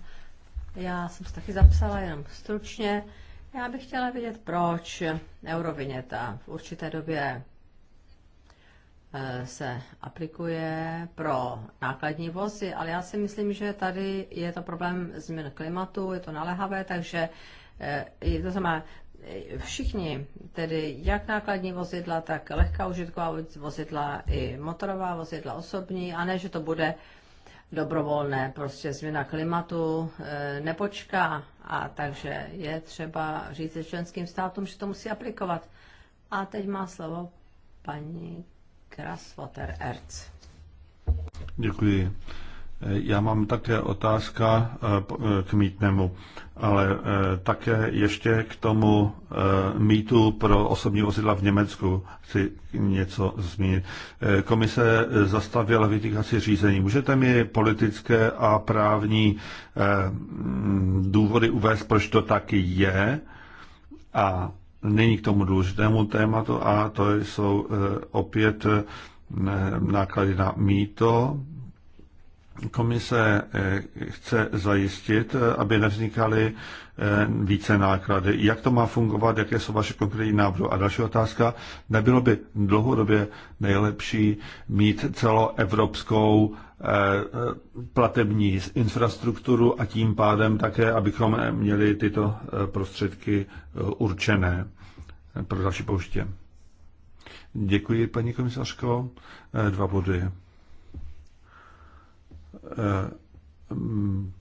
já jsem se taky zapsala jenom stručně. Já bych chtěla vědět, proč euroviněta v určité době Eh, se aplikuje pro nákladní vozy, ale já si myslím, že tady je to problém změn klimatu, je to naléhavé, takže eh, je to znamená, eh, všichni, tedy jak nákladní vozidla, tak lehká užitková vozidla i motorová vozidla osobní, a ne, že to bude dobrovolné, prostě změna klimatu nepočká a takže je třeba říct členským státům, že to musí aplikovat. A teď má slovo paní Graswater Erz. Děkuji. Já mám také otázka eh, k mítnému, ale eh, také ještě k tomu eh, mítu pro osobní vozidla v Německu chci něco zmínit. Komise zastavila vytýkací řízení. Můžete mi politické a právní důvody uvést, proč to taky je? A Nyní k tomu důležitému tématu a to jsou e, opět e, náklady na mýto. Komise e, chce zajistit, aby nevznikaly více náklady. Jak to má fungovat, jaké jsou vaše konkrétní návrhy? A další otázka, nebylo by dlouhodobě nejlepší mít celoevropskou Eh, platební infrastrukturu a tím pádem také, abychom měli tyto eh, prostředky eh, určené pro další pouště. Děkuji, paní komisařko. Dva body.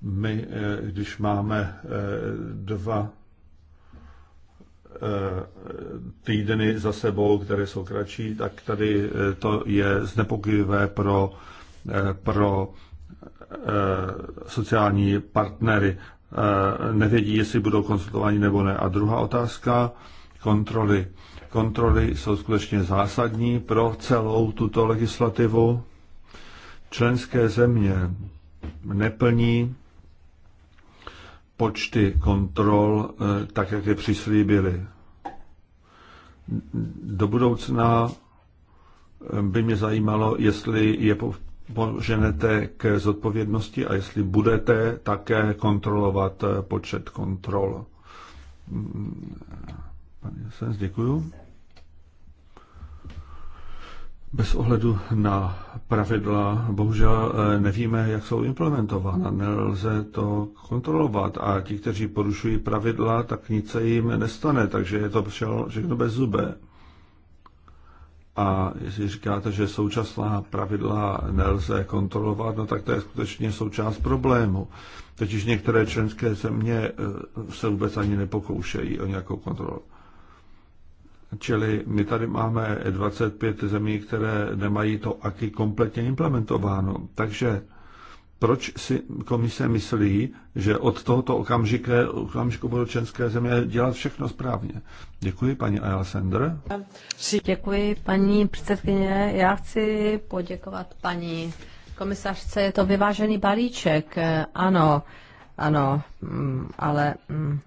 My, když máme dva týdny za sebou, které jsou kratší, tak tady to je znepokojivé pro Eh, pro eh, sociální partnery. Eh, nevědí, jestli budou konsultováni nebo ne. A druhá otázka, kontroly. Kontroly jsou skutečně zásadní pro celou tuto legislativu. Členské země neplní počty kontrol tak, jak je přislíbili. Do budoucna by mě zajímalo, jestli je poženete k zodpovědnosti a jestli budete také kontrolovat počet kontrol. Pane Sens, děkuju. Bez ohledu na pravidla, bohužel eh, nevíme, jak jsou implementována. Nelze to kontrolovat a ti, kteří porušují pravidla, tak nic se jim nestane, takže je to všechno bez zube. A jestli říkáte, že současná pravidla nelze kontrolovat, no tak to je skutečně součást problému. Totiž některé členské země eh, se vůbec ani nepokoušejí o nějakou kontrolu. Čili my tady máme 25 zemí, které nemají to aky kompletně implementováno. Takže proč si komise myslí, že od tohoto okamžiku, okamžiku budou české země dělat všechno správně. Děkuji, paní Alessandr. Děkuji, paní předsedkyně. Já chci poděkovat paní komisařce. Je to vyvážený balíček, ano. Ano, mm, ale mm,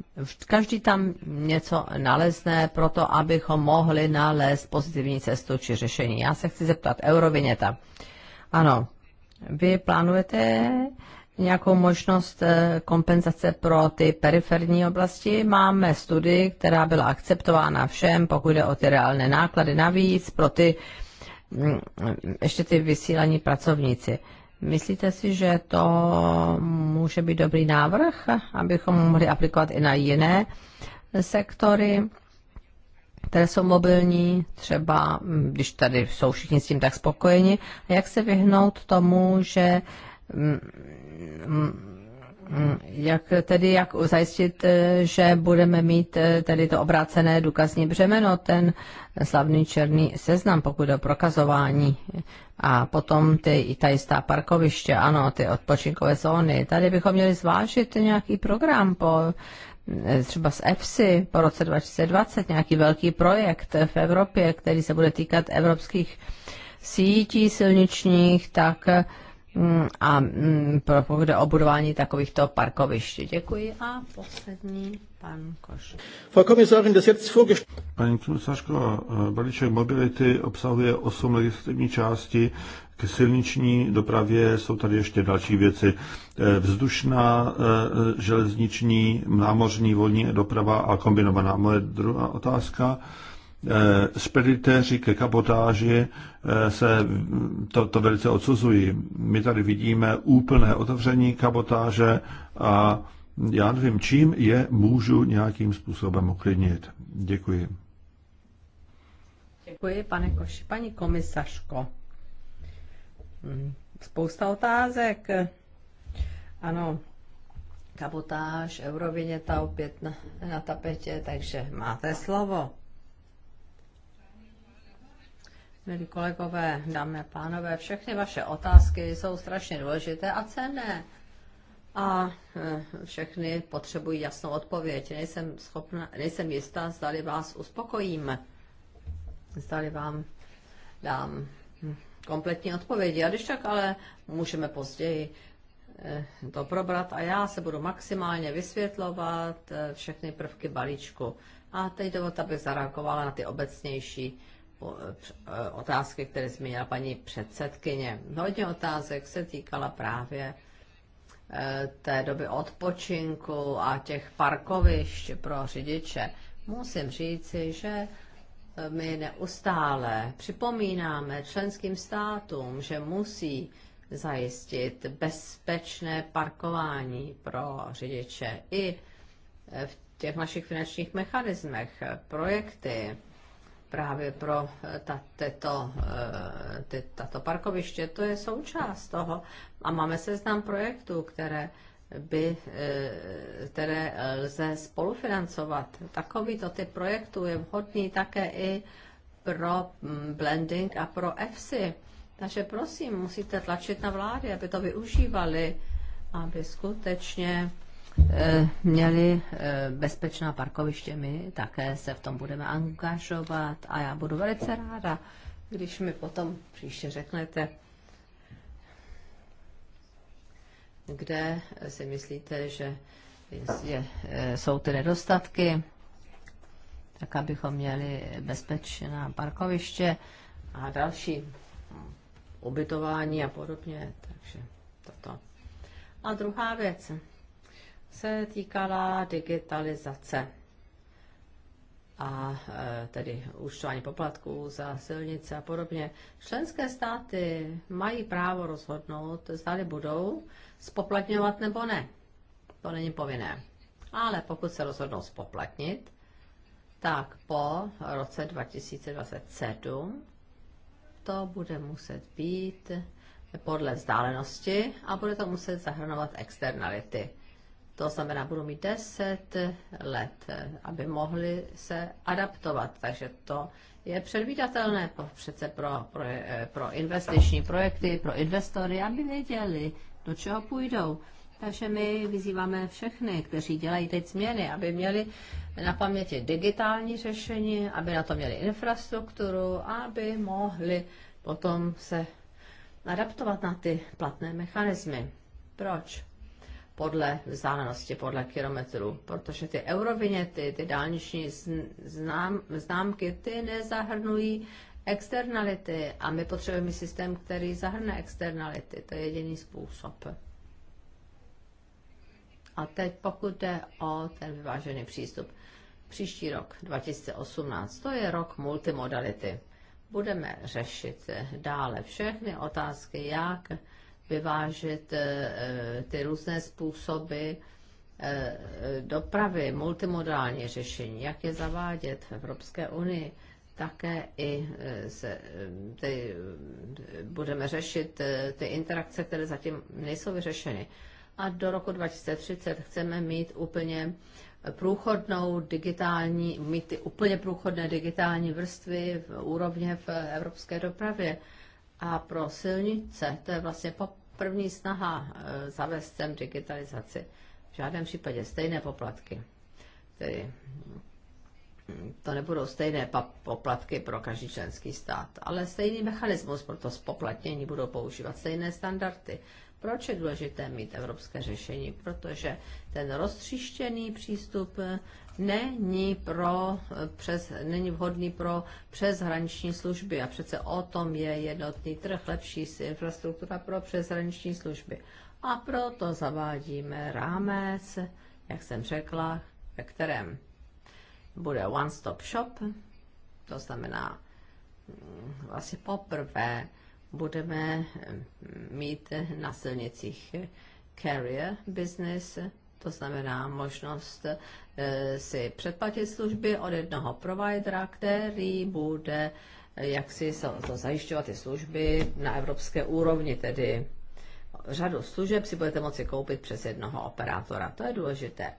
každý tam něco nalezne proto, abychom mohli nalézt pozitivní cestu či řešení. Já se chci zeptat, euroviněta. Ano, vy plánujete nějakou možnost eh, kompenzace pro ty periferní oblasti. Máme studii, která byla akceptována všem, pokud jde o ty reálné náklady navíc, pro ty mm, ještě ty vysílaní pracovníci. Myslíte si, že to může být dobrý návrh, abychom mohli aplikovat i na jiné sektory? které jsou mobilní, třeba mm, když tady jsou všichni s tím tak spokojeni, a jak se vyhnout tomu, že mm, mm, jak tedy jak zajistit, eh, že budeme mít eh, tedy to obrácené důkazní břemeno, ten slavný černý seznam, pokud o prokazování a potom ty, ta jistá parkoviště, ano, ty odpočinkové zóny. Tady bychom měli zvážit nějaký program po Eh, třeba z EFSI po roce 2020 nějaký velký projekt v Evropě, který se bude týkat evropských sítí silničních, tak mm, a mm, pokud o budování takovýchto parkovišť. Děkuji a poslední pan Koš. Paní komisařko, eh, balíček mobility obsahuje osm legislativní části, k silniční dopravě jsou tady ještě další věci. E, vzdušná, e, železniční, námořní, volní doprava a kombinovaná. Moje druhá otázka. E, speditéři ke kapotáži se to, to velice odsuzují. My tady vidíme úplné otevření kapotáže a já nevím, čím je můžu nějakým způsobem uklidnit. Děkuji. Děkuji, pane Koši. Paní komisařko, spousta otázek. Ano, kabotáž, ta opět na, na tapetě, takže máte slovo. Milí kolegové, dámy a pánové, všechny vaše otázky jsou strašně důležité a cenné. A e, všechny potřebují jasnou odpověď. Nejsem, schopna, nejsem jistá, zdali vás uspokojím. Zdali vám dám hm, kompletní odpovědi. A když tak ale můžeme později eh, to probrat a já se budu maximálně vysvětlovat eh, všechny prvky balíčku. A teď dovolte, abych zareagovala na ty obecnější eh, otázky, které zmínila paní předsedkyně. Hodně otázek se týkala právě té doby odpočinku a těch parkovišť pro řidiče. Musím říci, že my neustále připomínáme členským státům, že musí zajistit bezpečné parkování pro řidiče i v těch našich finančních mechanismech, projekty právě pro eh, tato, eh, tato parkoviště, to je součást toho. A máme seznam projektů, které by, eh, které lze spolufinancovat. Takovýto typ projektů je vhodný také i pro mm, blending a pro EFSI. Takže prosím, musíte tlačit na vlády, aby to využívali, aby skutečně eh, měli eh, bezpečná parkoviště. My také se v tom budeme angažovat a já budu velice ráda, když mi potom příště řeknete, kde si myslíte, že je, jsou ty nedostatky, tak abychom měli bezpečná parkoviště a další ubytování a podobně. Takže toto. A druhá věc se týkala digitalizace a e, tedy účtování poplatků za silnice a podobně. Členské státy mají právo rozhodnout, zdali budou spoplatňovat nebo ne. To není povinné. Ale pokud se rozhodnou spoplatnit, tak po roce 2027 to bude muset být podle vzdálenosti a bude to muset zahrnovat externality. To znamená, budou mít 10 let, aby mohli se adaptovat. Takže to je předvídatelné přece pro, pro, pro investiční projekty, pro investory, aby věděli, do čeho půjdou. Takže my vyzýváme všechny, kteří dělají teď změny, aby měli na paměti digitální řešení, aby na to měli infrastrukturu, aby mohli potom se adaptovat na ty platné mechanismy. Proč? podle vzdálenosti, podle kilometru, protože ty euroviněty, ty dálniční znám, známky, ty nezahrnují externality a my potřebujeme systém, který zahrne externality. To je jediný způsob. A teď pokud jde o ten vyvážený přístup. Příští rok 2018, to je rok multimodality. Budeme řešit dále všechny otázky, jak vyvážit eh, eh, ty různé způsoby eh, dopravy, multimodální řešení, jak je zavádět v Evropské unii. Také i se, ty, budeme řešit ty interakce, které zatím nejsou vyřešeny. A do roku 2030 chceme mít úplně průchodnou digitální, mít ty úplně průchodné digitální vrstvy v úrovně v evropské dopravě. A pro silnice, to je vlastně první snaha eh, zavést sem digitalizaci. V žádném případě stejné poplatky. Tedy to nebudou stejné poplatky pro každý členský stát, ale stejný mechanismus pro to spoplatnění budou používat stejné standardy. Proč je důležité mít evropské řešení? Protože ten roztříštěný přístup eh, není, pro, eh, přes, není vhodný pro přeshraniční služby. A přece o tom je jednotný trh, lepší si infrastruktura pro přeshraniční služby. A proto zavádíme rámec, jak jsem řekla, ve kterém bude one-stop shop, to znamená mm, asi vlastně poprvé budeme eh, mít na silnicích eh, carrier business, to znamená možnost eh, si předplatit služby od jednoho providera, který bude eh, jak si to zajišťovat ty služby na evropské úrovni, tedy řadu služeb si budete moci koupit přes jednoho operátora. To je důležité.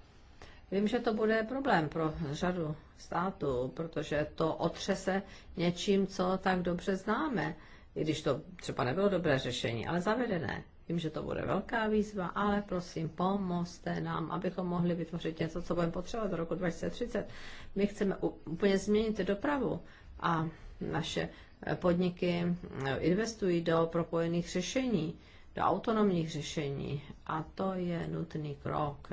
Vím, že to bude problém pro řadu států, protože to otřese něčím, co tak dobře známe, i když to třeba nebylo dobré řešení, ale zavedené. Vím, že to bude velká výzva, ale prosím, pomozte nám, abychom mohli vytvořit něco, co budeme potřebovat do roku 2030. My chceme úplně změnit dopravu a naše eh, podniky eh, investují do propojených řešení, do autonomních řešení a to je nutný krok,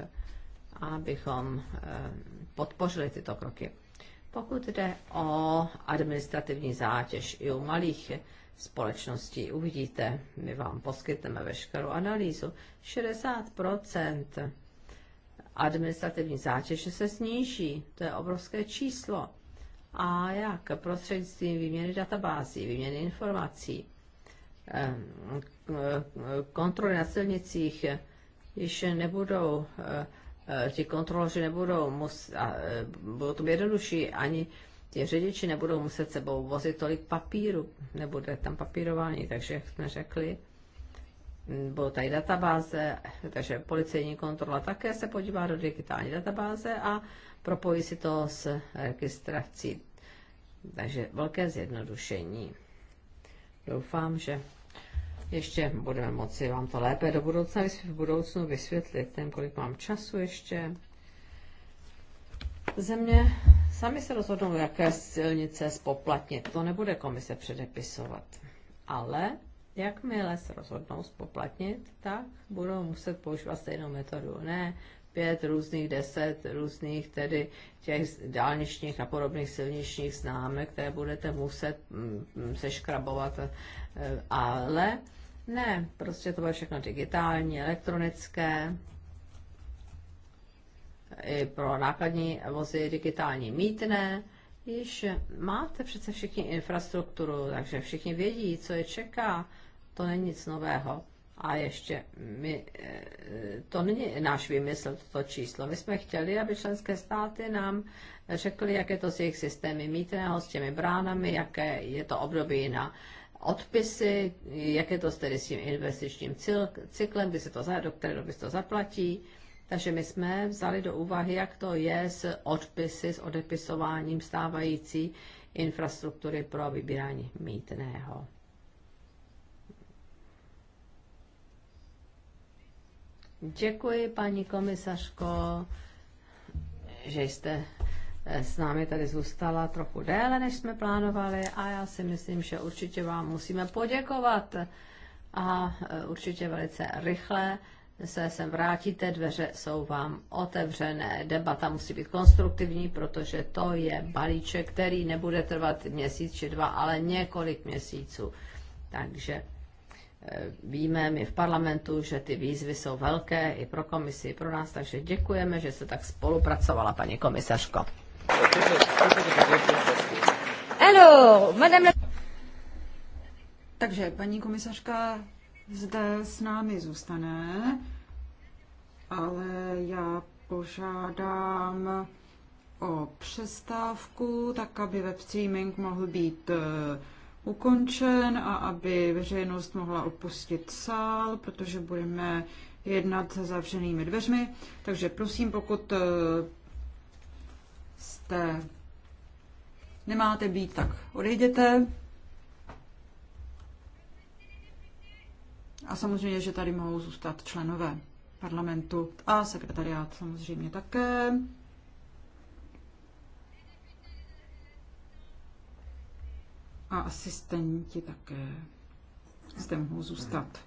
abychom eh, podpořili tyto kroky. Pokud jde o administrativní zátěž i u malých společnosti Uvidíte, my vám poskytneme veškerou analýzu. 60 administrativní zátěže se sníží. To je obrovské číslo. A jak? Prostřednictvím výměny databází, výměny informací, ehm, kontroly na silnicích, když nebudou, eh, eh, ti kontroloři nebudou, muset, eh, bylo to jednodušší, ani ti řidiči nebudou muset sebou vozit tolik papíru, nebude tam papírování, takže jak jsme řekli, bylo tady databáze, takže policejní kontrola také se podívá do digitální databáze a propojí si to s registrací. Takže velké zjednodušení. Doufám, že ještě budeme moci vám to lépe do budoucna, v budoucnu vysvětlit, ten kolik mám času ještě země sami se rozhodnou, jaké silnice spoplatnit. To nebude komise předepisovat. Ale jakmile se rozhodnou spoplatnit, tak budou muset používat stejnou metodu. Ne pět různých, deset různých, tedy těch dálničních a podobných silničních známek, které budete muset mm, mm, seškrabovat, e, ale ne, prostě to bude všechno digitální, elektronické, i pro nákladní vozy digitální mítné. Již máte přece všichni infrastrukturu, takže všichni vědí, co je čeká. To není nic nového. A ještě, my, eh, to není náš vymysl, toto číslo. My jsme chtěli, aby členské státy nám řekly, jak je to s jejich systémy mítného, s těmi bránami, jaké je to období na odpisy, jak je to tedy s tím investičním cyklem, kdy se to, za, do které doby se to zaplatí. Takže my jsme vzali do úvahy, jak to je s odpisy, s odepisováním stávající infrastruktury pro vybírání mítného. Děkuji, paní komisařko, že jste eh, s námi tady zůstala trochu déle, než jsme plánovali a já si myslím, že určitě vám musíme poděkovat a eh, určitě velice rychle se sem vrátíte, dveře jsou vám otevřené. Debata musí být konstruktivní, protože to je balíček, který nebude trvat měsíc či dva, ale několik měsíců. Takže eh, víme my v parlamentu, že ty výzvy jsou velké i pro komisi, i pro nás, takže děkujeme, že se tak spolupracovala, paní komisařko. Alors, madame Takže paní komisařka zde s námi zůstane, ale já požádám o přestávku, tak aby web streaming mohl být eh, ukončen a aby veřejnost mohla opustit sál, protože budeme jednat se zavřenými dveřmi. Takže prosím, pokud eh, jste nemáte být, tak odejděte. A samozřejmě, že tady mohou zůstat členové parlamentu a sekretariát samozřejmě také. A asistenti také zde mohou zůstat.